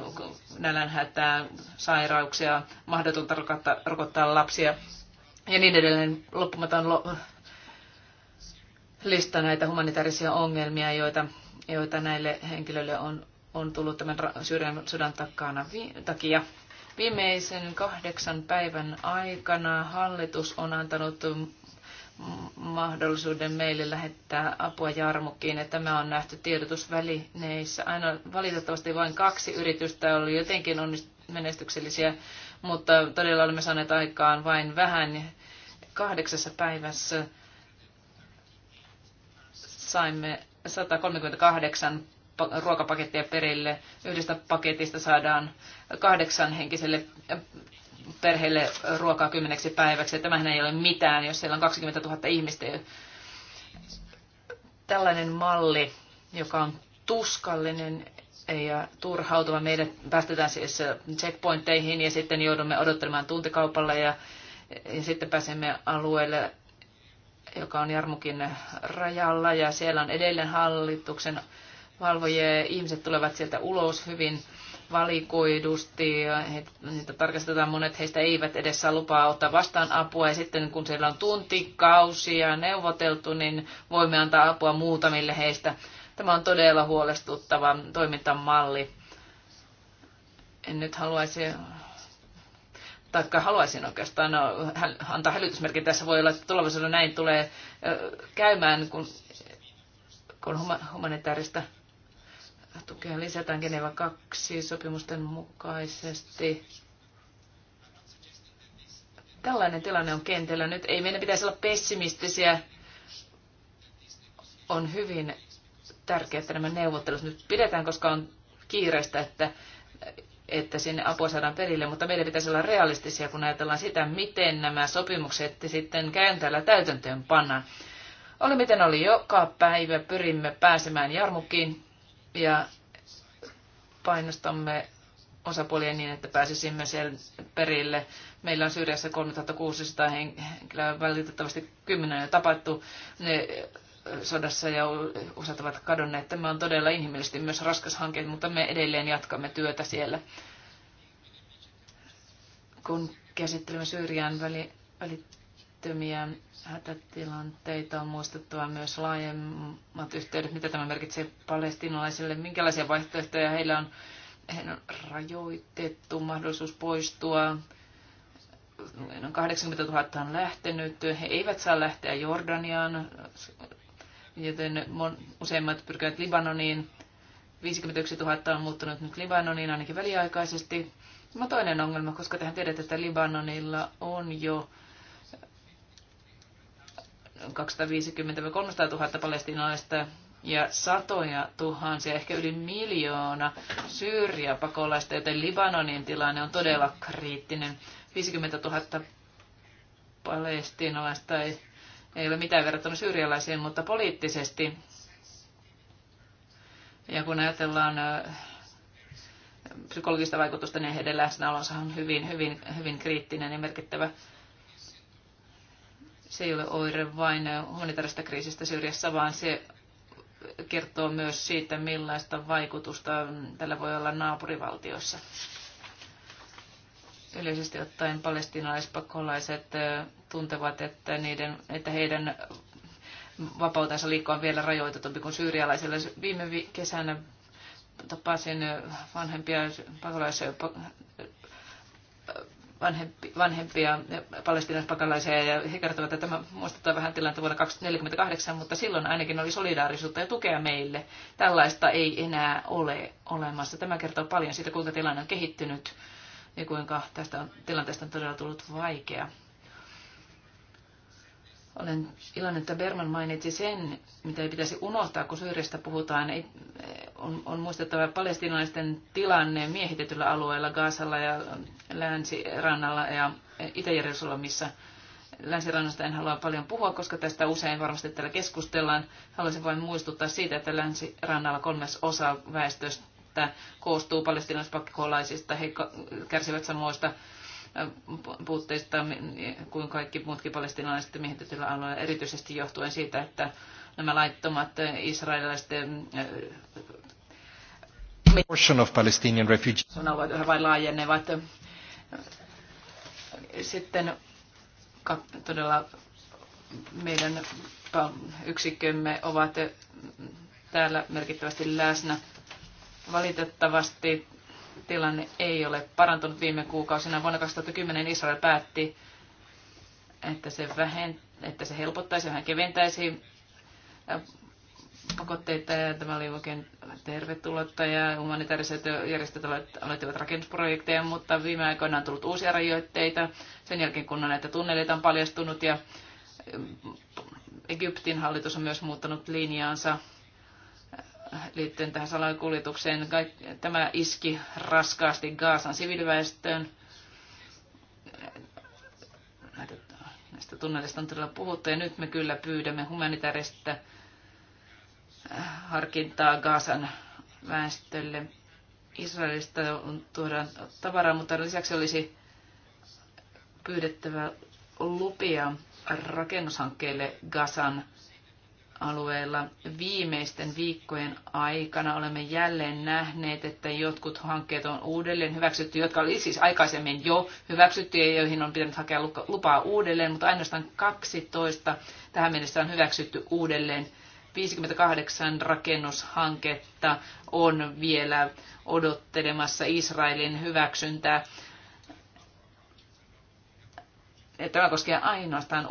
nälänhätää, sairauksia, mahdotonta rokottaa, rokottaa lapsia ja niin edelleen loppumaton lista näitä humanitaarisia ongelmia, joita, joita näille henkilöille on, on tullut tämän syrjän sodan takana vi, takia. Viimeisen kahdeksan päivän aikana hallitus on antanut mahdollisuuden meille lähettää apua Jarmukkiin, ja tämä on nähty tiedotusvälineissä. Aina valitettavasti vain kaksi yritystä oli jotenkin menestyksellisiä, mutta todella olemme saaneet aikaan vain vähän kahdeksassa päivässä Saimme 138 ruokapakettia perille. Yhdestä paketista saadaan kahdeksan henkiselle äh, perheelle ruokaa kymmeneksi päiväksi. Tämähän ei ole mitään, jos siellä on 20 000 ihmistä. Tällainen malli, joka on tuskallinen ja turhautuva. Meidät päästetään siis äh, checkpointteihin ja sitten joudumme odottelemaan tuntikaupalla ja, ja sitten pääsemme alueelle, joka on Jarmukin rajalla ja siellä on edelleen hallituksen valvojia. Ihmiset tulevat sieltä ulos hyvin valikoidusti, niitä tarkastetaan, monet heistä eivät edes saa lupaa ottaa vastaan apua, ja sitten kun siellä on tuntikausia neuvoteltu, niin voimme antaa apua muutamille heistä. Tämä on todella huolestuttava toimintamalli. En nyt haluaisi taikka haluaisin oikeastaan no, antaa hälytysmerkin. Tässä voi olla, että tulevaisuudessa näin tulee käymään, kun, kun humanitaarista tukea lisätään Geneva 2 sopimusten mukaisesti. Tällainen tilanne on kentällä nyt. Ei meidän pitäisi olla pessimistisiä. On hyvin tärkeää, että nämä neuvottelut nyt pidetään, koska on kiireistä, että että sinne apua saadaan perille, mutta meidän pitäisi olla realistisia, kun ajatellaan sitä, miten nämä sopimukset sitten kääntäjällä täytäntöön pannaan. Oli miten oli, joka päivä pyrimme pääsemään jarmukiin ja painostamme osapuolia niin, että pääsisimme sen perille. Meillä on Syyriassa 3600 henkilöä, valitettavasti kymmenen on jo tapattu. Ne sodassa ja useat ovat kadonneet. Tämä on todella inhimillisesti myös raskas hanke, mutta me edelleen jatkamme työtä siellä. Kun käsittelemme Syyrian väli, välittömiä hätätilanteita, on muistettava myös laajemmat yhteydet, mitä tämä merkitsee palestinalaisille, minkälaisia vaihtoehtoja heillä on. Heillä on rajoitettu mahdollisuus poistua noin 80 000 on lähtenyt. He eivät saa lähteä Jordaniaan, joten useimmat pyrkivät Libanoniin. 51 000 on muuttunut nyt Libanoniin ainakin väliaikaisesti. Tämä on toinen ongelma, koska tehän tiedät, että Libanonilla on jo 250 000 300 000 palestinaista ja satoja tuhansia, ehkä yli miljoona syyriapakolaista, joten Libanonin tilanne on todella kriittinen. 50 000 palestinaista ei ei ole mitään verrattuna syyrialaisiin, mutta poliittisesti. Ja kun ajatellaan psykologista vaikutusta, niin heidän läsnäolonsa on hyvin, hyvin, hyvin kriittinen ja merkittävä. Se ei ole oire vain humanitaarista kriisistä Syyriassa, vaan se kertoo myös siitä, millaista vaikutusta tällä voi olla naapurivaltiossa. Yleisesti ottaen palestinaispakolaiset tuntevat, että, niiden, että heidän vapautensa liikkua on vielä rajoitetumpi kuin syyrialaisilla. Viime kesänä tapasin vanhempia pakolaisia vanhempi, vanhempia palestinaispakolaisia ja he kertovat, että tämä muistuttaa vähän tilannetta vuonna 1948, mutta silloin ainakin oli solidaarisuutta ja tukea meille. Tällaista ei enää ole olemassa. Tämä kertoo paljon siitä, kuinka tilanne on kehittynyt ja kuinka tästä on, tilanteesta on todella tullut vaikea. Olen iloinen, että Berman mainitsi sen, mitä ei pitäisi unohtaa, kun Syyriasta puhutaan. Ei, on, on muistettava palestinaisten tilanne miehitetyllä alueella, Gaasalla ja länsirannalla ja Itä-Jerusalemissa. Länsirannasta en halua paljon puhua, koska tästä usein varmasti täällä keskustellaan. Haluaisin vain muistuttaa siitä, että länsirannalla kolmas osa väestöstä että koostuu palestinaispakolaisista, he kärsivät samoista puutteista kuin kaikki muutkin palestiinalaiset, miehitetyillä alueilla, erityisesti johtuen siitä, että nämä laittomat israelilaiset portion of Palestinian refugees. alueet yhä vain laajenevat. Sitten todella meidän yksikkömme ovat täällä merkittävästi läsnä Valitettavasti tilanne ei ole parantunut viime kuukausina. Vuonna 2010 Israel päätti, että se, vähen, että se helpottaisi, vähän keventäisi pakotteita ja tämä oli oikein tervetullutta ja humanitaariset järjestöt aloittivat rakennusprojekteja, mutta viime aikoina on tullut uusia rajoitteita sen jälkeen, kun on näitä tunneleita on paljastunut ja Egyptin hallitus on myös muuttanut linjaansa liittyen tähän salakuljetukseen. Tämä iski raskaasti Gaasan siviiliväestöön. Näistä tunnelista on todella puhuttu ja nyt me kyllä pyydämme humanitaarista äh, harkintaa Gaasan väestölle. Israelista tuodaan tavaraa, mutta lisäksi olisi pyydettävä lupia rakennushankkeelle Gasan alueella. Viimeisten viikkojen aikana olemme jälleen nähneet, että jotkut hankkeet on uudelleen hyväksytty, jotka oli siis aikaisemmin jo hyväksytty ja joihin on pitänyt hakea lupaa uudelleen, mutta ainoastaan 12 tähän mennessä on hyväksytty uudelleen. 58 rakennushanketta on vielä odottelemassa Israelin hyväksyntää tämä koskee ainoastaan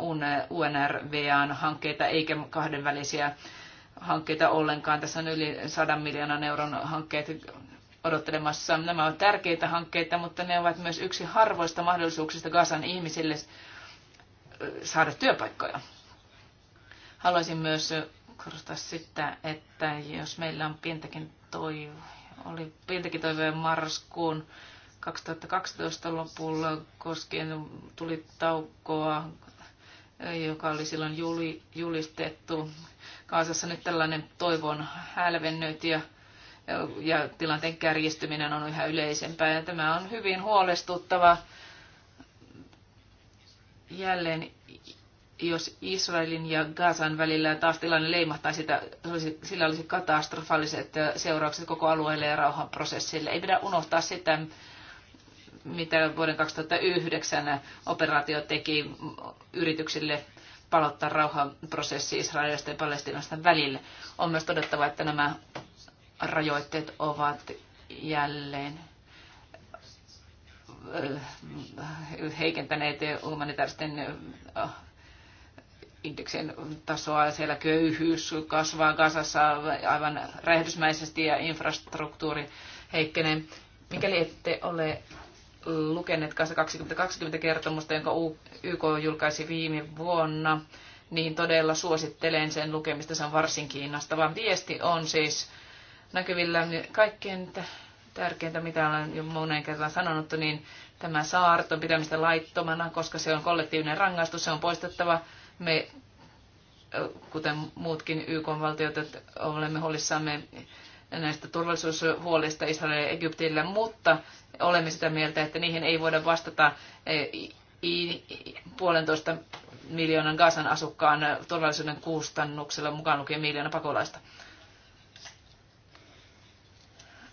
UNRWAn hankkeita eikä kahdenvälisiä hankkeita ollenkaan. Tässä on yli 100 miljoonan euron hankkeet odottelemassa. Nämä ovat tärkeitä hankkeita, mutta ne ovat myös yksi harvoista mahdollisuuksista Gazan ihmisille saada työpaikkoja. Haluaisin myös korostaa sitä, että jos meillä on pientäkin toivoa, oli pientäkin toivoja marraskuun 2012 lopulla koskien tuli taukoa, joka oli silloin julistettu. Kaasassa nyt tällainen toivon hälvennyt ja, ja tilanteen kärjistyminen on yhä yleisempää. Ja tämä on hyvin huolestuttava. Jälleen jos Israelin ja Gazan välillä taas tilanne leimahtaa sitä, sillä olisi katastrofaaliset seuraukset koko alueelle ja rauhanprosessille. Ei pidä unohtaa sitä, mitä vuoden 2009 operaatio teki yrityksille palottaa rauhanprosessi Israelista ja Palestinasta välille. On myös todettava, että nämä rajoitteet ovat jälleen äh, heikentäneet humanitaaristen äh, indeksien tasoa. Siellä köyhyys kasvaa Kasassa aivan räjähdysmäisesti ja infrastruktuuri heikkenee. Mikäli ette ole lukeneet kanssa 2020 kertomusta, jonka YK julkaisi viime vuonna, niin todella suosittelen sen lukemista. Se on varsin kiinnostava. Viesti on siis näkyvillä kaikkein tärkeintä, mitä olen jo moneen kertaan sanonut, niin tämä saarton pitämistä laittomana, koska se on kollektiivinen rangaistus, se on poistettava. Me, kuten muutkin YK-valtiot, olemme huolissamme näistä turvallisuushuolista Israelille ja Egyptille, mutta olemme sitä mieltä, että niihin ei voida vastata e, puolentoista miljoonan Gazan asukkaan turvallisuuden kustannuksella mukaan lukien miljoona pakolaista.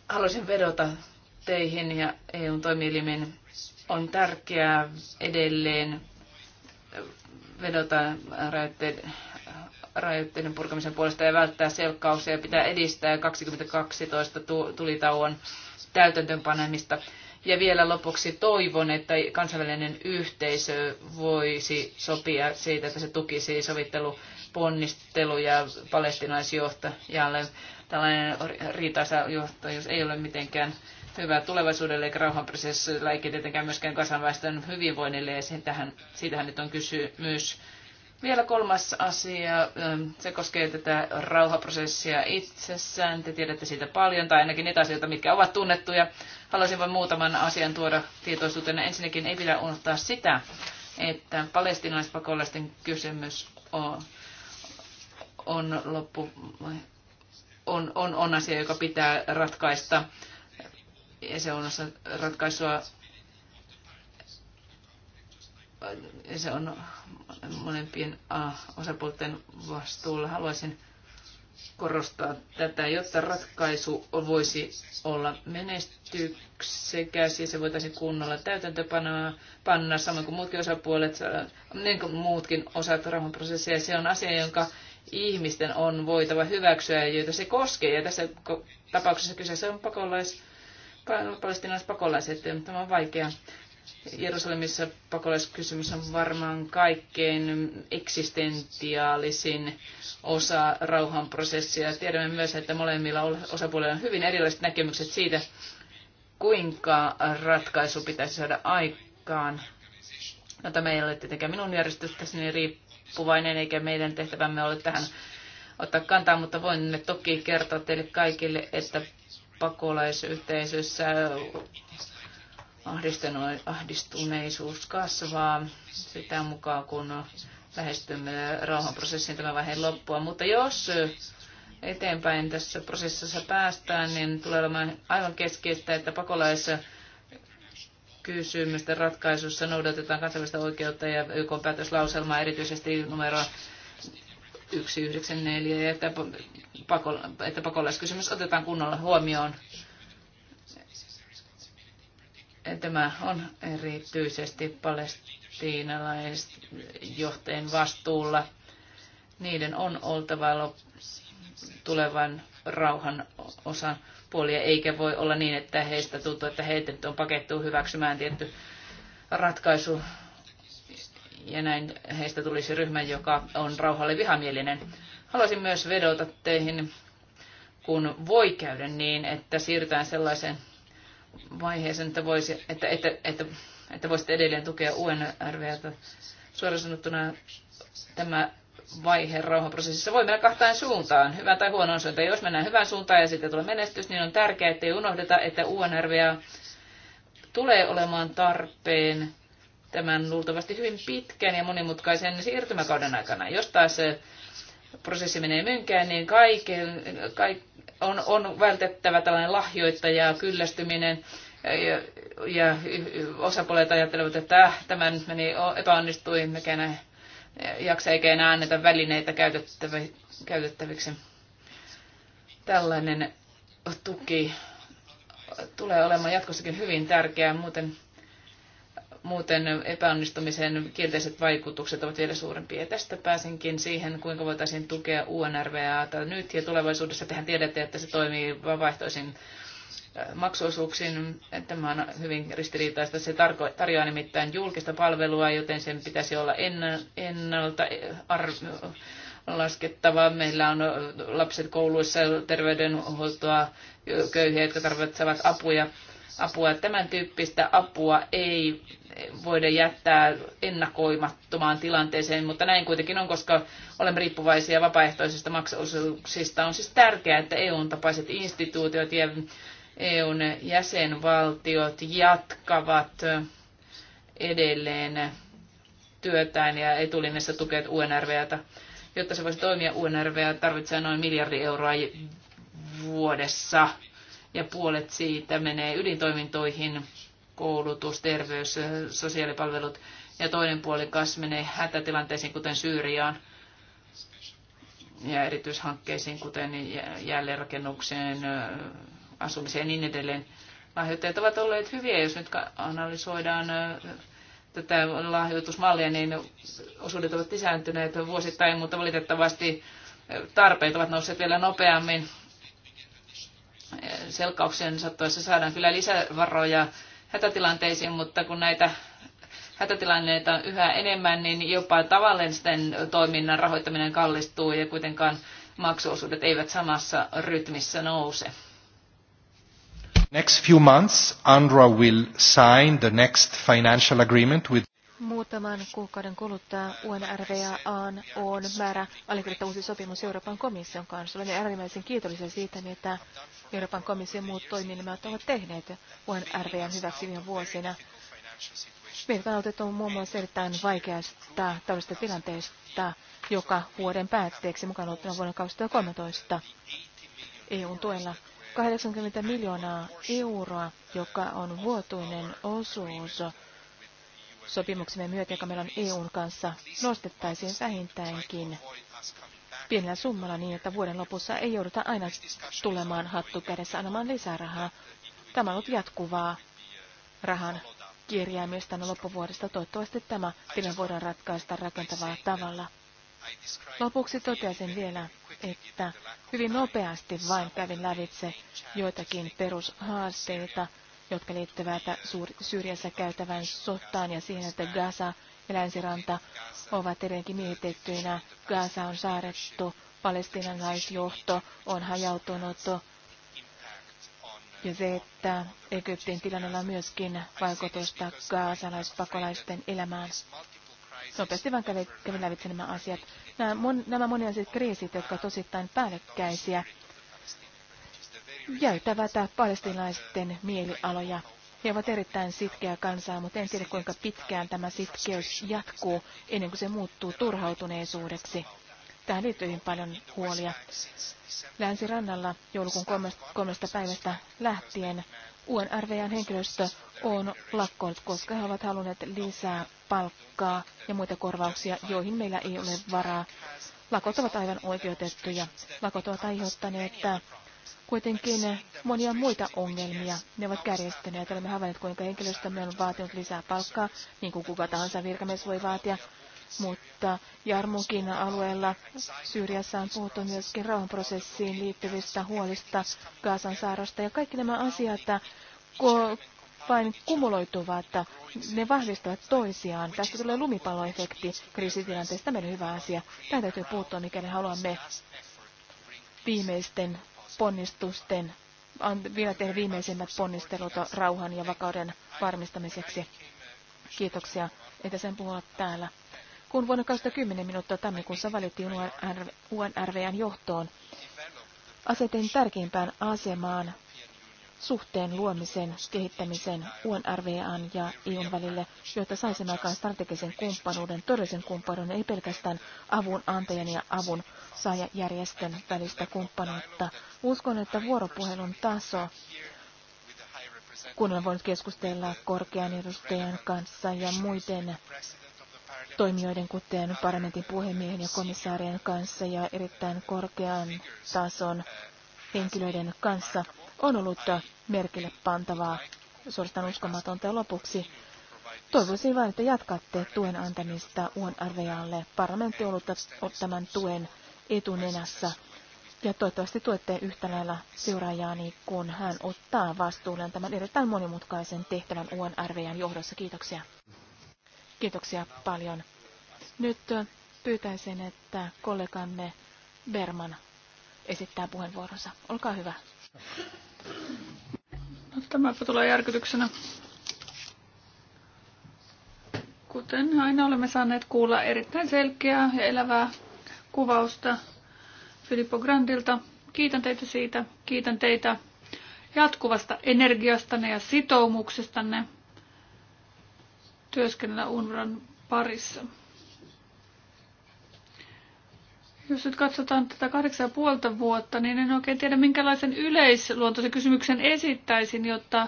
Haluaisin vedota teihin ja EUn toimielimin. On tärkeää edelleen vedota rajoitteiden rajoitteiden purkamisen puolesta ja välttää selkkauksia ja pitää edistää 2012 tulitauon täytäntöönpanemista. Ja vielä lopuksi toivon, että kansainvälinen yhteisö voisi sopia siitä, että se tukisi sovitteluponnisteluja palestinaisjohtajalle. Tällainen riitaisa jos ei ole mitenkään hyvää tulevaisuudelle eikä rauhanprosessilla, eikä tietenkään myöskään kansanväestön hyvinvoinnille, ja sen tähän, siitähän nyt on kysymys. Vielä kolmas asia, ähm, se koskee tätä rauhaprosessia itsessään. Te tiedätte siitä paljon, tai ainakin niitä asioita, mitkä ovat tunnettuja. Haluaisin vain muutaman asian tuoda tietoisuuteen. Ensinnäkin ei pidä unohtaa sitä, että palestinaispakolaisten kysymys on, on loppu, on, on, on asia, joka pitää ratkaista. Ja se on osa ratkaisua se on molempien osapuolten vastuulla. Haluaisin korostaa tätä, jotta ratkaisu voisi olla menestyksekäs ja se voitaisiin kunnolla täytäntöpanoa panna, samoin kuin muutkin osapuolet, niin kuin muutkin osat rauhanprosesseja. Se on asia, jonka ihmisten on voitava hyväksyä ja joita se koskee. Ja tässä tapauksessa kyseessä on pakolais, palestinaispakolaiset. Tämä on vaikea Jerusalemissa pakolaiskysymys on varmaan kaikkein eksistentiaalisin osa rauhanprosessia. Tiedämme myös, että molemmilla osapuolilla on hyvin erilaiset näkemykset siitä, kuinka ratkaisu pitäisi saada aikaan. No, tämä ei ole tietenkään minun järjestöstäni niin riippuvainen, eikä meidän tehtävämme ole tähän ottaa kantaa, mutta voimme toki kertoa teille kaikille, että pakolaisyhteisössä ahdistuneisuus kasvaa sitä mukaan, kun lähestymme rauhanprosessin tämän vaiheen loppua. Mutta jos eteenpäin tässä prosessissa päästään, niin tulee olemaan aivan keskeistä, että pakolaissa kysymysten ratkaisussa noudatetaan kansainvälistä oikeutta ja YK päätöslauselmaa erityisesti numero 194, että, pakol- että pakolaiskysymys otetaan kunnolla huomioon Tämä on erityisesti palestiinalaisjohtajien vastuulla. Niiden on oltava tulevan rauhan osan puolia, eikä voi olla niin, että heistä tuntuu, että heitä on pakettu hyväksymään tietty ratkaisu. Ja näin heistä tulisi ryhmä, joka on rauhalle vihamielinen. Haluaisin myös vedota teihin, kun voi käydä niin, että siirrytään sellaiseen vaiheeseen, että, voisi, että, että, että, että voisitte edelleen tukea UNRV. Suoraan sanottuna tämä vaihe rauhanprosessissa voi mennä kahtaan suuntaan, hyvään tai huonoon suuntaan. Jos mennään hyvään suuntaan ja siitä tulee menestys, niin on tärkeää, ei unohdeta, että UNRV tulee olemaan tarpeen tämän luultavasti hyvin pitkän ja monimutkaisen siirtymäkauden aikana. Jos taas prosessi menee mynkään, niin kaiken, kaik, on, on vältettävä tällainen lahjoittaja kyllästyminen ja, ja osapuolet ajattelevat, että äh, tämä nyt meni epäonnistui, mikä enää jaksa eikä enää anneta välineitä käytettäviksi. Tällainen tuki tulee olemaan jatkossakin hyvin tärkeää, muuten Muuten epäonnistumisen kielteiset vaikutukset ovat vielä suurempia. tästä pääsinkin siihen, kuinka voitaisiin tukea UNRWAta nyt ja tulevaisuudessa. Tehän tiedätte, että se toimii vapaaehtoisin maksuosuuksiin. Tämä on hyvin ristiriitaista. Se tarjoaa nimittäin julkista palvelua, joten sen pitäisi olla ennalta e, arvio laskettava. Meillä on lapset kouluissa terveydenhuoltoa, köyhiä, jotka tarvitsevat apuja apua. Tämän tyyppistä apua ei voida jättää ennakoimattomaan tilanteeseen, mutta näin kuitenkin on, koska olemme riippuvaisia vapaaehtoisista maksuosuuksista. On siis tärkeää, että EUn tapaiset instituutiot ja EUn jäsenvaltiot jatkavat edelleen työtään ja etulinnassa tukevat UNRVtä. Jotta se voisi toimia, UNRV tarvitsee noin miljardi euroa vuodessa ja puolet siitä menee ydintoimintoihin, koulutus, terveys, sosiaalipalvelut ja toinen puoli kas menee hätätilanteisiin, kuten Syyriaan ja erityishankkeisiin, kuten jälleenrakennukseen, asumiseen ja niin edelleen. Lahjoittajat ovat olleet hyviä, jos nyt analysoidaan tätä lahjoitusmallia, niin osuudet ovat lisääntyneet vuosittain, mutta valitettavasti tarpeet ovat nousseet vielä nopeammin selkauksen sattuessa saadaan kyllä lisävaroja hätätilanteisiin, mutta kun näitä hätätilanteita on yhä enemmän, niin jopa tavallisten toiminnan rahoittaminen kallistuu ja kuitenkaan maksuosuudet eivät samassa rytmissä nouse. Next few months, UNRWA will sign the next financial agreement with Muutaman kuukauden kuluttua UNRWAn on määrä allekirjoittaa uusi sopimus Euroopan komission kanssa. Olen äärimmäisen kiitollisen siitä, että Euroopan komission muut toiminnot ovat tehneet UNRVn hyväksi viime vuosina. Meitä on otettu muun muassa erittäin vaikeasta taloudellisesta tilanteesta, joka vuoden päätteeksi mukaan ottuna vuonna 2013 EUn tuella. 80 miljoonaa euroa, joka on vuotuinen osuus sopimuksemme myötä, joka meillä on EUn kanssa, nostettaisiin vähintäänkin pienellä summalla niin, että vuoden lopussa ei jouduta aina tulemaan hattu kädessä anomaan lisää rahaa. Tämä on ollut jatkuvaa rahan kirjaimista loppuvuodesta. Toivottavasti tämä tilanne voidaan ratkaista rakentavalla tavalla. Lopuksi toteaisin vielä, että hyvin nopeasti vain kävin lävitse joitakin perushaasteita, jotka liittyvät Syyriassa käytävän sotaan ja siihen, että Gaza ja länsiranta ovat edelleenkin miehitettyinä. Gaza on saarettu, naisjohto on hajautunut. Ja se, että Egyptin tilannella on myöskin vaikutusta kaasalaispakolaisten elämään. Nopeasti vaan kävin kävi lävitse nämä asiat. Nämä, mon, nämä moniaiset kriisit, jotka ovat osittain päällekkäisiä, jäytävät palestinaisten mielialoja. He ovat erittäin sitkeä kansaa, mutta en tiedä kuinka pitkään tämä sitkeys jatkuu ennen kuin se muuttuu turhautuneisuudeksi. Tähän liittyy hyvin paljon huolia. Länsirannalla joulukuun 3. päivästä lähtien UNRVn henkilöstö on lakkoillut, koska he ovat halunneet lisää palkkaa ja muita korvauksia, joihin meillä ei ole varaa. Lakot ovat aivan oikeutettuja. Lakot ovat aiheuttaneet kuitenkin monia muita ongelmia. Ne ovat kärjestäneet. Olemme havainneet, kuinka henkilöstömme on vaatinut lisää palkkaa, niin kuin kuka tahansa virkamies voi vaatia. Mutta Jarmukin alueella Syyriassa on puhuttu myöskin rauhanprosessiin liittyvistä huolista Gaasan saarosta. Ja kaikki nämä asiat vain kumuloituvat, ne vahvistavat toisiaan. Tästä tulee lumipalloefekti kriisitilanteesta. Tämä on hyvä asia. Tämä täytyy puuttua, mikäli haluamme viimeisten ponnistusten, vielä tehdä viimeisimmät ponnistelut rauhan ja vakauden varmistamiseksi. Kiitoksia, että sen puhua täällä. Kun vuonna 2010 minuuttia tammikuussa valittiin UNRVn johtoon, asetin tärkeimpään asemaan suhteen luomisen, kehittämisen UNRWAn ja EUn välille, jotta saisimme aikaan strategisen kumppanuuden, todellisen kumppanuuden, ei pelkästään avun antajan ja avun saajajärjestön välistä kumppanuutta. Uskon, että vuoropuhelun taso, kun olen voinut keskustella korkean edustajan kanssa ja muiden toimijoiden, kuten parlamentin puhemiehen ja komissaarien kanssa ja erittäin korkean tason henkilöiden kanssa, on ollut merkille pantavaa, suorastaan uskomatonta lopuksi. Toivoisin vain, että jatkatte tuen antamista UNRWAlle. Parlamentti on ollut tämän tuen etunenässä. Ja toivottavasti tuette yhtä lailla seuraajaani, kun hän ottaa vastuulleen tämän erittäin monimutkaisen tehtävän UNRWAn johdossa. Kiitoksia. Kiitoksia paljon. Nyt pyytäisin, että kollegamme Berman esittää puheenvuoronsa. Olkaa hyvä. No tämäpä tulee järkytyksenä. Kuten aina olemme saaneet kuulla erittäin selkeää ja elävää kuvausta Filippo Grandilta. Kiitän teitä siitä. Kiitän teitä jatkuvasta energiastanne ja sitoumuksestanne työskennellä UNRAN parissa. Jos nyt katsotaan tätä kahdeksan puolta vuotta, niin en oikein tiedä, minkälaisen yleisluontoisen kysymyksen esittäisin, jotta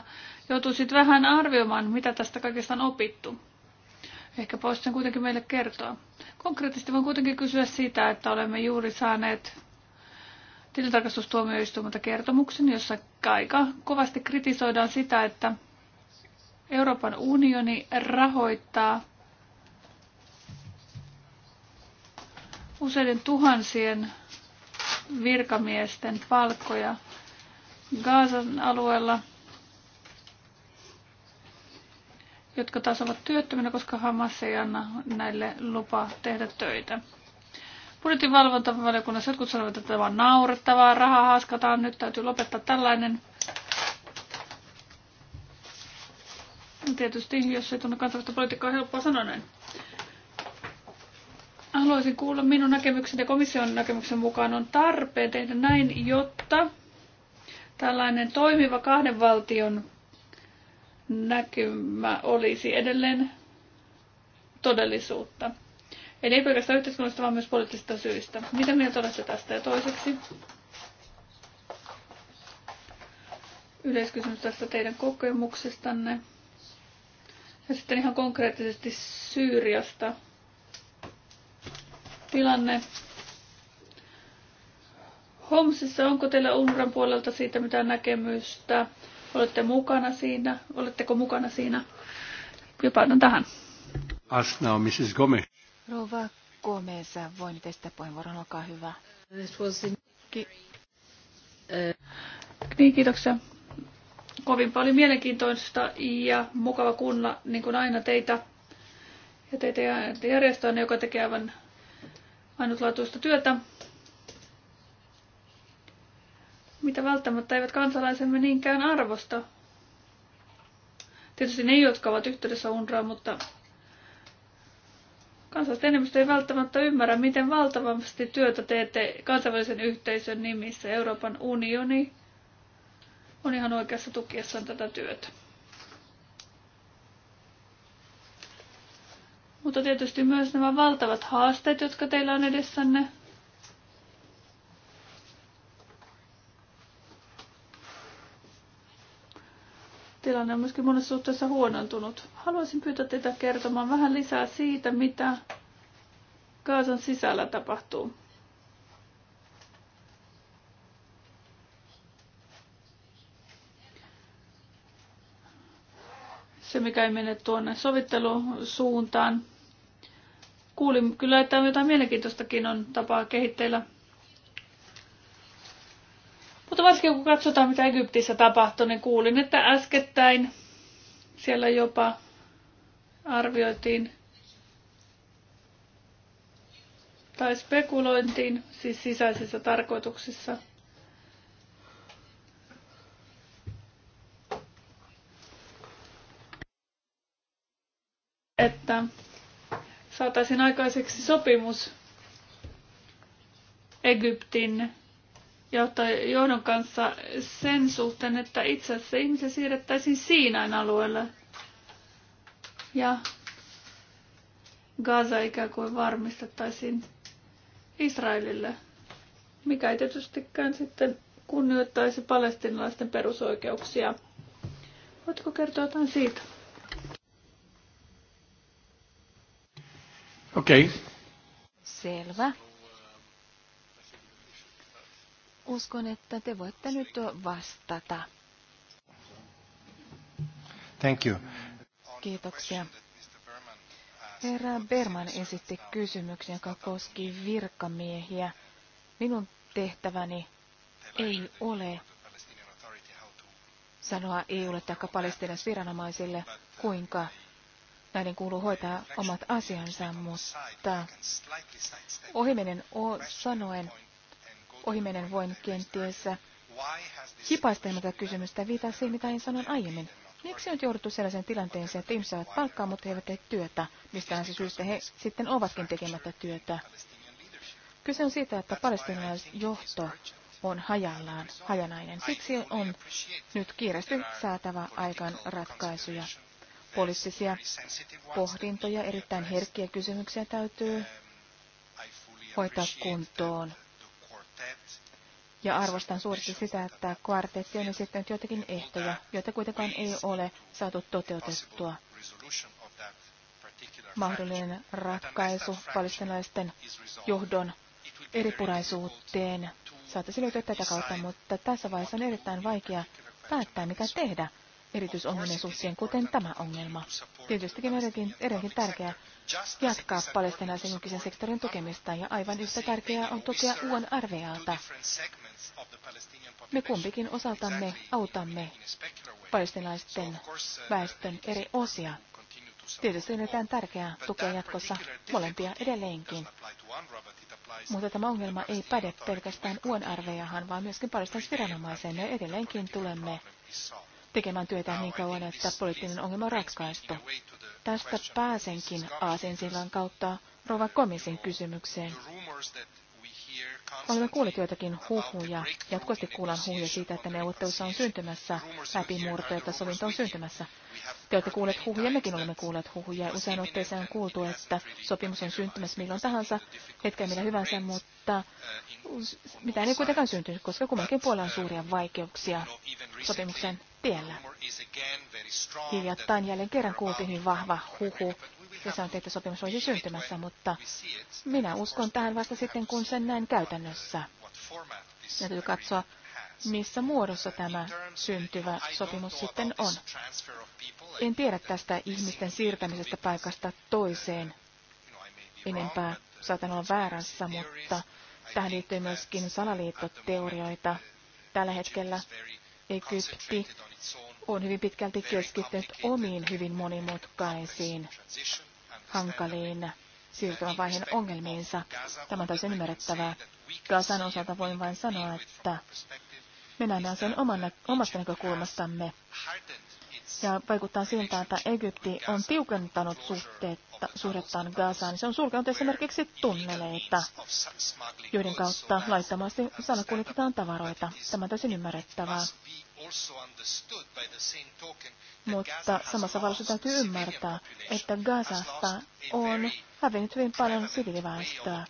joutuisit vähän arvioimaan, mitä tästä kaikesta on opittu. Ehkä voisit sen kuitenkin meille kertoa. Konkreettisesti voin kuitenkin kysyä sitä, että olemme juuri saaneet tilintarkastustuomioistuimelta kertomuksen, jossa aika kovasti kritisoidaan sitä, että Euroopan unioni rahoittaa useiden tuhansien virkamiesten palkkoja Gaasan alueella, jotka taas ovat työttöminä, koska Hamas ei anna näille lupa tehdä töitä. Budjetin valvontavaliokunnassa jotkut sanovat, että tämä on naurettavaa, rahaa haaskataan, nyt täytyy lopettaa tällainen. Tietysti, jos ei tunne kansainvälistä politiikkaa, on helppoa sanoa näin. Haluaisin kuulla minun näkemykseni ja komission näkemyksen mukaan on tarpeen tehdä näin, jotta tällainen toimiva kahden valtion näkymä olisi edelleen todellisuutta. Eli ei niin pelkästään yhteiskunnallista, vaan myös poliittisista syistä. Mitä mieltä olette tästä ja toiseksi? Yleiskysymys tästä teidän kokemuksestanne. Ja sitten ihan konkreettisesti Syyriasta tilanne. Homsissa, onko teillä UNRAN puolelta siitä mitään näkemystä? Olette mukana siinä? Oletteko mukana siinä? Ja päätän tähän. Asna on Mrs. Gomez. Rova Gomez, voin teistä puheenvuoron, olkaa hyvä. Ki- niin, kiitoksia. Kovin paljon mielenkiintoista ja mukava kunna, niin kuin aina teitä ja teitä järjestöä, joka tekee aivan ainutlaatuista työtä, mitä välttämättä eivät kansalaisemme niinkään arvosta. Tietysti ne, jotka ovat yhteydessä UNRAa, mutta kansallisten enemmistö ei välttämättä ymmärrä, miten valtavasti työtä teette kansainvälisen yhteisön nimissä. Euroopan unioni on ihan oikeassa tukiessaan tätä työtä. mutta tietysti myös nämä valtavat haasteet, jotka teillä on edessänne. Tilanne on myöskin monessa suhteessa huonontunut. Haluaisin pyytää teitä kertomaan vähän lisää siitä, mitä Kaasan sisällä tapahtuu. se, mikä ei mene tuonne sovittelusuuntaan, Kuulin kyllä, että jotain mielenkiintoistakin on tapaa kehitteillä. Mutta varsinkin kun katsotaan, mitä Egyptissä tapahtui, niin kuulin, että äskettäin siellä jopa arvioitiin tai spekulointiin, siis sisäisissä tarkoituksissa. Että saataisiin aikaiseksi sopimus Egyptin johdon kanssa sen suhteen, että itse asiassa ihmisiä siirrettäisiin Siinain alueelle. Ja Gaza ikään kuin varmistettaisiin Israelille, mikä ei tietystikään sitten kunnioittaisi palestinalaisten perusoikeuksia. Voitko kertoa jotain siitä? Okei. Okay. Selvä. Uskon, että te voitte nyt vastata. Thank you. Kiitoksia. Herra Berman esitti kysymyksen, joka koski virkamiehiä. Minun tehtäväni ei ole sanoa EUlle tai palestinaisviranomaisille, kuinka Näiden kuuluu hoitaa omat asiansa, mutta ohimenen sanoen, ohimenen voin kenties hipaistelemaan tätä kysymystä viitaa siihen, mitä en sanon aiemmin. Miksi on jouduttu sellaiseen tilanteeseen, että ihmiset saavat palkkaa, mutta he eivät tee työtä? mistä se siis syystä he sitten ovatkin tekemättä työtä. Kyse on siitä, että palestinalaisjohto on hajallaan, hajanainen. Siksi on nyt kiireesti saatava aikaan ratkaisuja poliittisia pohdintoja, erittäin herkkiä kysymyksiä täytyy hoitaa kuntoon. Ja arvostan suuresti sitä, että kvartetti on esittänyt joitakin ehtoja, joita kuitenkaan ei ole saatu toteutettua. Mahdollinen ratkaisu palestinaisten johdon eripuraisuuteen saattaisi löytyä tätä kautta, mutta tässä vaiheessa on erittäin vaikea päättää, mitä tehdä erityisongelmien suhteen, kuten tämä ongelma. Tietystikin edelleenkin, edelleenkin tärkeää jatkaa palestinaisen julkisen sektorin tukemista, ja aivan yhtä tärkeää on tukea UNRWAta. Me kumpikin osaltamme autamme palestinaisten väestön eri osia. Tietysti on tärkeää tukea jatkossa molempia edelleenkin. Mutta tämä ongelma ei päde pelkästään UNRWAhan, vaan myöskin palestinaisviranomaiseen. ja edelleenkin tulemme tekemään työtä niin kauan, että poliittinen ongelma on ratkaistu. Tästä pääsenkin Aasinsillan kautta Rova Komisin kysymykseen. Olemme kuulleet joitakin huhuja. Jatkuvasti kuullaan huhuja siitä, että neuvottelussa on syntymässä läpimurto, että sovinto on syntymässä. Te olette kuulleet huhuja, mekin olemme kuulleet huhuja. Usein otteeseen on kuultu, että sopimus on syntymässä milloin tahansa, hetkellä millä hyvänsä, mutta mitään ei kuitenkaan syntynyt, koska kummankin puolella on suuria vaikeuksia sopimuksen tiellä. Hiljattain jälleen kerran kuultiin niin vahva huhu ja sanottiin, että sopimus olisi syntymässä, mutta minä uskon tähän vasta sitten, kun sen näin käytännössä. Täytyy katsoa, missä muodossa tämä syntyvä sopimus sitten on. En tiedä tästä ihmisten siirtämisestä paikasta toiseen enempää. Saatan olla väärässä, mutta tähän liittyy myöskin salaliittoteorioita. Tällä hetkellä Egypti on hyvin pitkälti keskittynyt omiin hyvin monimutkaisiin, hankaliin vaiheen ongelmiinsa. Tämä on täysin ymmärrettävää. Gazan osalta voin vain sanoa, että me näemme sen omasta näkökulmastamme ja vaikuttaa siltä, että Egypti on tiukentanut suhteetta, suhdettaan Gazaan. Se on sulkenut esimerkiksi tunneleita, joiden kautta laittomasti salakuljetetaan tavaroita. Tämä on täysin ymmärrettävää. Mutta samassa valossa täytyy ymmärtää, että Gazasta on hävinnyt hyvin paljon siviiliväestöä.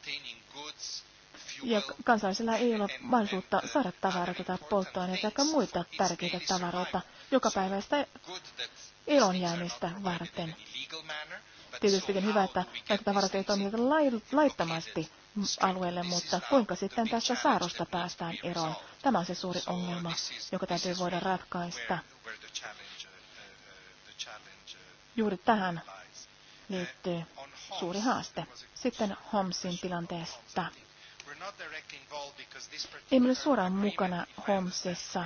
Ja kansalaisilla ei ole mahdollisuutta saada tavaroita tai polttoaineita tai muita tärkeitä tavaroita jokapäiväistä elonjäämistä varten. Tietysti on hyvä, että näitä tavarat ei toimi laittomasti alueelle, mutta kuinka sitten tässä saarosta päästään eroon? Tämä on se suuri ongelma, joka täytyy voida ratkaista. Juuri tähän liittyy suuri haaste. Sitten Homsin tilanteesta. Emme ole suoraan mukana Homsissa,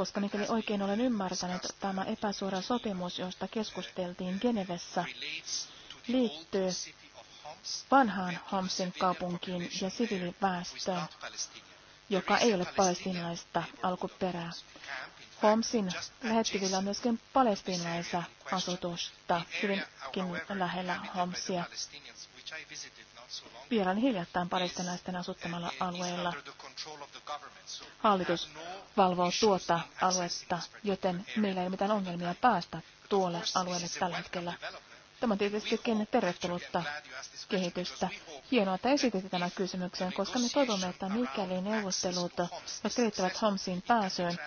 koska mikäli oikein olen ymmärtänyt, tämä epäsuora sopimus, josta keskusteltiin Genevessä, liittyy vanhaan Homsin kaupunkiin ja siviiliväestöön, joka ei ole palestinaista alkuperää. Homsin lähettivillä on myöskin palestinaista asutusta hyvinkin lähellä Homsia. Vieraan niin hiljattain naisten asuttamalla alueella. Hallitus valvoo tuota aluetta, joten meillä ei ole mitään ongelmia päästä tuolle alueelle tällä hetkellä. Tämä on tietystikin tervetullutta kehitystä. Hienoa, että esititte tämän kysymyksen, koska me toivomme, että mikäli neuvottelut, jotka liittyvät Homsiin pääsyyn,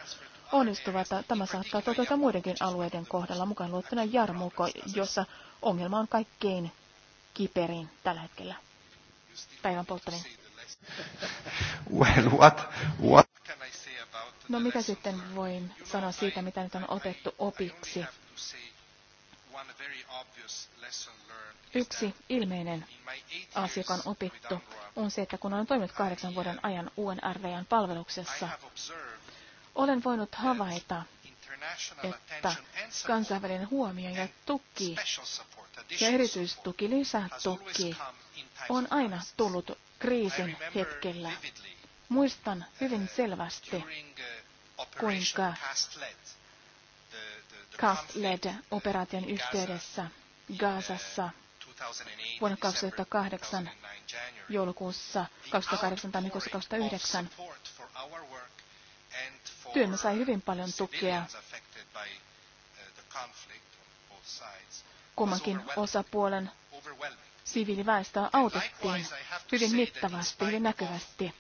onnistuvat, tämä saattaa toteutua muidenkin alueiden kohdalla, mukaan luettuna Jarmuko, jossa ongelma on kaikkein kiperin tällä hetkellä päivän polttamiin. Well, what, what? No mitä sitten voin sanoa siitä, mitä nyt on otettu opiksi? Yksi ilmeinen asia, joka on opittu, on se, että kun olen toiminut kahdeksan vuoden ajan UNRVAn palveluksessa, olen voinut havaita, että kansainvälinen huomio ja tuki ja erityistuki, lisätuki on aina tullut kriisin hetkellä. Muistan hyvin selvästi, kuinka Cast-LED-operaation yhteydessä Gaasassa vuonna 2008 joulukuussa 2008 2009 työmme sai hyvin paljon tukea kummankin osapuolen siviiliväestöä autettiin hyvin mittavasti, hyvin näkyvästi,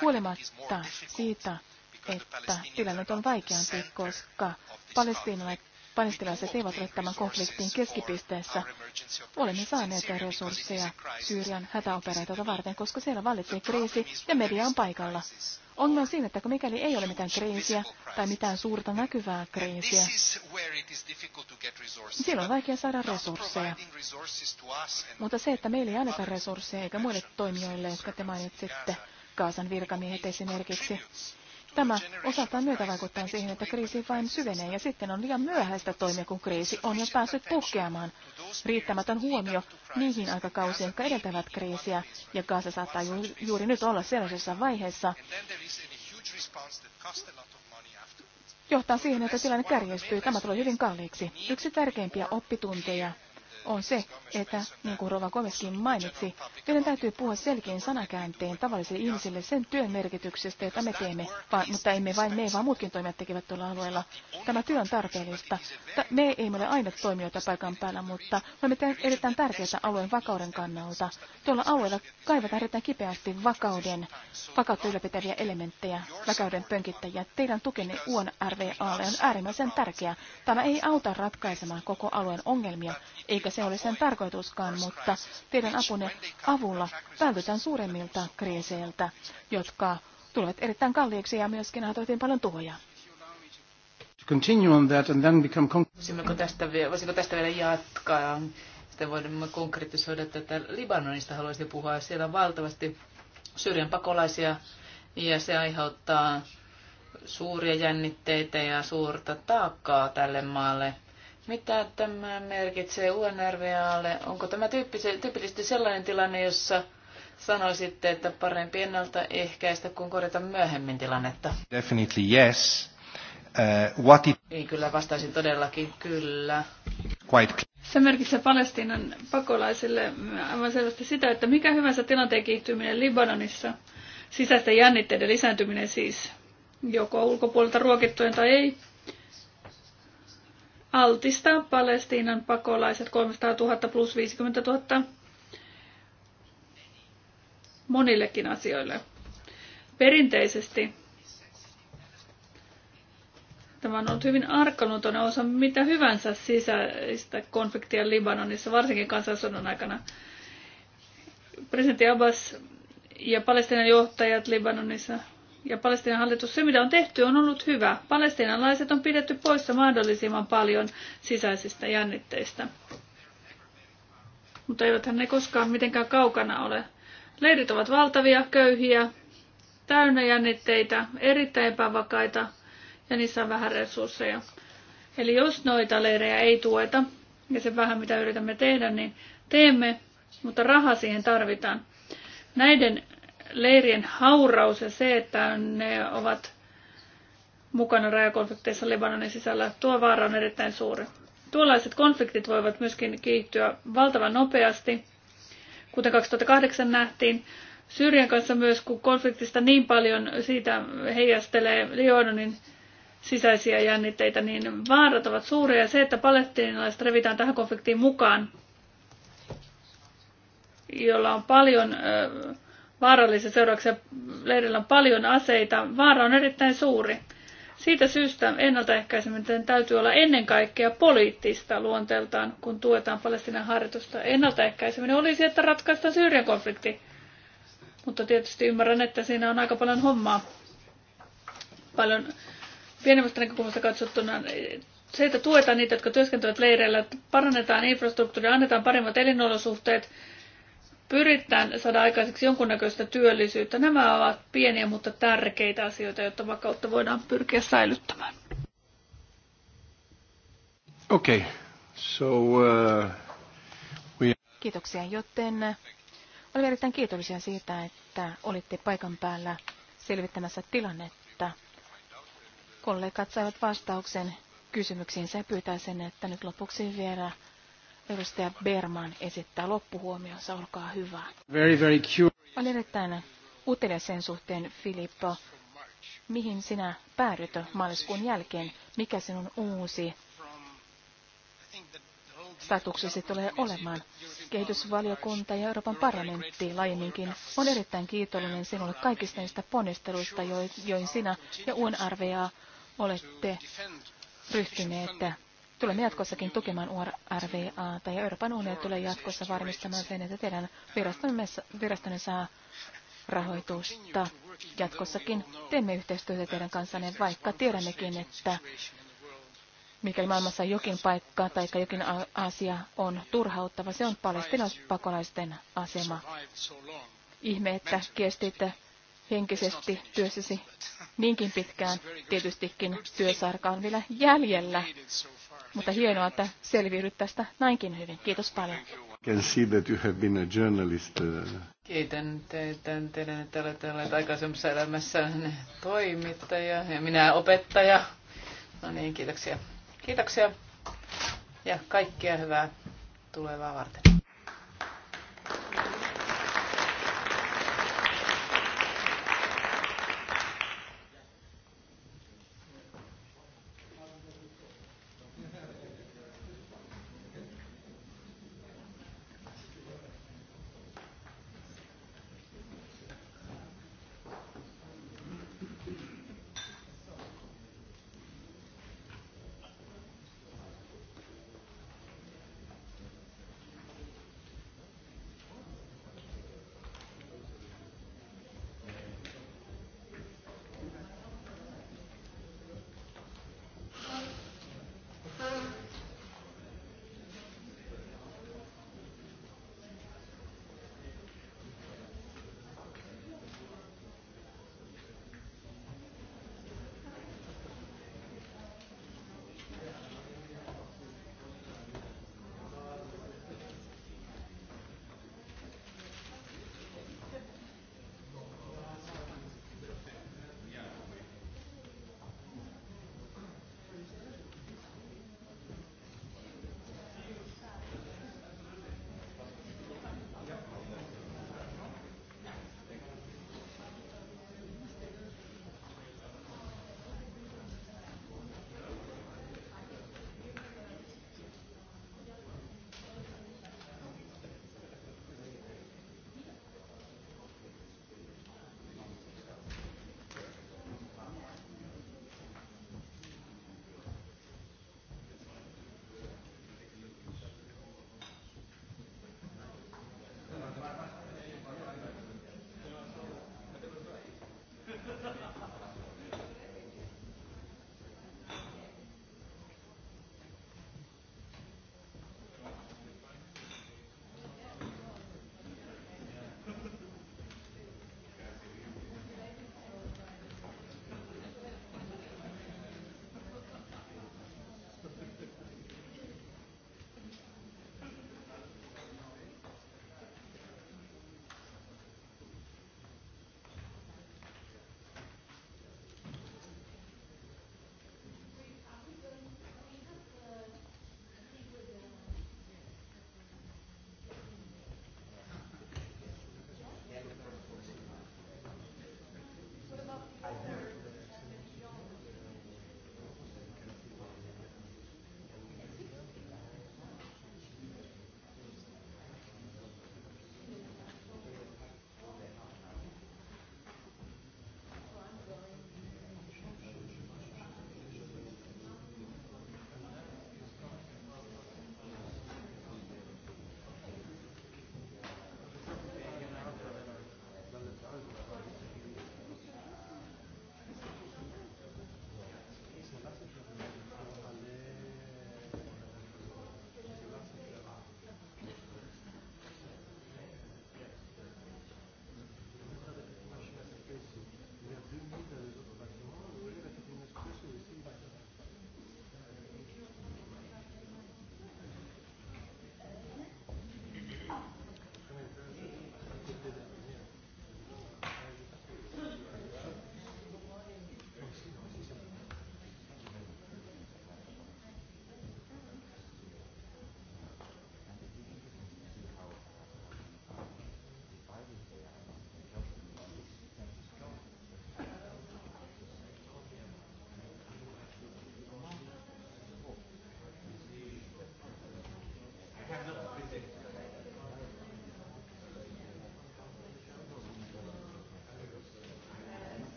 huolimatta siitä, että tilanne on vaikeampi, koska palestiinalaiset palestinaiset eivät ole tämän konfliktin keskipisteessä. Olemme saaneet resursseja Syyrian hätäoperaatiota varten, koska siellä vallitsee kriisi ja media on paikalla. On myös siinä, että mikäli ei ole mitään kriisiä tai mitään suurta näkyvää kriisiä, silloin on vaikea saada resursseja. Mutta se, että meillä ei anneta resursseja eikä muille toimijoille, jotka te mainitsitte, Kaasan virkamiehet esimerkiksi, Tämä osaltaan myötä vaikuttaa siihen, että kriisi vain syvenee ja sitten on liian myöhäistä toimia, kun kriisi on jo päässyt puhkeamaan. Riittämätön huomio niihin aikakausiin, jotka edeltävät kriisiä, ja Gaza saattaa ju- juuri nyt olla sellaisessa vaiheessa, johtaa siihen, että tilanne kärjestyy. Tämä tulee hyvin kalliiksi. Yksi tärkeimpiä oppitunteja on se, että niin kuin Rova Gomeskin mainitsi, meidän täytyy puhua selkein sanakääntein tavallisille ihmisille sen työn merkityksestä, jota me teemme, va- mutta emme vain me, vaan muutkin toimijat tekevät tuolla alueella. Tämä työ on tarpeellista. me ei ole aina toimijoita paikan päällä, mutta me olemme erittäin tärkeitä alueen vakauden kannalta. Tuolla alueella kaivataan erittäin kipeästi vakauden, vakautta ylläpitäviä elementtejä, vakauden pönkittäjiä. Teidän tukenne UNRVA on äärimmäisen tärkeä. Tämä ei auta ratkaisemaan koko alueen ongelmia, eikä eikä se ole sen tarkoituskaan, mutta teidän apunne avulla vältytään suuremmilta kriiseiltä, jotka tulevat erittäin kalliiksi ja myöskin aiheutettiin paljon tuhoja. Voisimmeko tästä, voisiko tästä vielä jatkaa? Sitten voimme konkretisoida tätä. Libanonista haluaisin puhua. Siellä on valtavasti syrjän pakolaisia ja se aiheuttaa suuria jännitteitä ja suurta taakkaa tälle maalle mitä tämä merkitsee UNRWAlle? Onko tämä tyypillisesti sellainen tilanne, jossa sanoisitte, että parempi ennaltaehkäistä kuin korjata myöhemmin tilannetta? Definitely yes. Uh, what it... Niin kyllä vastaisin todellakin kyllä. Quite se merkitsee Palestiinan pakolaisille aivan selvästi sitä, että mikä hyvänsä tilanteen kiihtyminen Libanonissa, sisäisten jännitteiden lisääntyminen siis, joko ulkopuolelta ruokittujen tai ei, altistaa Palestiinan pakolaiset 300 000 plus 50 000 monillekin asioille. Perinteisesti Tämä on ollut hyvin arkaluontoinen osa mitä hyvänsä sisäistä konfliktia Libanonissa, varsinkin kansansodan aikana. Presidentti Abbas ja Palestiinan johtajat Libanonissa ja Palestiinan hallitus, se mitä on tehty, on ollut hyvä. Palestiinalaiset on pidetty poissa mahdollisimman paljon sisäisistä jännitteistä. Mutta eiväthän ne koskaan mitenkään kaukana ole. Leirit ovat valtavia, köyhiä, täynnä jännitteitä, erittäin epävakaita ja niissä on vähän resursseja. Eli jos noita leirejä ei tueta, ja se vähän mitä yritämme tehdä, niin teemme, mutta raha siihen tarvitaan. Näiden leirien hauraus ja se, että ne ovat mukana rajakonflikteissa Libanonin sisällä, tuo vaara on erittäin suuri. Tuollaiset konfliktit voivat myöskin kiihtyä valtavan nopeasti, kuten 2008 nähtiin. Syyrian kanssa myös, kun konfliktista niin paljon siitä heijastelee Libanonin sisäisiä jännitteitä, niin vaarat ovat suuria. Se, että palestiinalaiset revitään tähän konfliktiin mukaan, jolla on paljon vaarallisia seurauksia. Leirillä on paljon aseita. Vaara on erittäin suuri. Siitä syystä ennaltaehkäisemisen täytyy olla ennen kaikkea poliittista luonteeltaan, kun tuetaan Palestinan harjoitusta. Ennaltaehkäiseminen olisi, että ratkaistaan Syyrian konflikti. Mutta tietysti ymmärrän, että siinä on aika paljon hommaa. Paljon pienemmästä näkökulmasta katsottuna se, että tuetaan niitä, jotka työskentelevät leireillä, parannetaan infrastruktuuria, annetaan paremmat elinolosuhteet, pyritään saada aikaiseksi jonkunnäköistä työllisyyttä. Nämä ovat pieniä, mutta tärkeitä asioita, jotta vakautta voidaan pyrkiä säilyttämään. okay. so, uh, we... Kiitoksia, joten olen erittäin kiitollisia siitä, että olitte paikan päällä selvittämässä tilannetta. Kollegat saivat vastauksen kysymyksiinsä ja pyytäisin, että nyt lopuksi vielä Edustaja Berman esittää loppuhuomionsa, olkaa hyvä. Very, very Olen erittäin utelias sen suhteen, Filippo. Mihin sinä päädyt maaliskuun jälkeen? Mikä sinun uusi statuksesi tulee olemaan. Kehitysvaliokunta ja Euroopan parlamentti laajemminkin on erittäin kiitollinen sinulle kaikista niistä ponnisteluista, joihin sinä ja UNRWA olette ryhtyneet Tulemme jatkossakin tukemaan URVA tai Euroopan unioni tulee jatkossa varmistamaan sen, että teidän virastonne saa rahoitusta. Jatkossakin teemme yhteistyötä teidän kanssanne, vaikka tiedämmekin, että mikäli maailmassa jokin paikka tai jokin asia on turhauttava, se on palestinaispakolaisten asema. Ihme, että kestit henkisesti työssäsi niinkin pitkään. Tietystikin työsarka on vielä jäljellä mutta hienoa, että selviydyt tästä näinkin hyvin. Kiitos paljon. Can see that you have been a journalist. Uh, Kiitän teitä. Tiedän, että olette olleet aikaisemmassa elämässä toimittaja ja minä opettaja. No niin, kiitoksia. Kiitoksia ja kaikkia hyvää tulevaa varten.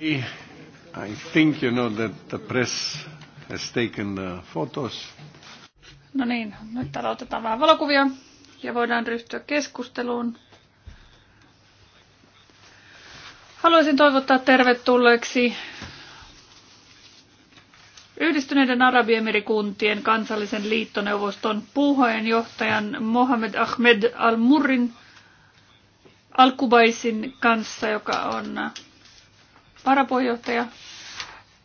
I think you know that the press has taken the photos. No niin, nyt aloitetaan vähän valokuvia ja voidaan ryhtyä keskusteluun. Haluaisin toivottaa tervetulleeksi Yhdistyneiden Arabiemirikuntien kansallisen liittoneuvoston puheenjohtajan Mohamed Ahmed Al-Murrin Al-Kubaisin kanssa, joka on varapuheenjohtaja,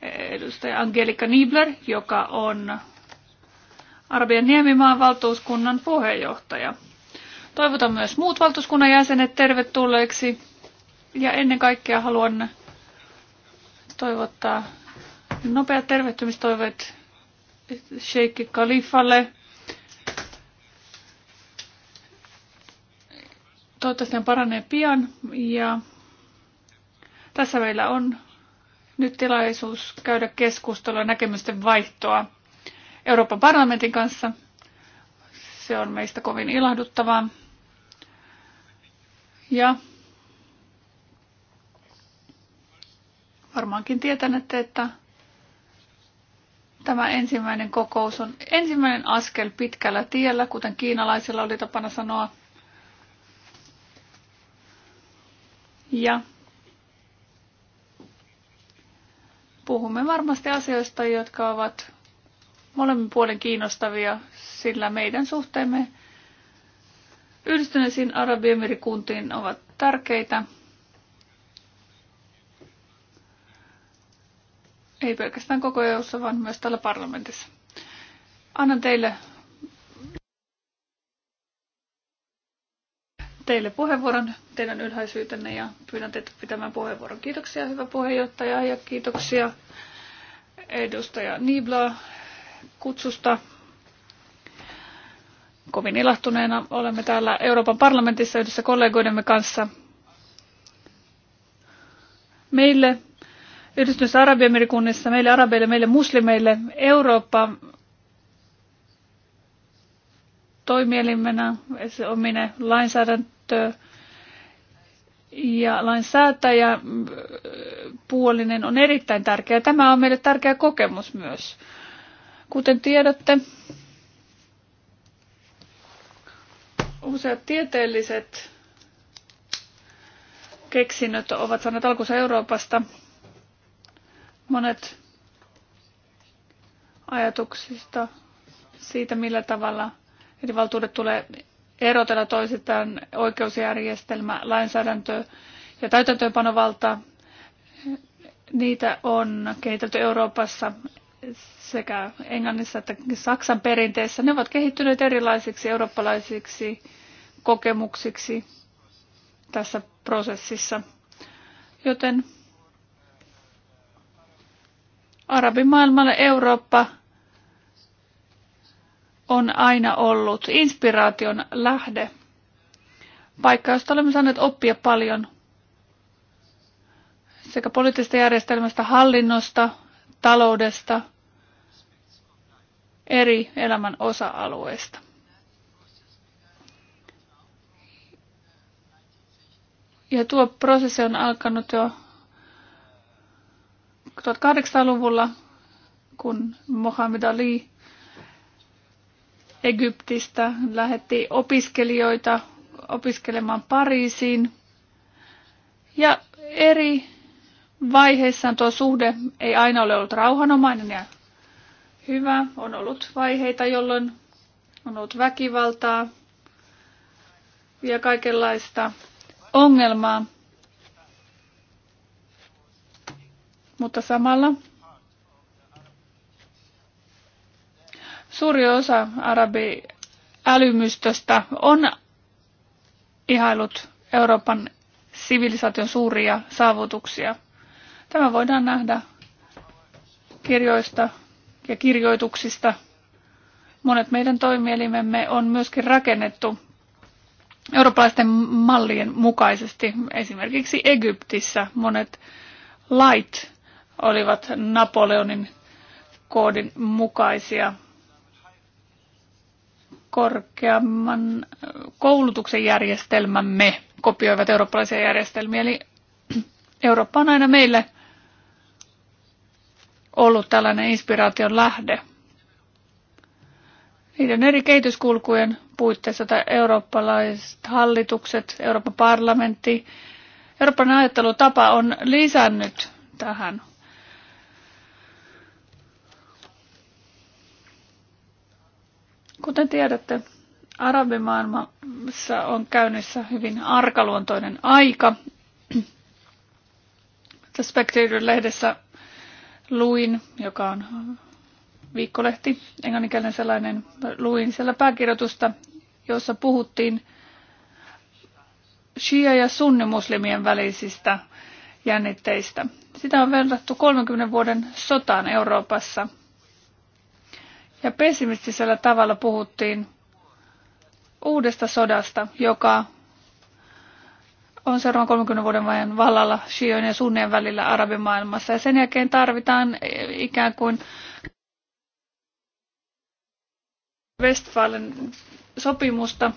edustaja Angelika Niebler, joka on Arabian Niemimaan valtuuskunnan puheenjohtaja. Toivotan myös muut valtuuskunnan jäsenet tervetulleeksi ja ennen kaikkea haluan toivottaa nopeat tervehtymistoiveet Sheikh Khalifalle. Toivottavasti hän paranee pian ja tässä meillä on nyt tilaisuus käydä keskustelua näkemysten vaihtoa Euroopan parlamentin kanssa. Se on meistä kovin ilahduttavaa. Ja varmaankin tietänette, että tämä ensimmäinen kokous on ensimmäinen askel pitkällä tiellä, kuten kiinalaisilla oli tapana sanoa. Ja Puhumme varmasti asioista, jotka ovat molemmin puolen kiinnostavia, sillä meidän suhteemme yhdistyneisiin Arabiemirikuntiin ovat tärkeitä. Ei pelkästään koko EU:ssa, vaan myös täällä parlamentissa. Annan teille teille puheenvuoron, teidän ylhäisyytenne ja pyydän teitä pitämään puheenvuoron. Kiitoksia hyvä puheenjohtaja ja kiitoksia edustaja Nibla kutsusta. Kovin ilahtuneena olemme täällä Euroopan parlamentissa yhdessä kollegoidemme kanssa. Meille Yhdistyneissä Arabiemirikunnissa, meille arabeille, meille muslimeille Eurooppa toimielimenä, omine lainsäädäntö ja lainsäätäjä äh, puolinen on erittäin tärkeä. Tämä on meille tärkeä kokemus myös. Kuten tiedätte, useat tieteelliset keksinnöt ovat saaneet alkunsa Euroopasta. Monet ajatuksista siitä, millä tavalla Eli valtuudet tulee erotella toisistaan oikeusjärjestelmä, lainsäädäntö ja täytäntöönpanovalta. Niitä on kehitelty Euroopassa sekä Englannissa että Saksan perinteessä. Ne ovat kehittyneet erilaisiksi eurooppalaisiksi kokemuksiksi tässä prosessissa. Joten arabimaailmalle Eurooppa on aina ollut inspiraation lähde, paikka, josta olemme saaneet oppia paljon sekä poliittisesta järjestelmästä, hallinnosta, taloudesta, eri elämän osa-alueista. Ja tuo prosessi on alkanut jo 1800-luvulla, kun Mohammed Ali Egyptistä, lähetti opiskelijoita opiskelemaan Pariisiin. Ja eri vaiheissaan tuo suhde ei aina ole ollut rauhanomainen ja hyvä. On ollut vaiheita, jolloin on ollut väkivaltaa ja kaikenlaista ongelmaa. Mutta samalla Suuri osa arabiälymystöstä on ihailut Euroopan sivilisaation suuria saavutuksia. Tämä voidaan nähdä kirjoista ja kirjoituksista. Monet meidän toimielimemme on myöskin rakennettu eurooppalaisten mallien mukaisesti. Esimerkiksi Egyptissä monet lait olivat Napoleonin koodin mukaisia korkeamman koulutuksen järjestelmämme kopioivat eurooppalaisia järjestelmiä. Eli Eurooppa on aina meille ollut tällainen inspiraation lähde. Niiden eri kehityskulkujen puitteissa tai eurooppalaiset hallitukset, Euroopan parlamentti, Euroopan ajattelutapa on lisännyt tähän Kuten tiedätte, arabimaailmassa on käynnissä hyvin arkaluontoinen aika. The Spectator-lehdessä luin, joka on viikkolehti, englanninkielinen sellainen, luin siellä pääkirjoitusta, jossa puhuttiin shia- ja sunnimuslimien välisistä jännitteistä. Sitä on verrattu 30 vuoden sotaan Euroopassa – ja pessimistisellä tavalla puhuttiin uudesta sodasta, joka on seuraavan 30 vuoden ajan vallalla shioiden ja sunnien välillä arabimaailmassa. Ja sen jälkeen tarvitaan ikään kuin Westfalen sopimusta,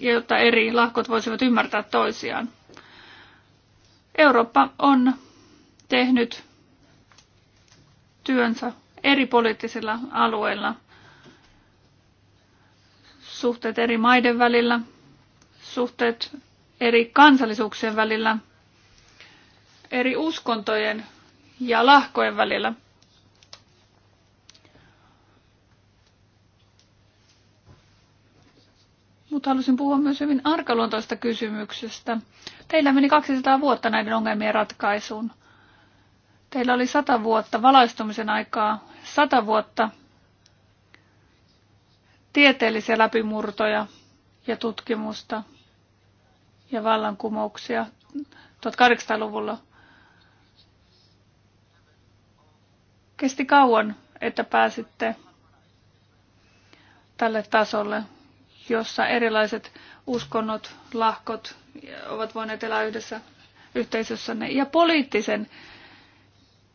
jotta eri lahkot voisivat ymmärtää toisiaan. Eurooppa on tehnyt työnsä eri poliittisilla alueilla, suhteet eri maiden välillä, suhteet eri kansallisuuksien välillä, eri uskontojen ja lahkojen välillä. Mutta halusin puhua myös hyvin arkaluontoista kysymyksestä. Teillä meni 200 vuotta näiden ongelmien ratkaisuun. Teillä oli sata vuotta valaistumisen aikaa, sata vuotta tieteellisiä läpimurtoja ja tutkimusta ja vallankumouksia 1800-luvulla. Kesti kauan, että pääsitte tälle tasolle, jossa erilaiset uskonnot, lahkot ovat voineet elää yhdessä yhteisössänne ja poliittisen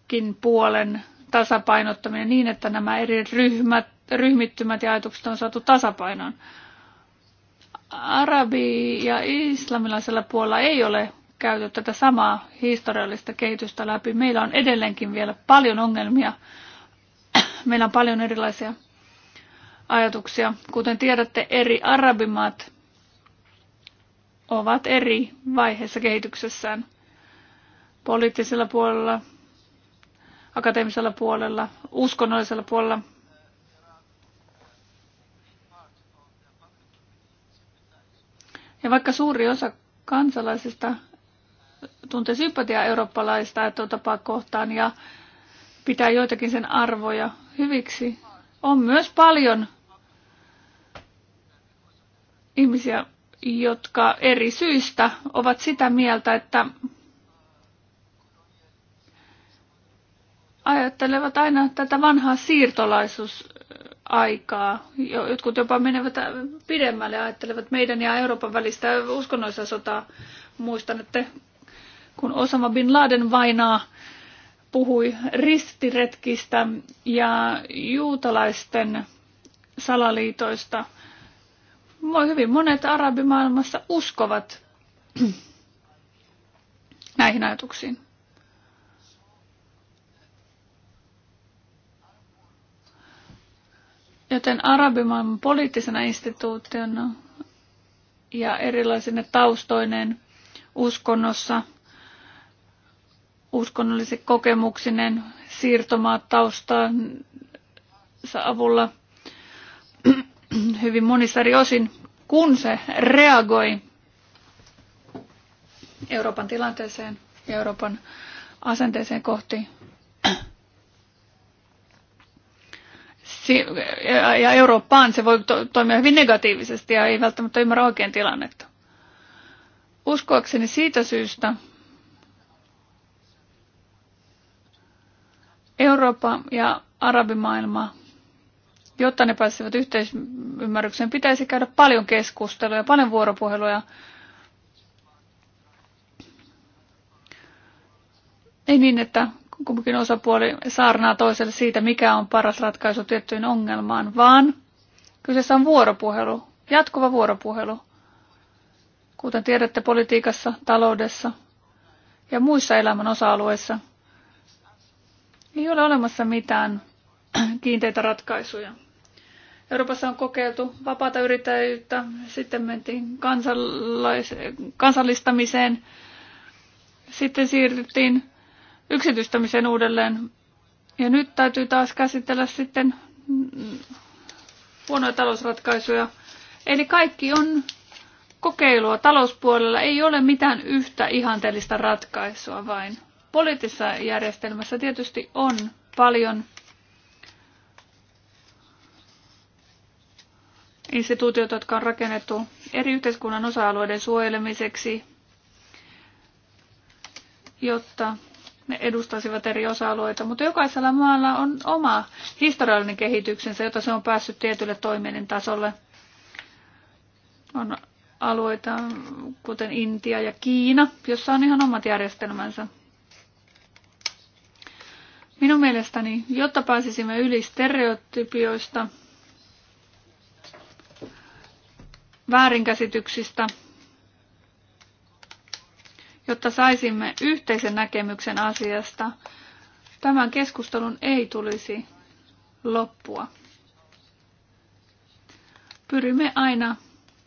kummankin puolen tasapainottaminen niin, että nämä eri ryhmät, ryhmittymät ja ajatukset on saatu tasapainoon. Arabi- ja islamilaisella puolella ei ole käyty tätä samaa historiallista kehitystä läpi. Meillä on edelleenkin vielä paljon ongelmia. Meillä on paljon erilaisia ajatuksia. Kuten tiedätte, eri arabimaat ovat eri vaiheessa kehityksessään. Poliittisella puolella akateemisella puolella, uskonnollisella puolella. Ja vaikka suuri osa kansalaisista tuntee sympatiaa eurooppalaista tapaa kohtaan ja pitää joitakin sen arvoja hyviksi, on myös paljon ihmisiä, jotka eri syistä ovat sitä mieltä, että ajattelevat aina tätä vanhaa siirtolaisuusaikaa. Jotkut jopa menevät pidemmälle ja ajattelevat meidän ja Euroopan välistä uskonnoissa sotaa. Muistan, että kun Osama Bin Laden vainaa puhui ristiretkistä ja juutalaisten salaliitoista. Hyvin monet arabimaailmassa uskovat näihin ajatuksiin. Joten arabimaailman poliittisena instituutiona ja erilaisine taustoineen uskonnossa, uskonnolliset kokemuksinen, siirtomaat taustansa avulla hyvin monissa eri osin, kun se reagoi Euroopan tilanteeseen ja Euroopan asenteeseen kohti ja Eurooppaan se voi to- toimia hyvin negatiivisesti ja ei välttämättä ymmärrä oikein tilannetta. Uskoakseni siitä syystä Eurooppa ja arabimaailma, jotta ne pääsevät yhteisymmärrykseen, pitäisi käydä paljon keskustelua ja paljon vuoropuheluja. Ei niin, että kumpikin osapuoli saarnaa toiselle siitä, mikä on paras ratkaisu tiettyyn ongelmaan, vaan kyseessä on vuoropuhelu, jatkuva vuoropuhelu. Kuten tiedätte politiikassa, taloudessa ja muissa elämän osa-alueissa, ei ole olemassa mitään kiinteitä ratkaisuja. Euroopassa on kokeiltu vapaata yrittäjyyttä, sitten mentiin kansallistamiseen, sitten siirryttiin yksityistämisen uudelleen. Ja nyt täytyy taas käsitellä sitten huonoja talousratkaisuja. Eli kaikki on kokeilua talouspuolella. Ei ole mitään yhtä ihanteellista ratkaisua vain. Poliittisessa järjestelmässä tietysti on paljon instituutioita, jotka on rakennettu eri yhteiskunnan osa-alueiden suojelemiseksi, jotta ne edustaisivat eri osa-alueita, mutta jokaisella maalla on oma historiallinen kehityksensä, jota se on päässyt tietylle toimielin tasolle. On alueita, kuten Intia ja Kiina, jossa on ihan omat järjestelmänsä. Minun mielestäni, jotta pääsisimme yli stereotypioista, väärinkäsityksistä – jotta saisimme yhteisen näkemyksen asiasta. Tämän keskustelun ei tulisi loppua. Pyrimme aina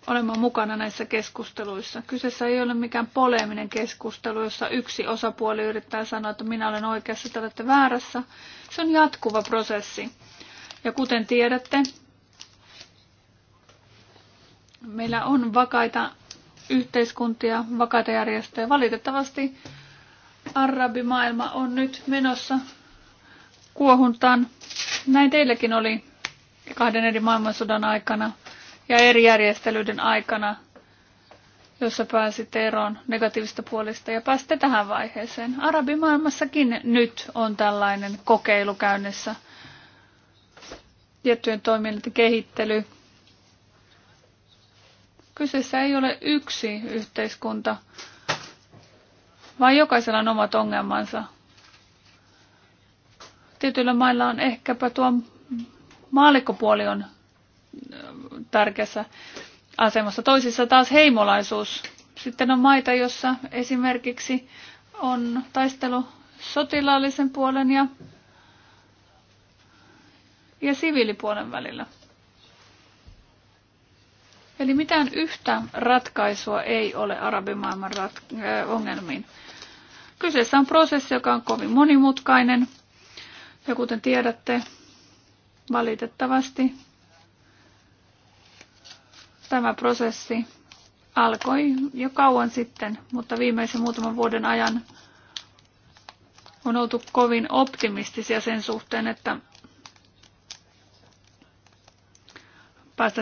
olemaan mukana näissä keskusteluissa. Kyseessä ei ole mikään poleminen keskustelu, jossa yksi osapuoli yrittää sanoa, että minä olen oikeassa, te olette väärässä. Se on jatkuva prosessi. Ja kuten tiedätte, meillä on vakaita yhteiskuntia, vakaita järjestöjä. Valitettavasti arabimaailma on nyt menossa kuohuntaan. Näin teillekin oli kahden eri maailmansodan aikana ja eri järjestelyiden aikana, jossa pääsitte eroon negatiivista puolista ja pääsitte tähän vaiheeseen. Arabimaailmassakin nyt on tällainen kokeilu käynnissä. Tiettyjen toimijoiden kehittely, Kyseessä ei ole yksi yhteiskunta, vaan jokaisella on omat ongelmansa. Tietyillä mailla on ehkäpä tuo maalikkopuoli on äh, tärkeässä asemassa. Toisissa taas heimolaisuus. Sitten on maita, jossa esimerkiksi on taistelu sotilaallisen puolen ja, ja siviilipuolen välillä. Eli mitään yhtä ratkaisua ei ole arabimaailman rat- äh, ongelmiin. Kyseessä on prosessi, joka on kovin monimutkainen. Ja kuten tiedätte, valitettavasti tämä prosessi alkoi jo kauan sitten, mutta viimeisen muutaman vuoden ajan on oltu kovin optimistisia sen suhteen, että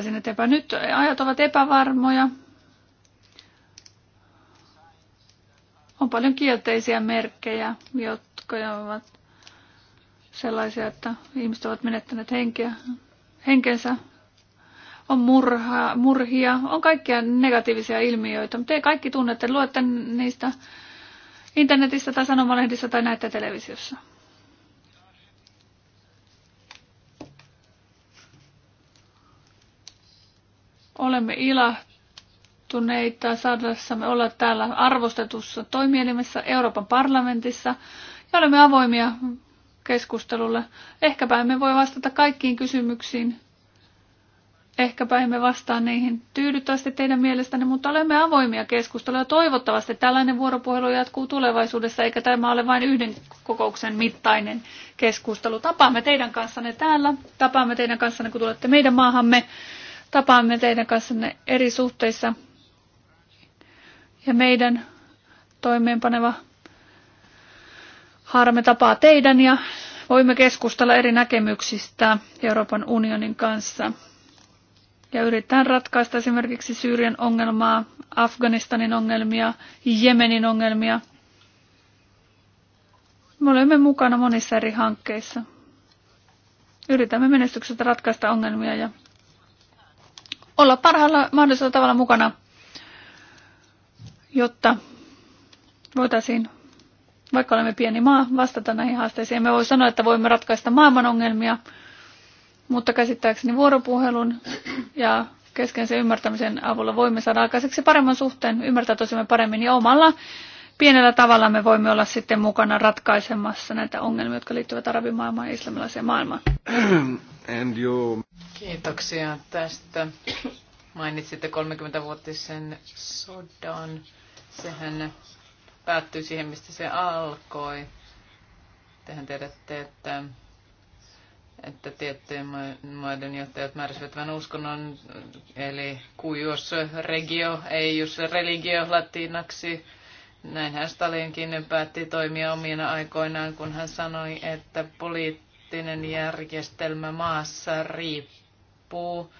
sinne eteenpäin. Nyt ajat ovat epävarmoja. On paljon kielteisiä merkkejä, jotka ovat sellaisia, että ihmiset ovat menettäneet henkeä, henkensä. On murha, murhia, on kaikkia negatiivisia ilmiöitä, mutta te kaikki tunnette. Luette niistä internetistä tai sanomalehdissä tai näette televisiossa. Olemme ilahtuneita saadessamme olla täällä arvostetussa toimielimessä Euroopan parlamentissa ja olemme avoimia keskustelulle. Ehkäpä emme voi vastata kaikkiin kysymyksiin. Ehkäpä emme vastaa niihin tyydyttävästi teidän mielestänne, mutta olemme avoimia keskustelua. Toivottavasti tällainen vuoropuhelu jatkuu tulevaisuudessa, eikä tämä ole vain yhden kokouksen mittainen keskustelu. Tapaamme teidän kanssanne täällä, tapaamme teidän kanssanne, kun tulette meidän maahamme tapaamme teidän kanssanne eri suhteissa. Ja meidän toimeenpaneva harme tapaa teidän ja voimme keskustella eri näkemyksistä Euroopan unionin kanssa. Ja yritetään ratkaista esimerkiksi Syyrian ongelmaa, Afganistanin ongelmia, Jemenin ongelmia. Me olemme mukana monissa eri hankkeissa. Yritämme menestyksestä ratkaista ongelmia ja olla parhaalla mahdollisella tavalla mukana, jotta voitaisiin, vaikka olemme pieni maa, vastata näihin haasteisiin. Me voi sanoa, että voimme ratkaista maailman ongelmia, mutta käsittääkseni vuoropuhelun ja keskeisen ymmärtämisen avulla voimme saada aikaiseksi paremman suhteen, ymmärtää tosiaan paremmin ja omalla pienellä tavalla me voimme olla sitten mukana ratkaisemassa näitä ongelmia, jotka liittyvät arabimaailmaan ja islamilaiseen maailmaan. And you... Kiitoksia tästä. Mainitsitte 30-vuotisen sodan. Sehän päättyi siihen, mistä se alkoi. Tehän tiedätte, että, että tiettyjen maiden johtajat määräsivät vain uskonnon, eli kuius regio, ei jos religio latinaksi. Näinhän Stalinkin päätti toimia omina aikoinaan, kun hän sanoi, että poliittinen poliittinen järjestelmä maassa riippuu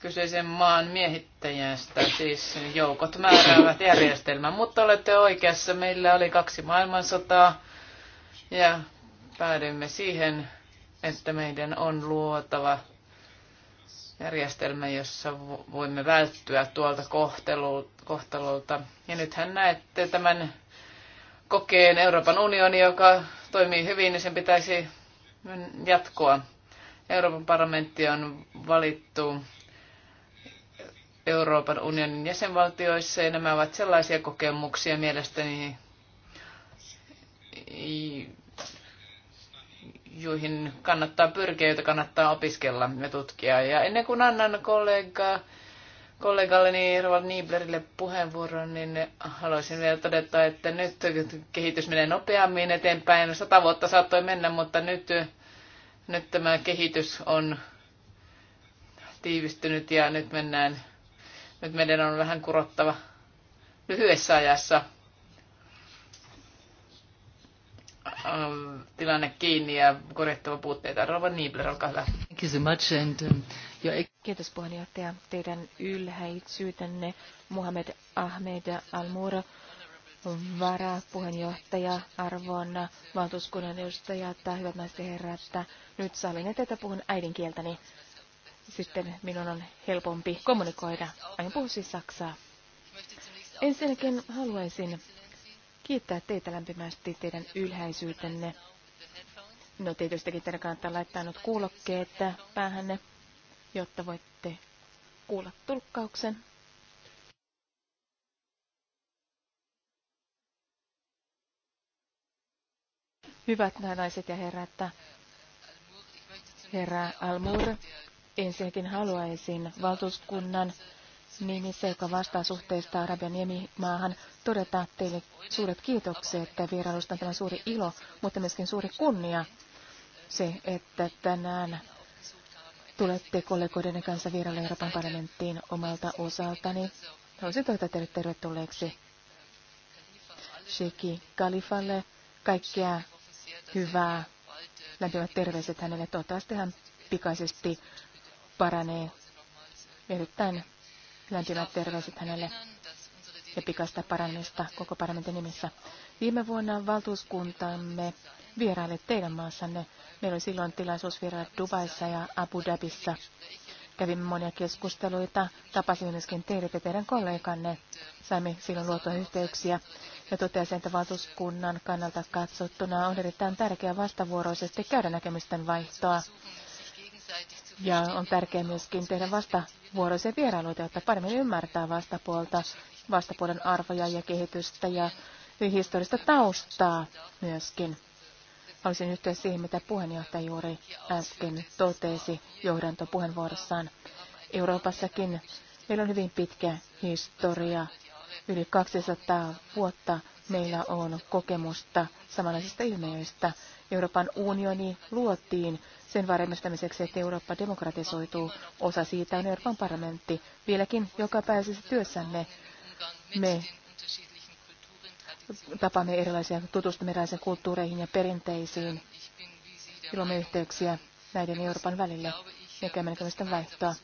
kyseisen maan miehittäjästä, siis joukot määräävät järjestelmän. Mutta olette oikeassa, meillä oli kaksi maailmansotaa ja päädyimme siihen, että meidän on luotava järjestelmä, jossa voimme välttyä tuolta kohtalolta. Ja nythän näette tämän kokeen Euroopan unioni, joka toimii hyvin, niin sen pitäisi jatkoa. Euroopan parlamentti on valittu Euroopan unionin jäsenvaltioissa ja nämä ovat sellaisia kokemuksia mielestäni, joihin kannattaa pyrkiä, joita kannattaa opiskella ja tutkia. Ja ennen kuin annan kollega kollegalleni Roald Nieblerille puheenvuoron, niin haluaisin vielä todeta, että nyt kehitys menee nopeammin eteenpäin. Sata vuotta saattoi mennä, mutta nyt, nyt tämä kehitys on tiivistynyt ja nyt mennään, nyt meidän on vähän kurottava lyhyessä ajassa tilanne kiinni ja korjattava puutteita. Rova Niebler, olkaa hyvä. Thank you so much and, um ja... Kiitos puheenjohtaja. Teidän ylhäisyytenne Muhammed Ahmed Almura, varapuheenjohtaja, arvon valtuuskunnan että hyvät naiset ja herrat, nyt sallin että puhun äidinkieltäni. Sitten minun on helpompi kommunikoida. Aion puhua siis saksaa. Ensinnäkin haluaisin kiittää teitä lämpimästi teidän ylhäisyytenne. No tietystikin teidän kannattaa laittaa nyt kuulokkeet päähänne jotta voitte kuulla tulkkauksen. Hyvät naiset ja herrat, herra Almur, ensinnäkin haluaisin valtuuskunnan nimissä, joka vastaa suhteesta Arabian niemimaahan, todeta teille suuret kiitokset vierailusta. Tämä suuri ilo, mutta myöskin suuri kunnia se, että tänään tulette kollegoiden kanssa vierailla Euroopan parlamenttiin omalta osaltani. Haluaisin toivottaa teille tervetulleeksi Sheki Kalifalle. Kaikkea hyvää. Lämpimät terveiset hänelle. Toivottavasti hän pikaisesti paranee. Erittäin lämpimät terveiset hänelle ja pikaista parannusta koko parlamentin nimissä. Viime vuonna valtuuskuntamme vieraille teidän maassanne. Meillä oli silloin tilaisuus vierailla Dubaissa ja Abu Dhabissa. Kävimme monia keskusteluita, tapasimme myöskin teidät ja teidän kolleganne. Saimme silloin luotua yhteyksiä ja totesin, että valtuuskunnan kannalta katsottuna on erittäin tärkeää vastavuoroisesti käydä näkemysten vaihtoa. Ja on tärkeää myöskin tehdä vastavuoroisia vierailuita, jotta paremmin ymmärtää vastapuolta, vastapuolen arvoja ja kehitystä ja historiallista taustaa myöskin. Haluaisin yhtyä siihen, mitä puheenjohtaja juuri äsken totesi johdantopuheenvuorossaan. Euroopassakin meillä on hyvin pitkä historia. Yli 200 vuotta meillä on kokemusta samanlaisista ilmiöistä. Euroopan unioni luotiin sen varmistamiseksi, että Eurooppa demokratisoituu. Osa siitä on Euroopan parlamentti. Vieläkin joka pääsisi työssänne me tapaamme erilaisia, tutustumme erilaisiin kulttuureihin ja perinteisiin. Ilomme yhteyksiä näiden Euroopan välillä ja käymme vaihtoa.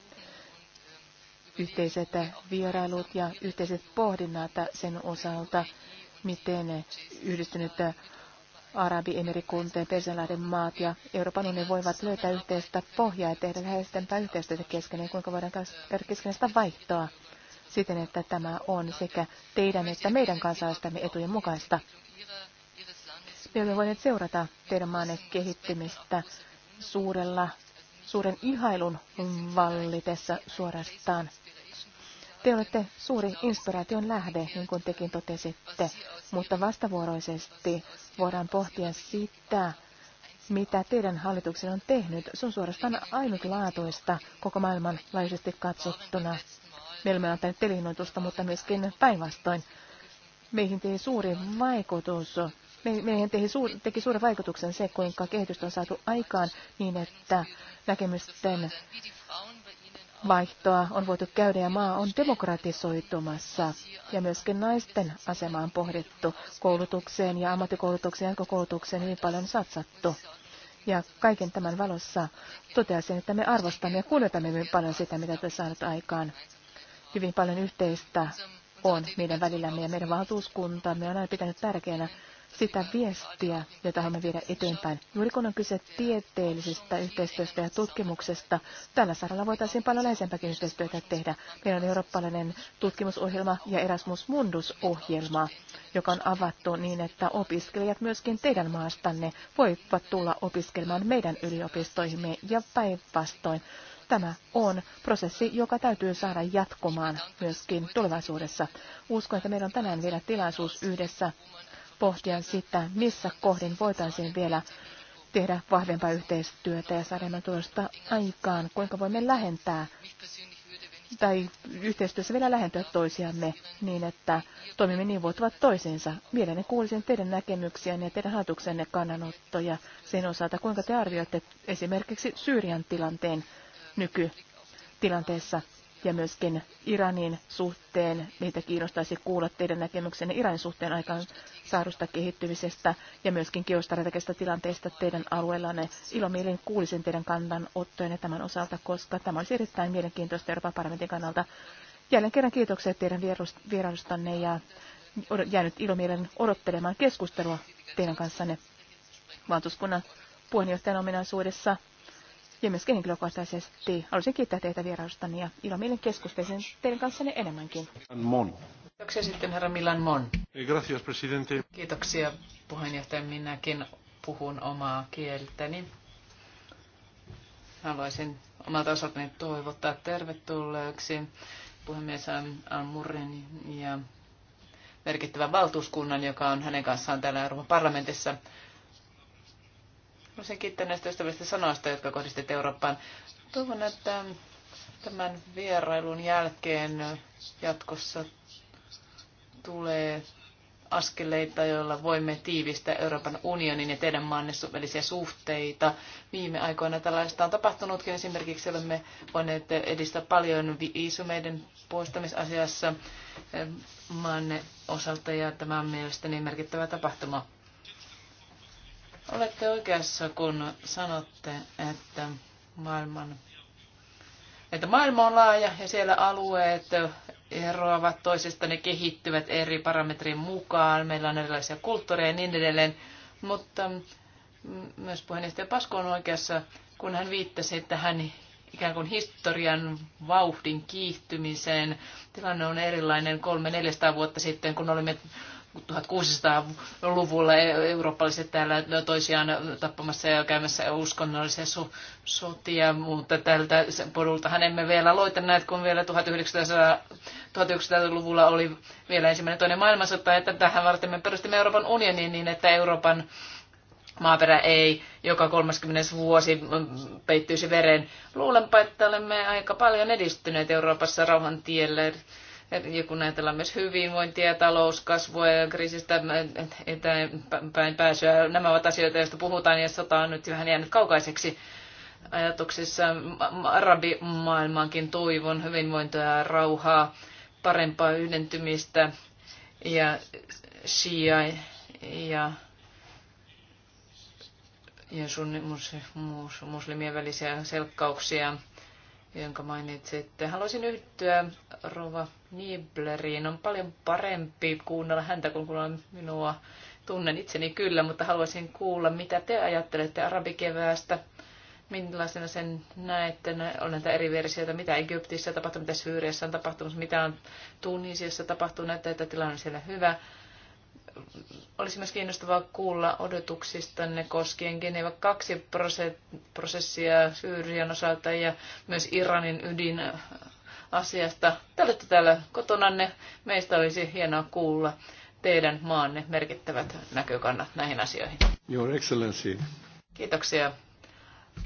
Yhteiset vierailut ja yhteiset pohdinnat sen osalta, miten yhdistynyt Arabiemirikunta ja Persianlahden maat ja Euroopan unioni voivat löytää yhteistä pohjaa ja tehdä läheisempää yhteistyötä keskenään, kuinka voidaan käydä keskenään sitä vaihtoa siten, että tämä on sekä teidän että meidän kansalaistamme etujen mukaista. Me olemme voineet seurata teidän maanne kehittymistä suurella, suuren ihailun vallitessa suorastaan. Te olette suuri inspiraation lähde, niin kuin tekin totesitte, mutta vastavuoroisesti voidaan pohtia sitä, mitä teidän hallituksen on tehnyt. Se on suorastaan ainutlaatuista koko maailman laajuisesti katsottuna. Me olemme antaneet pelihinnoitusta, mutta myöskin päinvastoin. Meihin teki suuri vaikutus. meihin teki, suuri teki suuren vaikutuksen se, kuinka kehitystä on saatu aikaan niin, että näkemysten vaihtoa on voitu käydä ja maa on demokratisoitumassa. Ja myöskin naisten asemaan on pohdittu koulutukseen ja ammattikoulutukseen ja koulutukseen hyvin paljon satsattu. Ja kaiken tämän valossa toteaisin, että me arvostamme ja kuljetamme hyvin paljon sitä, mitä te saanut aikaan. Hyvin paljon yhteistä on meidän välillämme ja meidän valtuuskuntamme on aina pitänyt tärkeänä sitä viestiä, jota haluamme viedä eteenpäin. Juuri kun on kyse tieteellisestä yhteistyöstä ja tutkimuksesta, tällä saralla voitaisiin paljon läheisempäkin yhteistyötä tehdä. Meillä on eurooppalainen tutkimusohjelma ja Erasmus Mundus-ohjelma, joka on avattu niin, että opiskelijat myöskin teidän maastanne voivat tulla opiskelemaan meidän yliopistoihimme ja päinvastoin. Tämä on prosessi, joka täytyy saada jatkumaan myöskin tulevaisuudessa. Uskon, että meillä on tänään vielä tilaisuus yhdessä pohtia sitä, missä kohdin voitaisiin vielä tehdä vahvempaa yhteistyötä ja saada enemmän tulosta aikaan, kuinka voimme lähentää tai yhteistyössä vielä lähentyä toisiamme niin, että toimimme niivoutuvat toisiinsa. Mielelläni kuulisin teidän näkemyksiänne ja teidän hallituksenne kannanottoja sen osalta, kuinka te arvioitte esimerkiksi Syyrian tilanteen nykytilanteessa ja myöskin Iranin suhteen. Meitä kiinnostaisi kuulla teidän näkemyksenne Iranin suhteen aikaan saadusta kehittymisestä ja myöskin geostrategisesta tilanteesta teidän alueellanne. Ilomielin kuulisin teidän ottojenne tämän osalta, koska tämä olisi erittäin mielenkiintoista Euroopan parlamentin kannalta. Jälleen kerran kiitoksia teidän vierailustanne ja jäänyt ilomielen odottelemaan keskustelua teidän kanssanne valtuuskunnan puheenjohtajan ominaisuudessa ja myöskin henkilökohtaisesti. Haluaisin kiittää teitä vierailustani ja ilomielin keskustelisin teidän kanssanne enemmänkin. Mon. Kiitoksia sitten herra Milan Mon. Eh, gracias, presidente. Kiitoksia puheenjohtaja. Minäkin puhun omaa kieltäni. Haluaisin omalta osaltani toivottaa tervetulleeksi puhemies Almurin ja merkittävän valtuuskunnan, joka on hänen kanssaan täällä Euroopan parlamentissa. Haluaisin no kiittää näistä ystävällisistä sanoista, jotka kohdistit Eurooppaan. Toivon, että tämän vierailun jälkeen jatkossa tulee askeleita, joilla voimme tiivistää Euroopan unionin ja teidän maanne välisiä suhteita. Viime aikoina tällaista on tapahtunutkin. Esimerkiksi olemme voineet edistää paljon viisumeiden poistamisasiassa eh, maanne osalta ja tämä on mielestäni merkittävä tapahtuma. Olette oikeassa, kun sanotte, että, maailman, että maailma on laaja ja siellä alueet eroavat toisista, ne kehittyvät eri parametrien mukaan, meillä on erilaisia kulttuureja ja niin edelleen. Mutta myös puheenjohtaja Pasko on oikeassa, kun hän viittasi tähän ikään kuin historian vauhdin kiihtymiseen. Tilanne on erilainen 300-400 vuotta sitten, kun olimme 1600-luvulla eurooppalaiset täällä toisiaan tappamassa ja käymässä uskonnollisia so- sotia, mutta tältä porultahan emme vielä näitä, kun vielä 1900, 1900-luvulla oli vielä ensimmäinen toinen maailmansota, että tähän varten me perustimme Euroopan unionin niin, että Euroopan maaperä ei joka 30 vuosi peittyisi veren. Luulenpa, että olemme aika paljon edistyneet Euroopassa rauhan tielle ja kun ajatellaan myös hyvinvointia, talouskasvua ja kriisistä eteenpäin pääsyä, nämä ovat asioita, joista puhutaan ja sota on nyt vähän jäänyt kaukaiseksi ajatuksissa. Arabimaailmaankin toivon hyvinvointia ja rauhaa, parempaa yhdentymistä ja shia ja ja sun mus, mus, muslimien välisiä selkkauksia, jonka mainitsit. Haluaisin yhtyä Rova Nibbleriin On paljon parempi kuunnella häntä kuin kuunnella minua. Tunnen itseni kyllä, mutta haluaisin kuulla, mitä te ajattelette arabikeväästä. Millaisena sen näette? No, on näitä eri versioita, mitä Egyptissä tapahtuu, mitä Syyriassa on tapahtunut, mitä on Tunisiassa tapahtunut. että tilanne on siellä hyvä. Olisi myös kiinnostavaa kuulla odotuksistanne koskien Geneva 2 prosessia Syyrian osalta ja myös Iranin ydin asiasta. Te olette täällä kotonanne. Meistä olisi hienoa kuulla teidän maanne merkittävät näkökannat näihin asioihin. Your Excellency. Kiitoksia.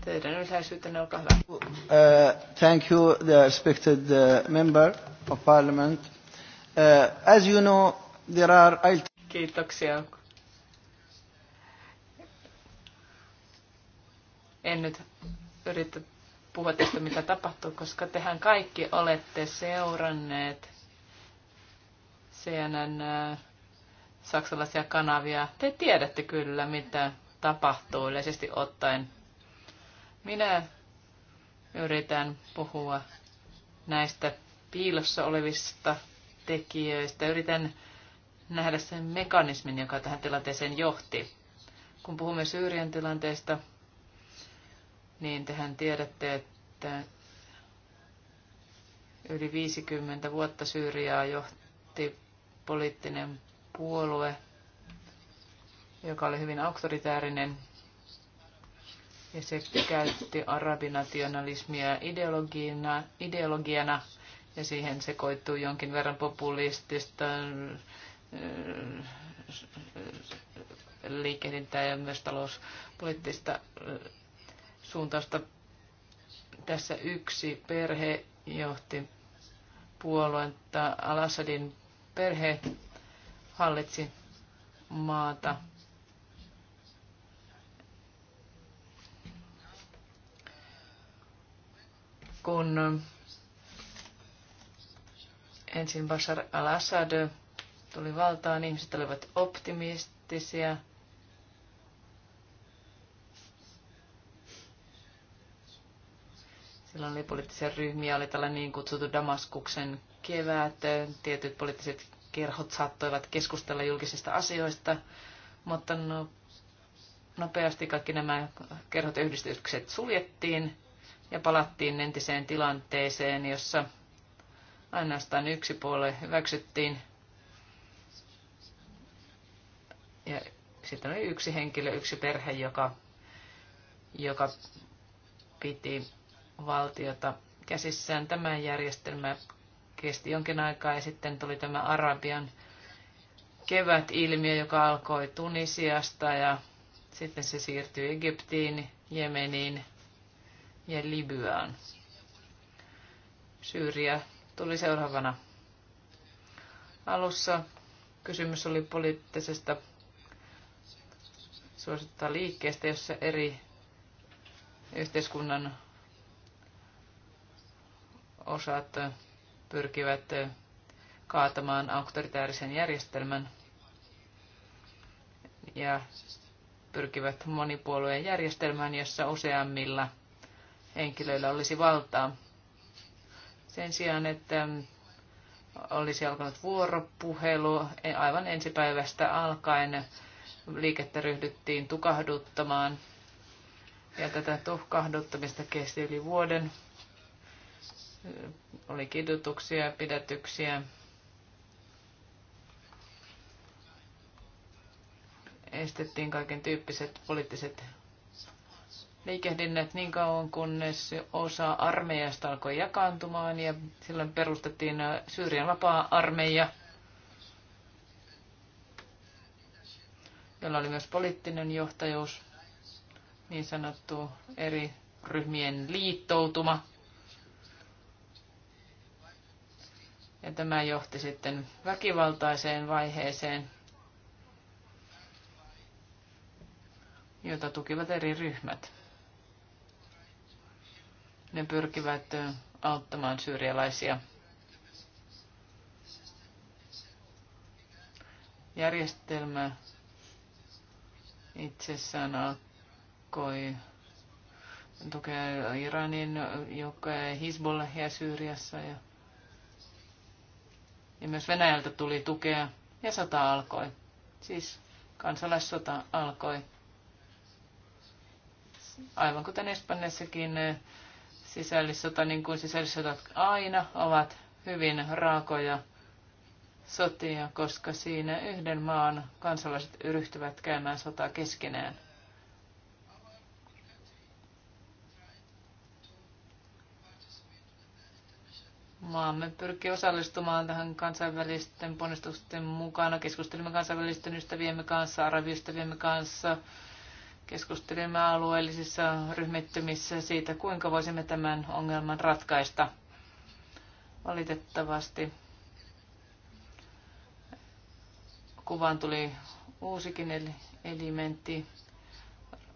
Teidän ylhäisyytenne, olkaa hyvä. Uh, thank you, the respected uh, member of parliament. Uh, as you know, there are... Kiitoksia. En nyt yritä puhua tästä, mitä tapahtuu, koska tehän kaikki olette seuranneet CNN saksalaisia kanavia. Te tiedätte kyllä, mitä tapahtuu yleisesti ottaen. Minä yritän puhua näistä piilossa olevista tekijöistä. Yritän nähdä sen mekanismin, joka tähän tilanteeseen johti. Kun puhumme Syyrian tilanteesta, niin tehän tiedätte, että yli 50 vuotta Syyriaa johti poliittinen puolue, joka oli hyvin auktoritäärinen ja se käytti arabinationalismia ideologiana, ideologiana ja siihen sekoittuu jonkin verran populistista äh, äh, liikehdintää ja myös talouspoliittista äh, suuntausta. Tässä yksi perhe johti puoluetta. Al-Assadin perhe hallitsi maata. Kun ensin Bashar al-Assad tuli valtaan, ihmiset olivat optimistisia – Siellä oli poliittisia ryhmiä, oli tällainen niin kutsuttu Damaskuksen kevät. Tietyt poliittiset kerhot saattoivat keskustella julkisista asioista, mutta no, nopeasti kaikki nämä kerhot ja yhdistykset suljettiin ja palattiin entiseen tilanteeseen, jossa ainoastaan yksi puolue hyväksyttiin. Ja sitten oli yksi henkilö, yksi perhe, joka, joka piti valtiota käsissään. Tämä järjestelmä kesti jonkin aikaa ja sitten tuli tämä Arabian kevätilmiö, joka alkoi Tunisiasta ja sitten se siirtyi Egyptiin, Jemeniin ja Libyaan. Syyria tuli seuraavana. Alussa kysymys oli poliittisesta suosittaa liikkeestä, jossa eri yhteiskunnan osat pyrkivät kaatamaan auktoritäärisen järjestelmän ja pyrkivät monipuolueen järjestelmään, jossa useammilla henkilöillä olisi valtaa. Sen sijaan, että olisi alkanut vuoropuhelu e, aivan ensipäivästä alkaen, liikettä ryhdyttiin tukahduttamaan ja tätä tukahduttamista kesti yli vuoden. Oli kidutuksia, pidätyksiä. Estettiin kaiken tyyppiset poliittiset liikehdinnät niin kauan, kunnes osa armeijasta alkoi jakaantumaan ja silloin perustettiin Syyrian vapaa-armeija, jolla oli myös poliittinen johtajuus, niin sanottu eri ryhmien liittoutuma. Ja tämä johti sitten väkivaltaiseen vaiheeseen, jota tukivat eri ryhmät. Ne pyrkivät auttamaan syyrialaisia. Järjestelmä itsessään alkoi tukea Iranin, joka Hezbollah Syyriassa ja ja myös Venäjältä tuli tukea ja sota alkoi. Siis kansalaissota alkoi. Aivan kuten Espanjassakin eh, sisällissota, niin kuin sisällissodat aina ovat hyvin raakoja sotia, koska siinä yhden maan kansalaiset ryhtyvät käymään sotaa keskenään. maamme pyrkii osallistumaan tähän kansainvälisten ponnistusten mukana. Keskustelimme kansainvälisten ystäviemme kanssa, arabiystäviemme kanssa. Keskustelimme alueellisissa ryhmittymissä siitä, kuinka voisimme tämän ongelman ratkaista. Valitettavasti kuvaan tuli uusikin elementti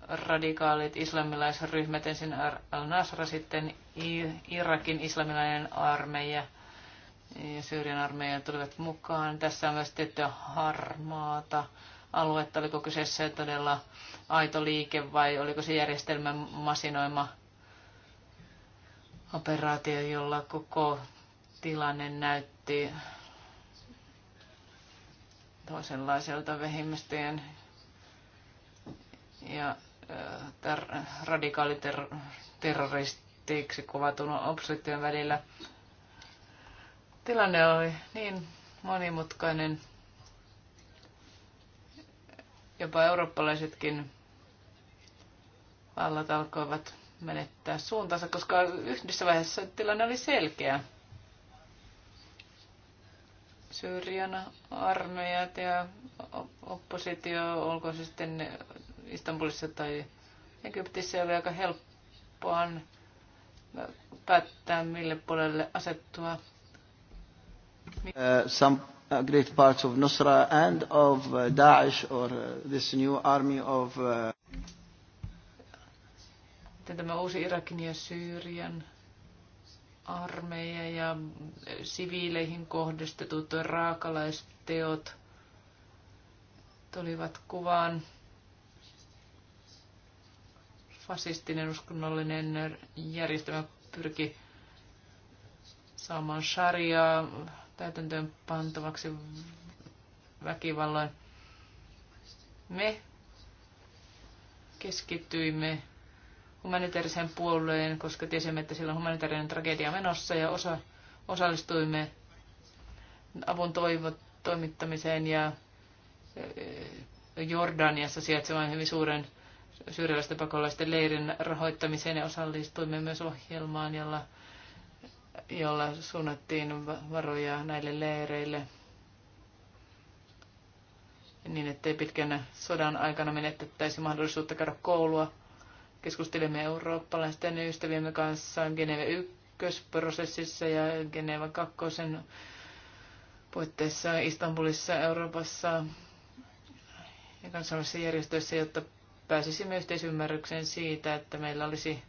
radikaalit islamilaisryhmät, ensin al-Nasra, sitten Irakin islamilainen armeija ja Syyrian armeija tulivat mukaan. Tässä on myös tiettyä harmaata aluetta. Oliko kyseessä todella aito liike vai oliko se järjestelmän masinoima operaatio, jolla koko tilanne näytti toisenlaiselta vehimystöjen ja radikaaliterroristiksi kuvatun opposition välillä. Tilanne oli niin monimutkainen, jopa eurooppalaisetkin vallat alkoivat menettää suuntaansa, koska yhdessä vaiheessa tilanne oli selkeä. Syyrian armeijat ja oppositio, olko se sitten Istanbulissa tai Egyptissä oli aika helppoa päättää, mille puolelle asettua. Uh, some uh, great parts of Nusra and of uh, Daesh or uh, this new army of... Uh... Tämä uusi Irakin ja Syyrian armeija ja eh, siviileihin kohdistetut raakalaisteot tulivat kuvaan fasistinen uskonnollinen järjestelmä pyrki saamaan sarjaa täytäntöön pantavaksi väkivalloin. Me keskittyimme humanitaariseen puoleen, koska tiesimme, että siellä on humanitaarinen tragedia menossa ja osa, osallistuimme avun toivo, toimittamiseen ja eh, Jordaniassa sijaitsevan hyvin suuren syyrialaisten pakolaisten leirin rahoittamiseen ja osallistuimme myös ohjelmaan, jolla, jolla suunnattiin varoja näille leireille niin, ettei pitkän sodan aikana menettäisi mahdollisuutta käydä koulua. Keskustelimme eurooppalaisten ystäviemme kanssa Geneve 1 prosessissa ja Geneva 2 puitteissa Istanbulissa, Euroopassa ja kansainvälisissä järjestöissä, jotta pääsisimme yhteisymmärrykseen siitä, että meillä olisi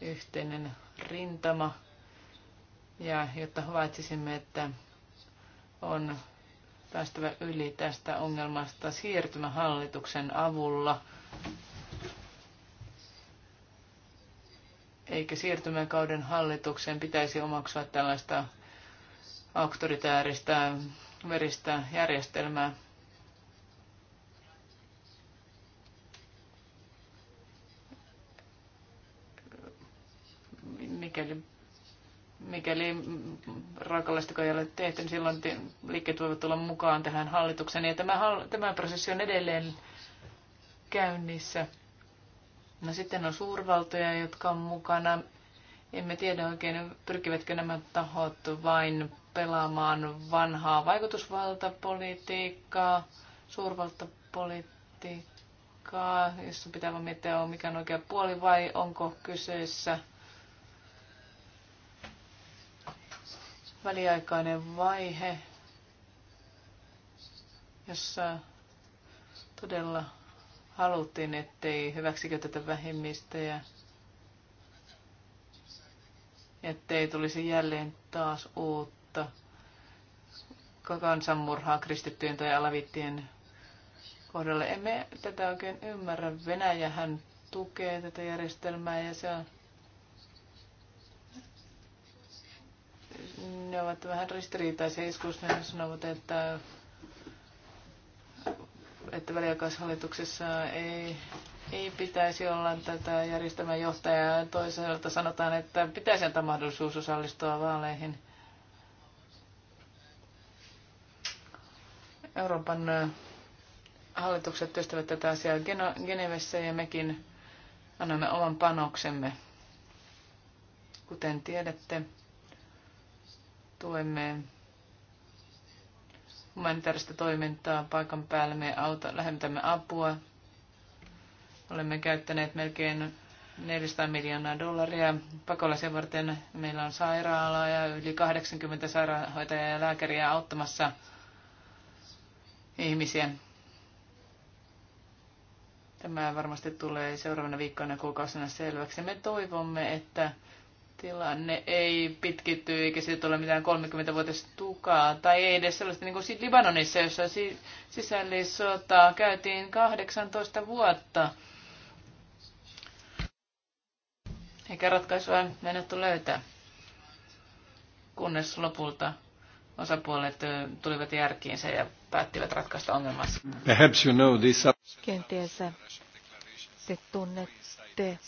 yhteinen rintama ja jotta havaitsisimme, että on päästävä yli tästä ongelmasta siirtymähallituksen avulla. Eikä siirtymäkauden hallituksen pitäisi omaksua tällaista auktoritääristä veristä järjestelmää. mikäli, mikäli raakalaista ei ole tehty, niin silloin liikkeet voivat tulla mukaan tähän hallitukseen. Ja tämä, tämä prosessi on edelleen käynnissä. No sitten on suurvaltoja, jotka on mukana. Emme tiedä oikein, pyrkivätkö nämä tahot vain pelaamaan vanhaa vaikutusvaltapolitiikkaa, suurvaltapolitiikkaa, jossa pitää vaan miettiä, on mikä on oikea puoli vai onko kyseessä – väliaikainen vaihe, jossa todella haluttiin, ettei hyväksikäytetä vähemmistöjä, ettei tulisi jälleen taas uutta kansanmurhaa kristittyjen tai alavittien kohdalle. Emme tätä oikein ymmärrä. Venäjähän tukee tätä järjestelmää ja se on ne ovat vähän ristiriitaisia. Joskus ne sanovat, että, että väliaikaishallituksessa ei, ei pitäisi olla tätä järjestelmän johtajaa. Toisaalta sanotaan, että pitäisi antaa mahdollisuus osallistua vaaleihin. Euroopan eh, hallitukset työstävät tätä asiaa Genevessä ja mekin annamme oman panoksemme, kuten tiedätte tuemme humanitaarista toimintaa paikan päällä, me auta, lähetämme apua. Olemme käyttäneet melkein 400 miljoonaa dollaria pakolaisia varten. Meillä on sairaalaa ja yli 80 sairaanhoitajaa ja lääkäriä auttamassa ihmisiä. Tämä varmasti tulee seuraavana viikkoina ja kuukausina selväksi. Me toivomme, että tilanne ei pitkitty eikä siitä ole mitään 30 vuotta tukaa. Tai ei edes sellaista niin kuin Libanonissa, jossa sisällissota käytiin 18 vuotta. Eikä ratkaisua menetty löytää, kunnes lopulta osapuolet tulivat järkiinsä ja päättivät ratkaista ongelmassa. Kenties te tunnette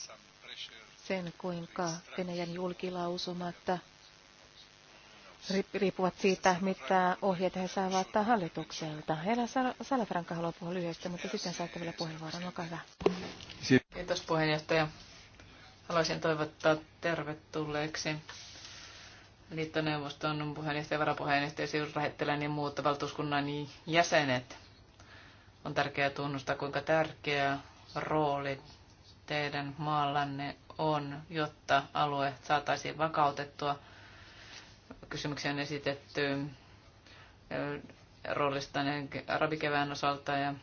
sen, kuinka Venäjän julkilausumat riippuvat siitä, mitä ohjeita he saavat hallitukselta. Heillä Salafranka haluaa puhua lyhyesti, mutta sitten saatte vielä puheenvuoron. Olkaa hyvä. Kiitos puheenjohtaja. Haluaisin toivottaa tervetulleeksi liittoneuvoston puheenjohtaja, varapuheenjohtaja, suurlähettilän ja muut valtuuskunnan jäsenet. On tärkeää tunnustaa, kuinka tärkeä rooli teidän maallanne on, jotta alue saataisiin vakautettua? Kysymyksiä on esitetty roolista arabikevään osalta ja,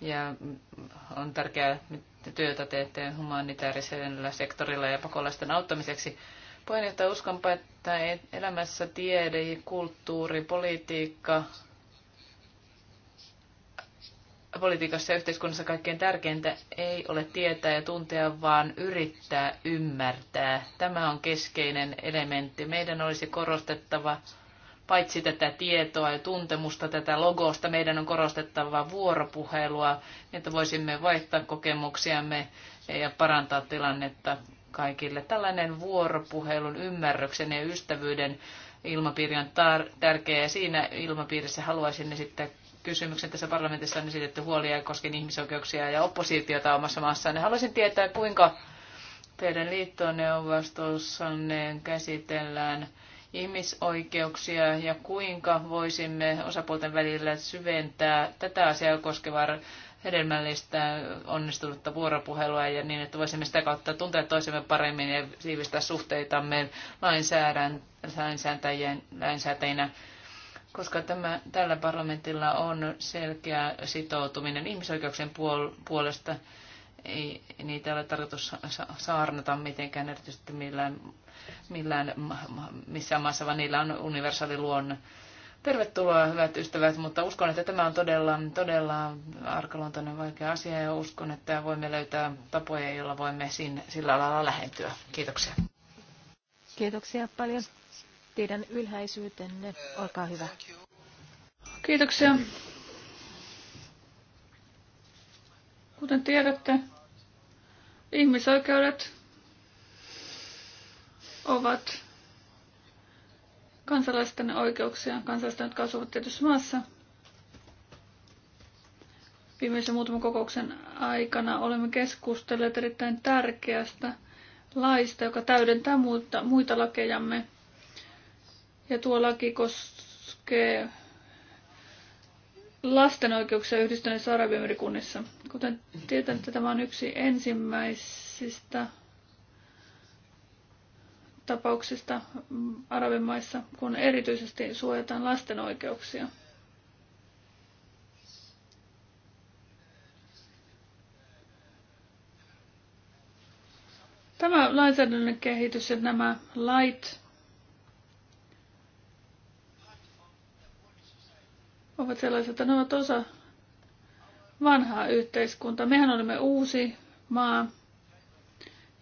ja on tärkeää, mitä työtä teette humanitaarisella sektorilla ja pakolaisten auttamiseksi. Puheenjohtaja, uskonpa, että elämässä tiede, kulttuuri, politiikka, politiikassa ja yhteiskunnassa kaikkein tärkeintä ei ole tietää ja tuntea, vaan yrittää ymmärtää. Tämä on keskeinen elementti. Meidän olisi korostettava paitsi tätä tietoa ja tuntemusta tätä logosta, meidän on korostettava vuoropuhelua, että voisimme vaihtaa kokemuksiamme ja parantaa tilannetta kaikille. Tällainen vuoropuhelun, ymmärryksen ja ystävyyden ilmapiiri on tar- tärkeä ja siinä ilmapiirissä haluaisin esittää kysymyksen tässä parlamentissa on esitetty huolia koskien ihmisoikeuksia ja oppositiota omassa maassaan. Haluaisin tietää, kuinka teidän liittoneuvostossanne käsitellään ihmisoikeuksia ja kuinka voisimme osapuolten välillä syventää tätä asiaa koskevaa hedelmällistä onnistunutta vuoropuhelua ja niin, että voisimme sitä kautta tuntea toisemme paremmin ja siivistää suhteitamme lainsäätäjien, lainsäätäjinä koska tämä, tällä parlamentilla on selkeä sitoutuminen ihmisoikeuksien puol- puolesta. Ei niitä ole tarkoitus saarnata mitenkään erityisesti millään, millään, missään maassa, vaan niillä on universaali luonne. Tervetuloa, hyvät ystävät, mutta uskon, että tämä on todella, todella arkaluontoinen vaikea asia ja uskon, että voimme löytää tapoja, joilla voimme siinä, sillä alalla lähentyä. Kiitoksia. Kiitoksia paljon teidän ylhäisyytenne. Olkaa hyvä. Kiitoksia. Kuten tiedätte, ihmisoikeudet ovat kansalaisten oikeuksia, kansalaisten, jotka asuvat tietyssä maassa. Viimeisen muutaman kokouksen aikana olemme keskustelleet erittäin tärkeästä laista, joka täydentää muita, muita lakejamme – ja tuo laki koskee lasten oikeuksia yhdistyneissä Arabiemirikunnissa. Kuten tiedän, että tämä on yksi ensimmäisistä tapauksista arabimaissa, kun erityisesti suojataan lasten oikeuksia. Tämä lainsäädännön kehitys ja nämä lait ovat sellaisia, että ne ovat osa vanhaa yhteiskuntaa. Mehän olimme uusi maa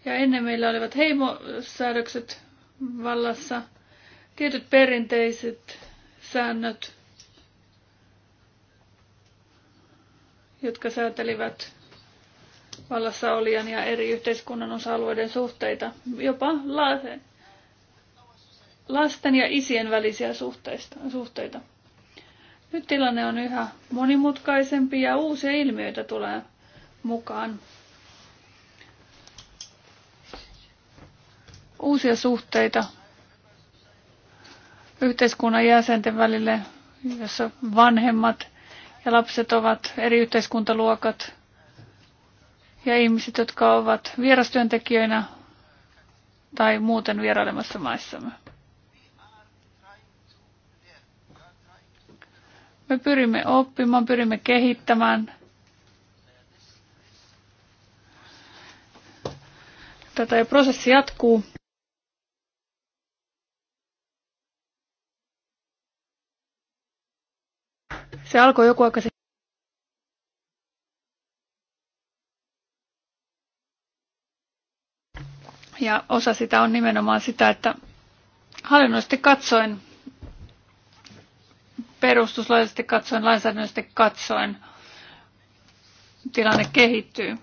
ja ennen meillä olivat heimosäädökset vallassa, tietyt perinteiset säännöt, jotka säätelivät vallassa olijan ja eri yhteiskunnan osa-alueiden suhteita, jopa lasten ja isien välisiä suhteita. Nyt tilanne on yhä monimutkaisempi ja uusia ilmiöitä tulee mukaan. Uusia suhteita yhteiskunnan jäsenten välille, jossa vanhemmat ja lapset ovat eri yhteiskuntaluokat ja ihmiset, jotka ovat vierastyöntekijöinä tai muuten vierailemassa maissamme. Me pyrimme oppimaan, pyrimme kehittämään tätä ja prosessi jatkuu. Se alkoi joku aika sitten. Ja osa sitä on nimenomaan sitä, että hallinnollisesti katsoen perustuslaillisesti katsoen, lainsäädännöllisesti katsoen tilanne kehittyy.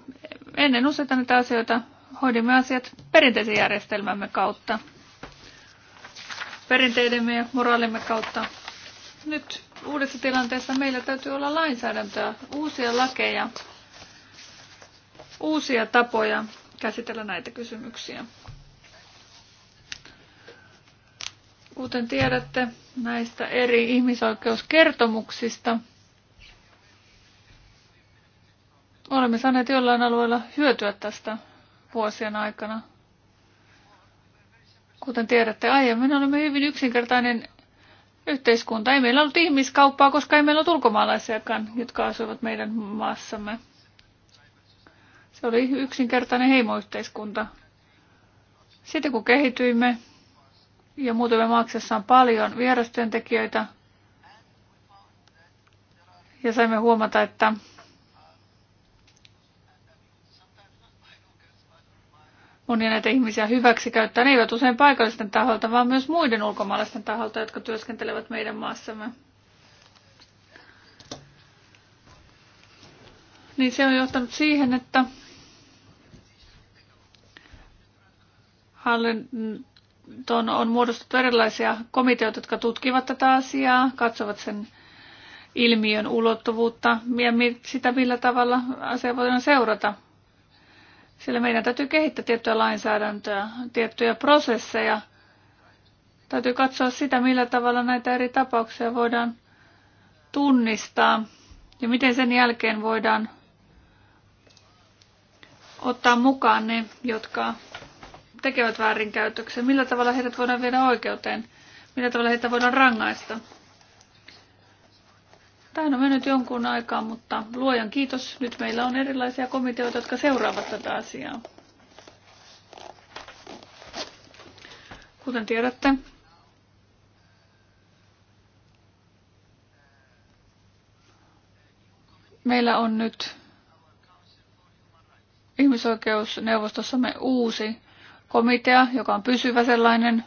Ennen useita näitä asioita hoidimme asiat perinteisen järjestelmämme kautta, perinteidemme ja moraalimme kautta. Nyt uudessa tilanteessa meillä täytyy olla lainsäädäntöä, uusia lakeja, uusia tapoja käsitellä näitä kysymyksiä. Kuten tiedätte näistä eri ihmisoikeuskertomuksista, olemme saaneet jollain alueella hyötyä tästä vuosien aikana. Kuten tiedätte, aiemmin olimme hyvin yksinkertainen yhteiskunta. Ei meillä ollut ihmiskauppaa, koska ei meillä ollut ulkomaalaisiakaan, jotka asuivat meidän maassamme. Se oli yksinkertainen heimoyhteiskunta. Sitten kun kehityimme ja muutamme maksassa on paljon vierastyöntekijöitä. Ja saimme huomata, että monia näitä ihmisiä hyväksi käyttää, ne eivät usein paikallisten taholta, vaan myös muiden ulkomaalaisten taholta, jotka työskentelevät meidän maassamme. Niin se on johtanut siihen, että hallin on, on muodostettu erilaisia komiteoita, jotka tutkivat tätä asiaa, katsovat sen ilmiön ulottuvuutta ja sitä, millä tavalla asia voidaan seurata. Sillä meidän täytyy kehittää tiettyä lainsäädäntöä, tiettyjä prosesseja. Täytyy katsoa sitä, millä tavalla näitä eri tapauksia voidaan tunnistaa ja miten sen jälkeen voidaan ottaa mukaan ne, jotka tekevät väärinkäytöksen, millä tavalla heidät voidaan viedä oikeuteen, millä tavalla heitä voidaan rangaista. Tämä on mennyt jonkun aikaa, mutta luojan kiitos. Nyt meillä on erilaisia komiteoita, jotka seuraavat tätä asiaa. Kuten tiedätte, meillä on nyt ihmisoikeusneuvostossamme uusi komitea, joka on pysyvä sellainen.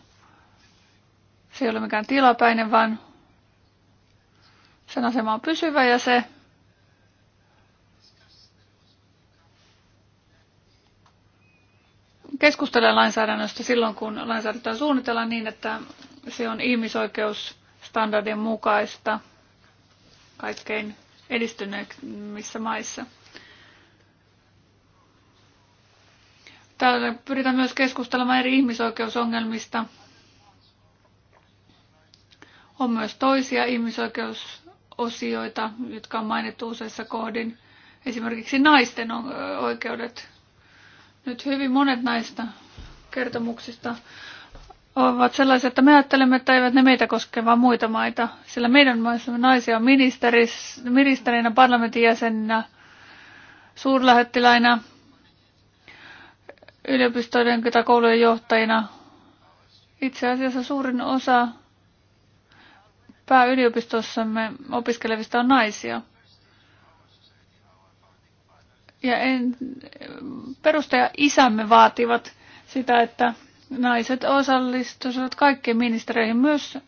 Se ei ole mikään tilapäinen, vaan sen asema on pysyvä ja se keskustelee lainsäädännöstä silloin, kun lainsäädäntöä suunnitellaan niin, että se on ihmisoikeusstandardien mukaista kaikkein edistyneimmissä maissa. Täällä pyritään myös keskustelemaan eri ihmisoikeusongelmista. On myös toisia ihmisoikeusosioita, jotka on mainittu useissa kohdin. Esimerkiksi naisten oikeudet. Nyt hyvin monet näistä kertomuksista ovat sellaisia, että me ajattelemme, että eivät ne meitä koske, vaan muita maita. Sillä meidän maissamme naisia on ministerinä, parlamentin jäsenenä, suurlähettiläinä, yliopistoiden tai koulujen johtajina. Itse asiassa suurin osa pääyliopistossamme opiskelevista on naisia. Ja en, perustaja isämme vaativat sitä, että naiset osallistuisivat kaikkiin ministeriöihin, myös äh,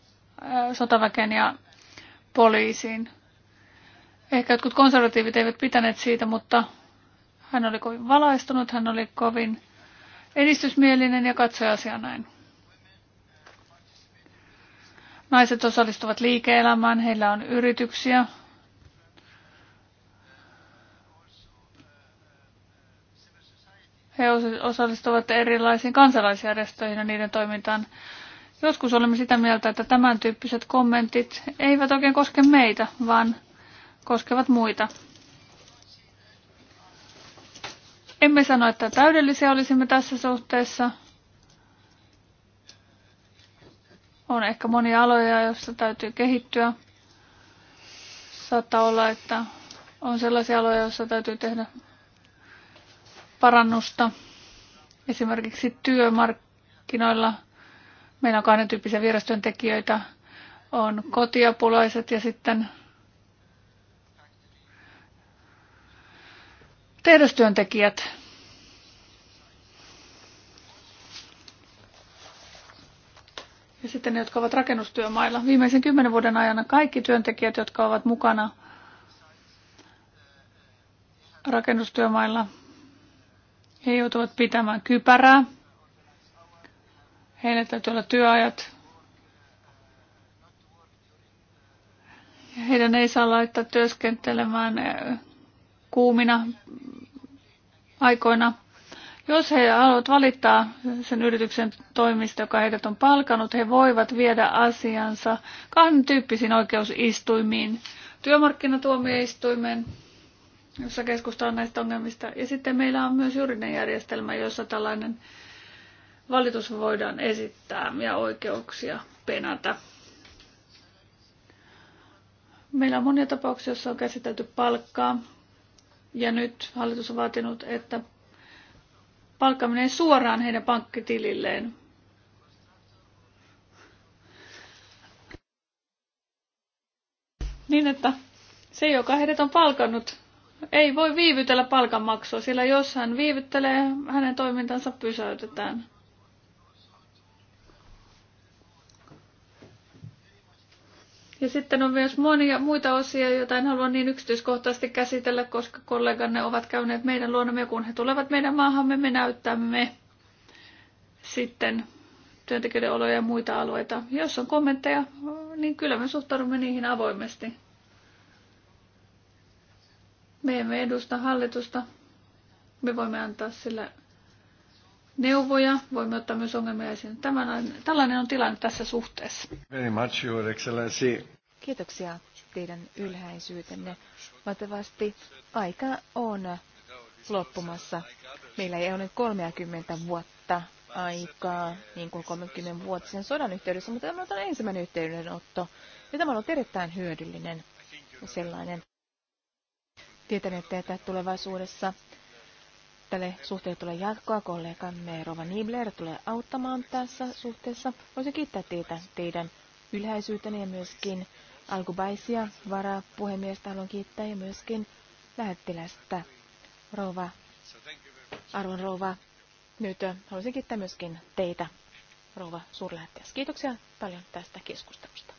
sotaväkeen ja poliisiin. Ehkä jotkut konservatiivit eivät pitäneet siitä, mutta hän oli kovin valaistunut, hän oli kovin edistysmielinen ja katsoja asia näin. Naiset osallistuvat liike-elämään, heillä on yrityksiä. He osallistuvat erilaisiin kansalaisjärjestöihin ja niiden toimintaan. Joskus olemme sitä mieltä, että tämän tyyppiset kommentit eivät oikein koske meitä, vaan koskevat muita. Emme sano, että täydellisiä olisimme tässä suhteessa. On ehkä monia aloja, joissa täytyy kehittyä. Saattaa olla, että on sellaisia aloja, joissa täytyy tehdä parannusta. Esimerkiksi työmarkkinoilla meillä on kahden tyyppisiä vierastyöntekijöitä. On kotiapulaiset ja sitten tehdastyöntekijät ja sitten ne, jotka ovat rakennustyömailla. Viimeisen kymmenen vuoden ajan kaikki työntekijät, jotka ovat mukana rakennustyömailla, he joutuvat pitämään kypärää. Heillä täytyy olla työajat. Heidän ei saa laittaa työskentelemään kuumina aikoina. Jos he haluavat valittaa sen yrityksen toimista, joka heidät on palkanut, he voivat viedä asiansa kahden tyyppisiin oikeusistuimiin. Työmarkkinatuomioistuimen, jossa keskustellaan näistä ongelmista. Ja sitten meillä on myös juridinen järjestelmä, jossa tällainen valitus voidaan esittää ja oikeuksia penata. Meillä on monia tapauksia, joissa on käsitelty palkkaa, ja nyt hallitus on vaatinut, että palkka menee suoraan heidän pankkitililleen. Niin, että se, joka heidät on palkannut, ei voi viivytellä palkanmaksua, sillä jos hän viivyttelee, hänen toimintansa pysäytetään. Ja sitten on myös monia muita osia, joita en halua niin yksityiskohtaisesti käsitellä, koska kolleganne ovat käyneet meidän luonamme. Kun he tulevat meidän maahamme, me näyttämme sitten työntekijöiden oloja ja muita alueita. Jos on kommentteja, niin kyllä me suhtaudumme niihin avoimesti. Me emme edusta hallitusta. Me voimme antaa sille neuvoja. Voimme ottaa myös ongelmia esiin. Tämän, tällainen on tilanne tässä suhteessa. Very much, Your Excellency. Kiitoksia teidän ylhäisyytenne. Valtavasti aika on loppumassa. Meillä ei ole 30 vuotta aikaa, niin kuin 30-vuotisen sodan yhteydessä, mutta tämä on ensimmäinen yhteydenotto. Ja tämä on ollut erittäin hyödyllinen sellainen. Tietän, että tulevaisuudessa Tälle suhteelle tulee jatkoa. Kollegamme Rova Nibler tulee auttamaan tässä suhteessa. Voisin kiittää teitä teidän ylhäisyyteni ja myöskin alkubaisia varapuhemiestä haluan kiittää ja myöskin lähettilästä. Rova, arvon Rova, nyt haluaisin kiittää myöskin teitä, Rova suurlähettiläs. Kiitoksia paljon tästä keskustelusta.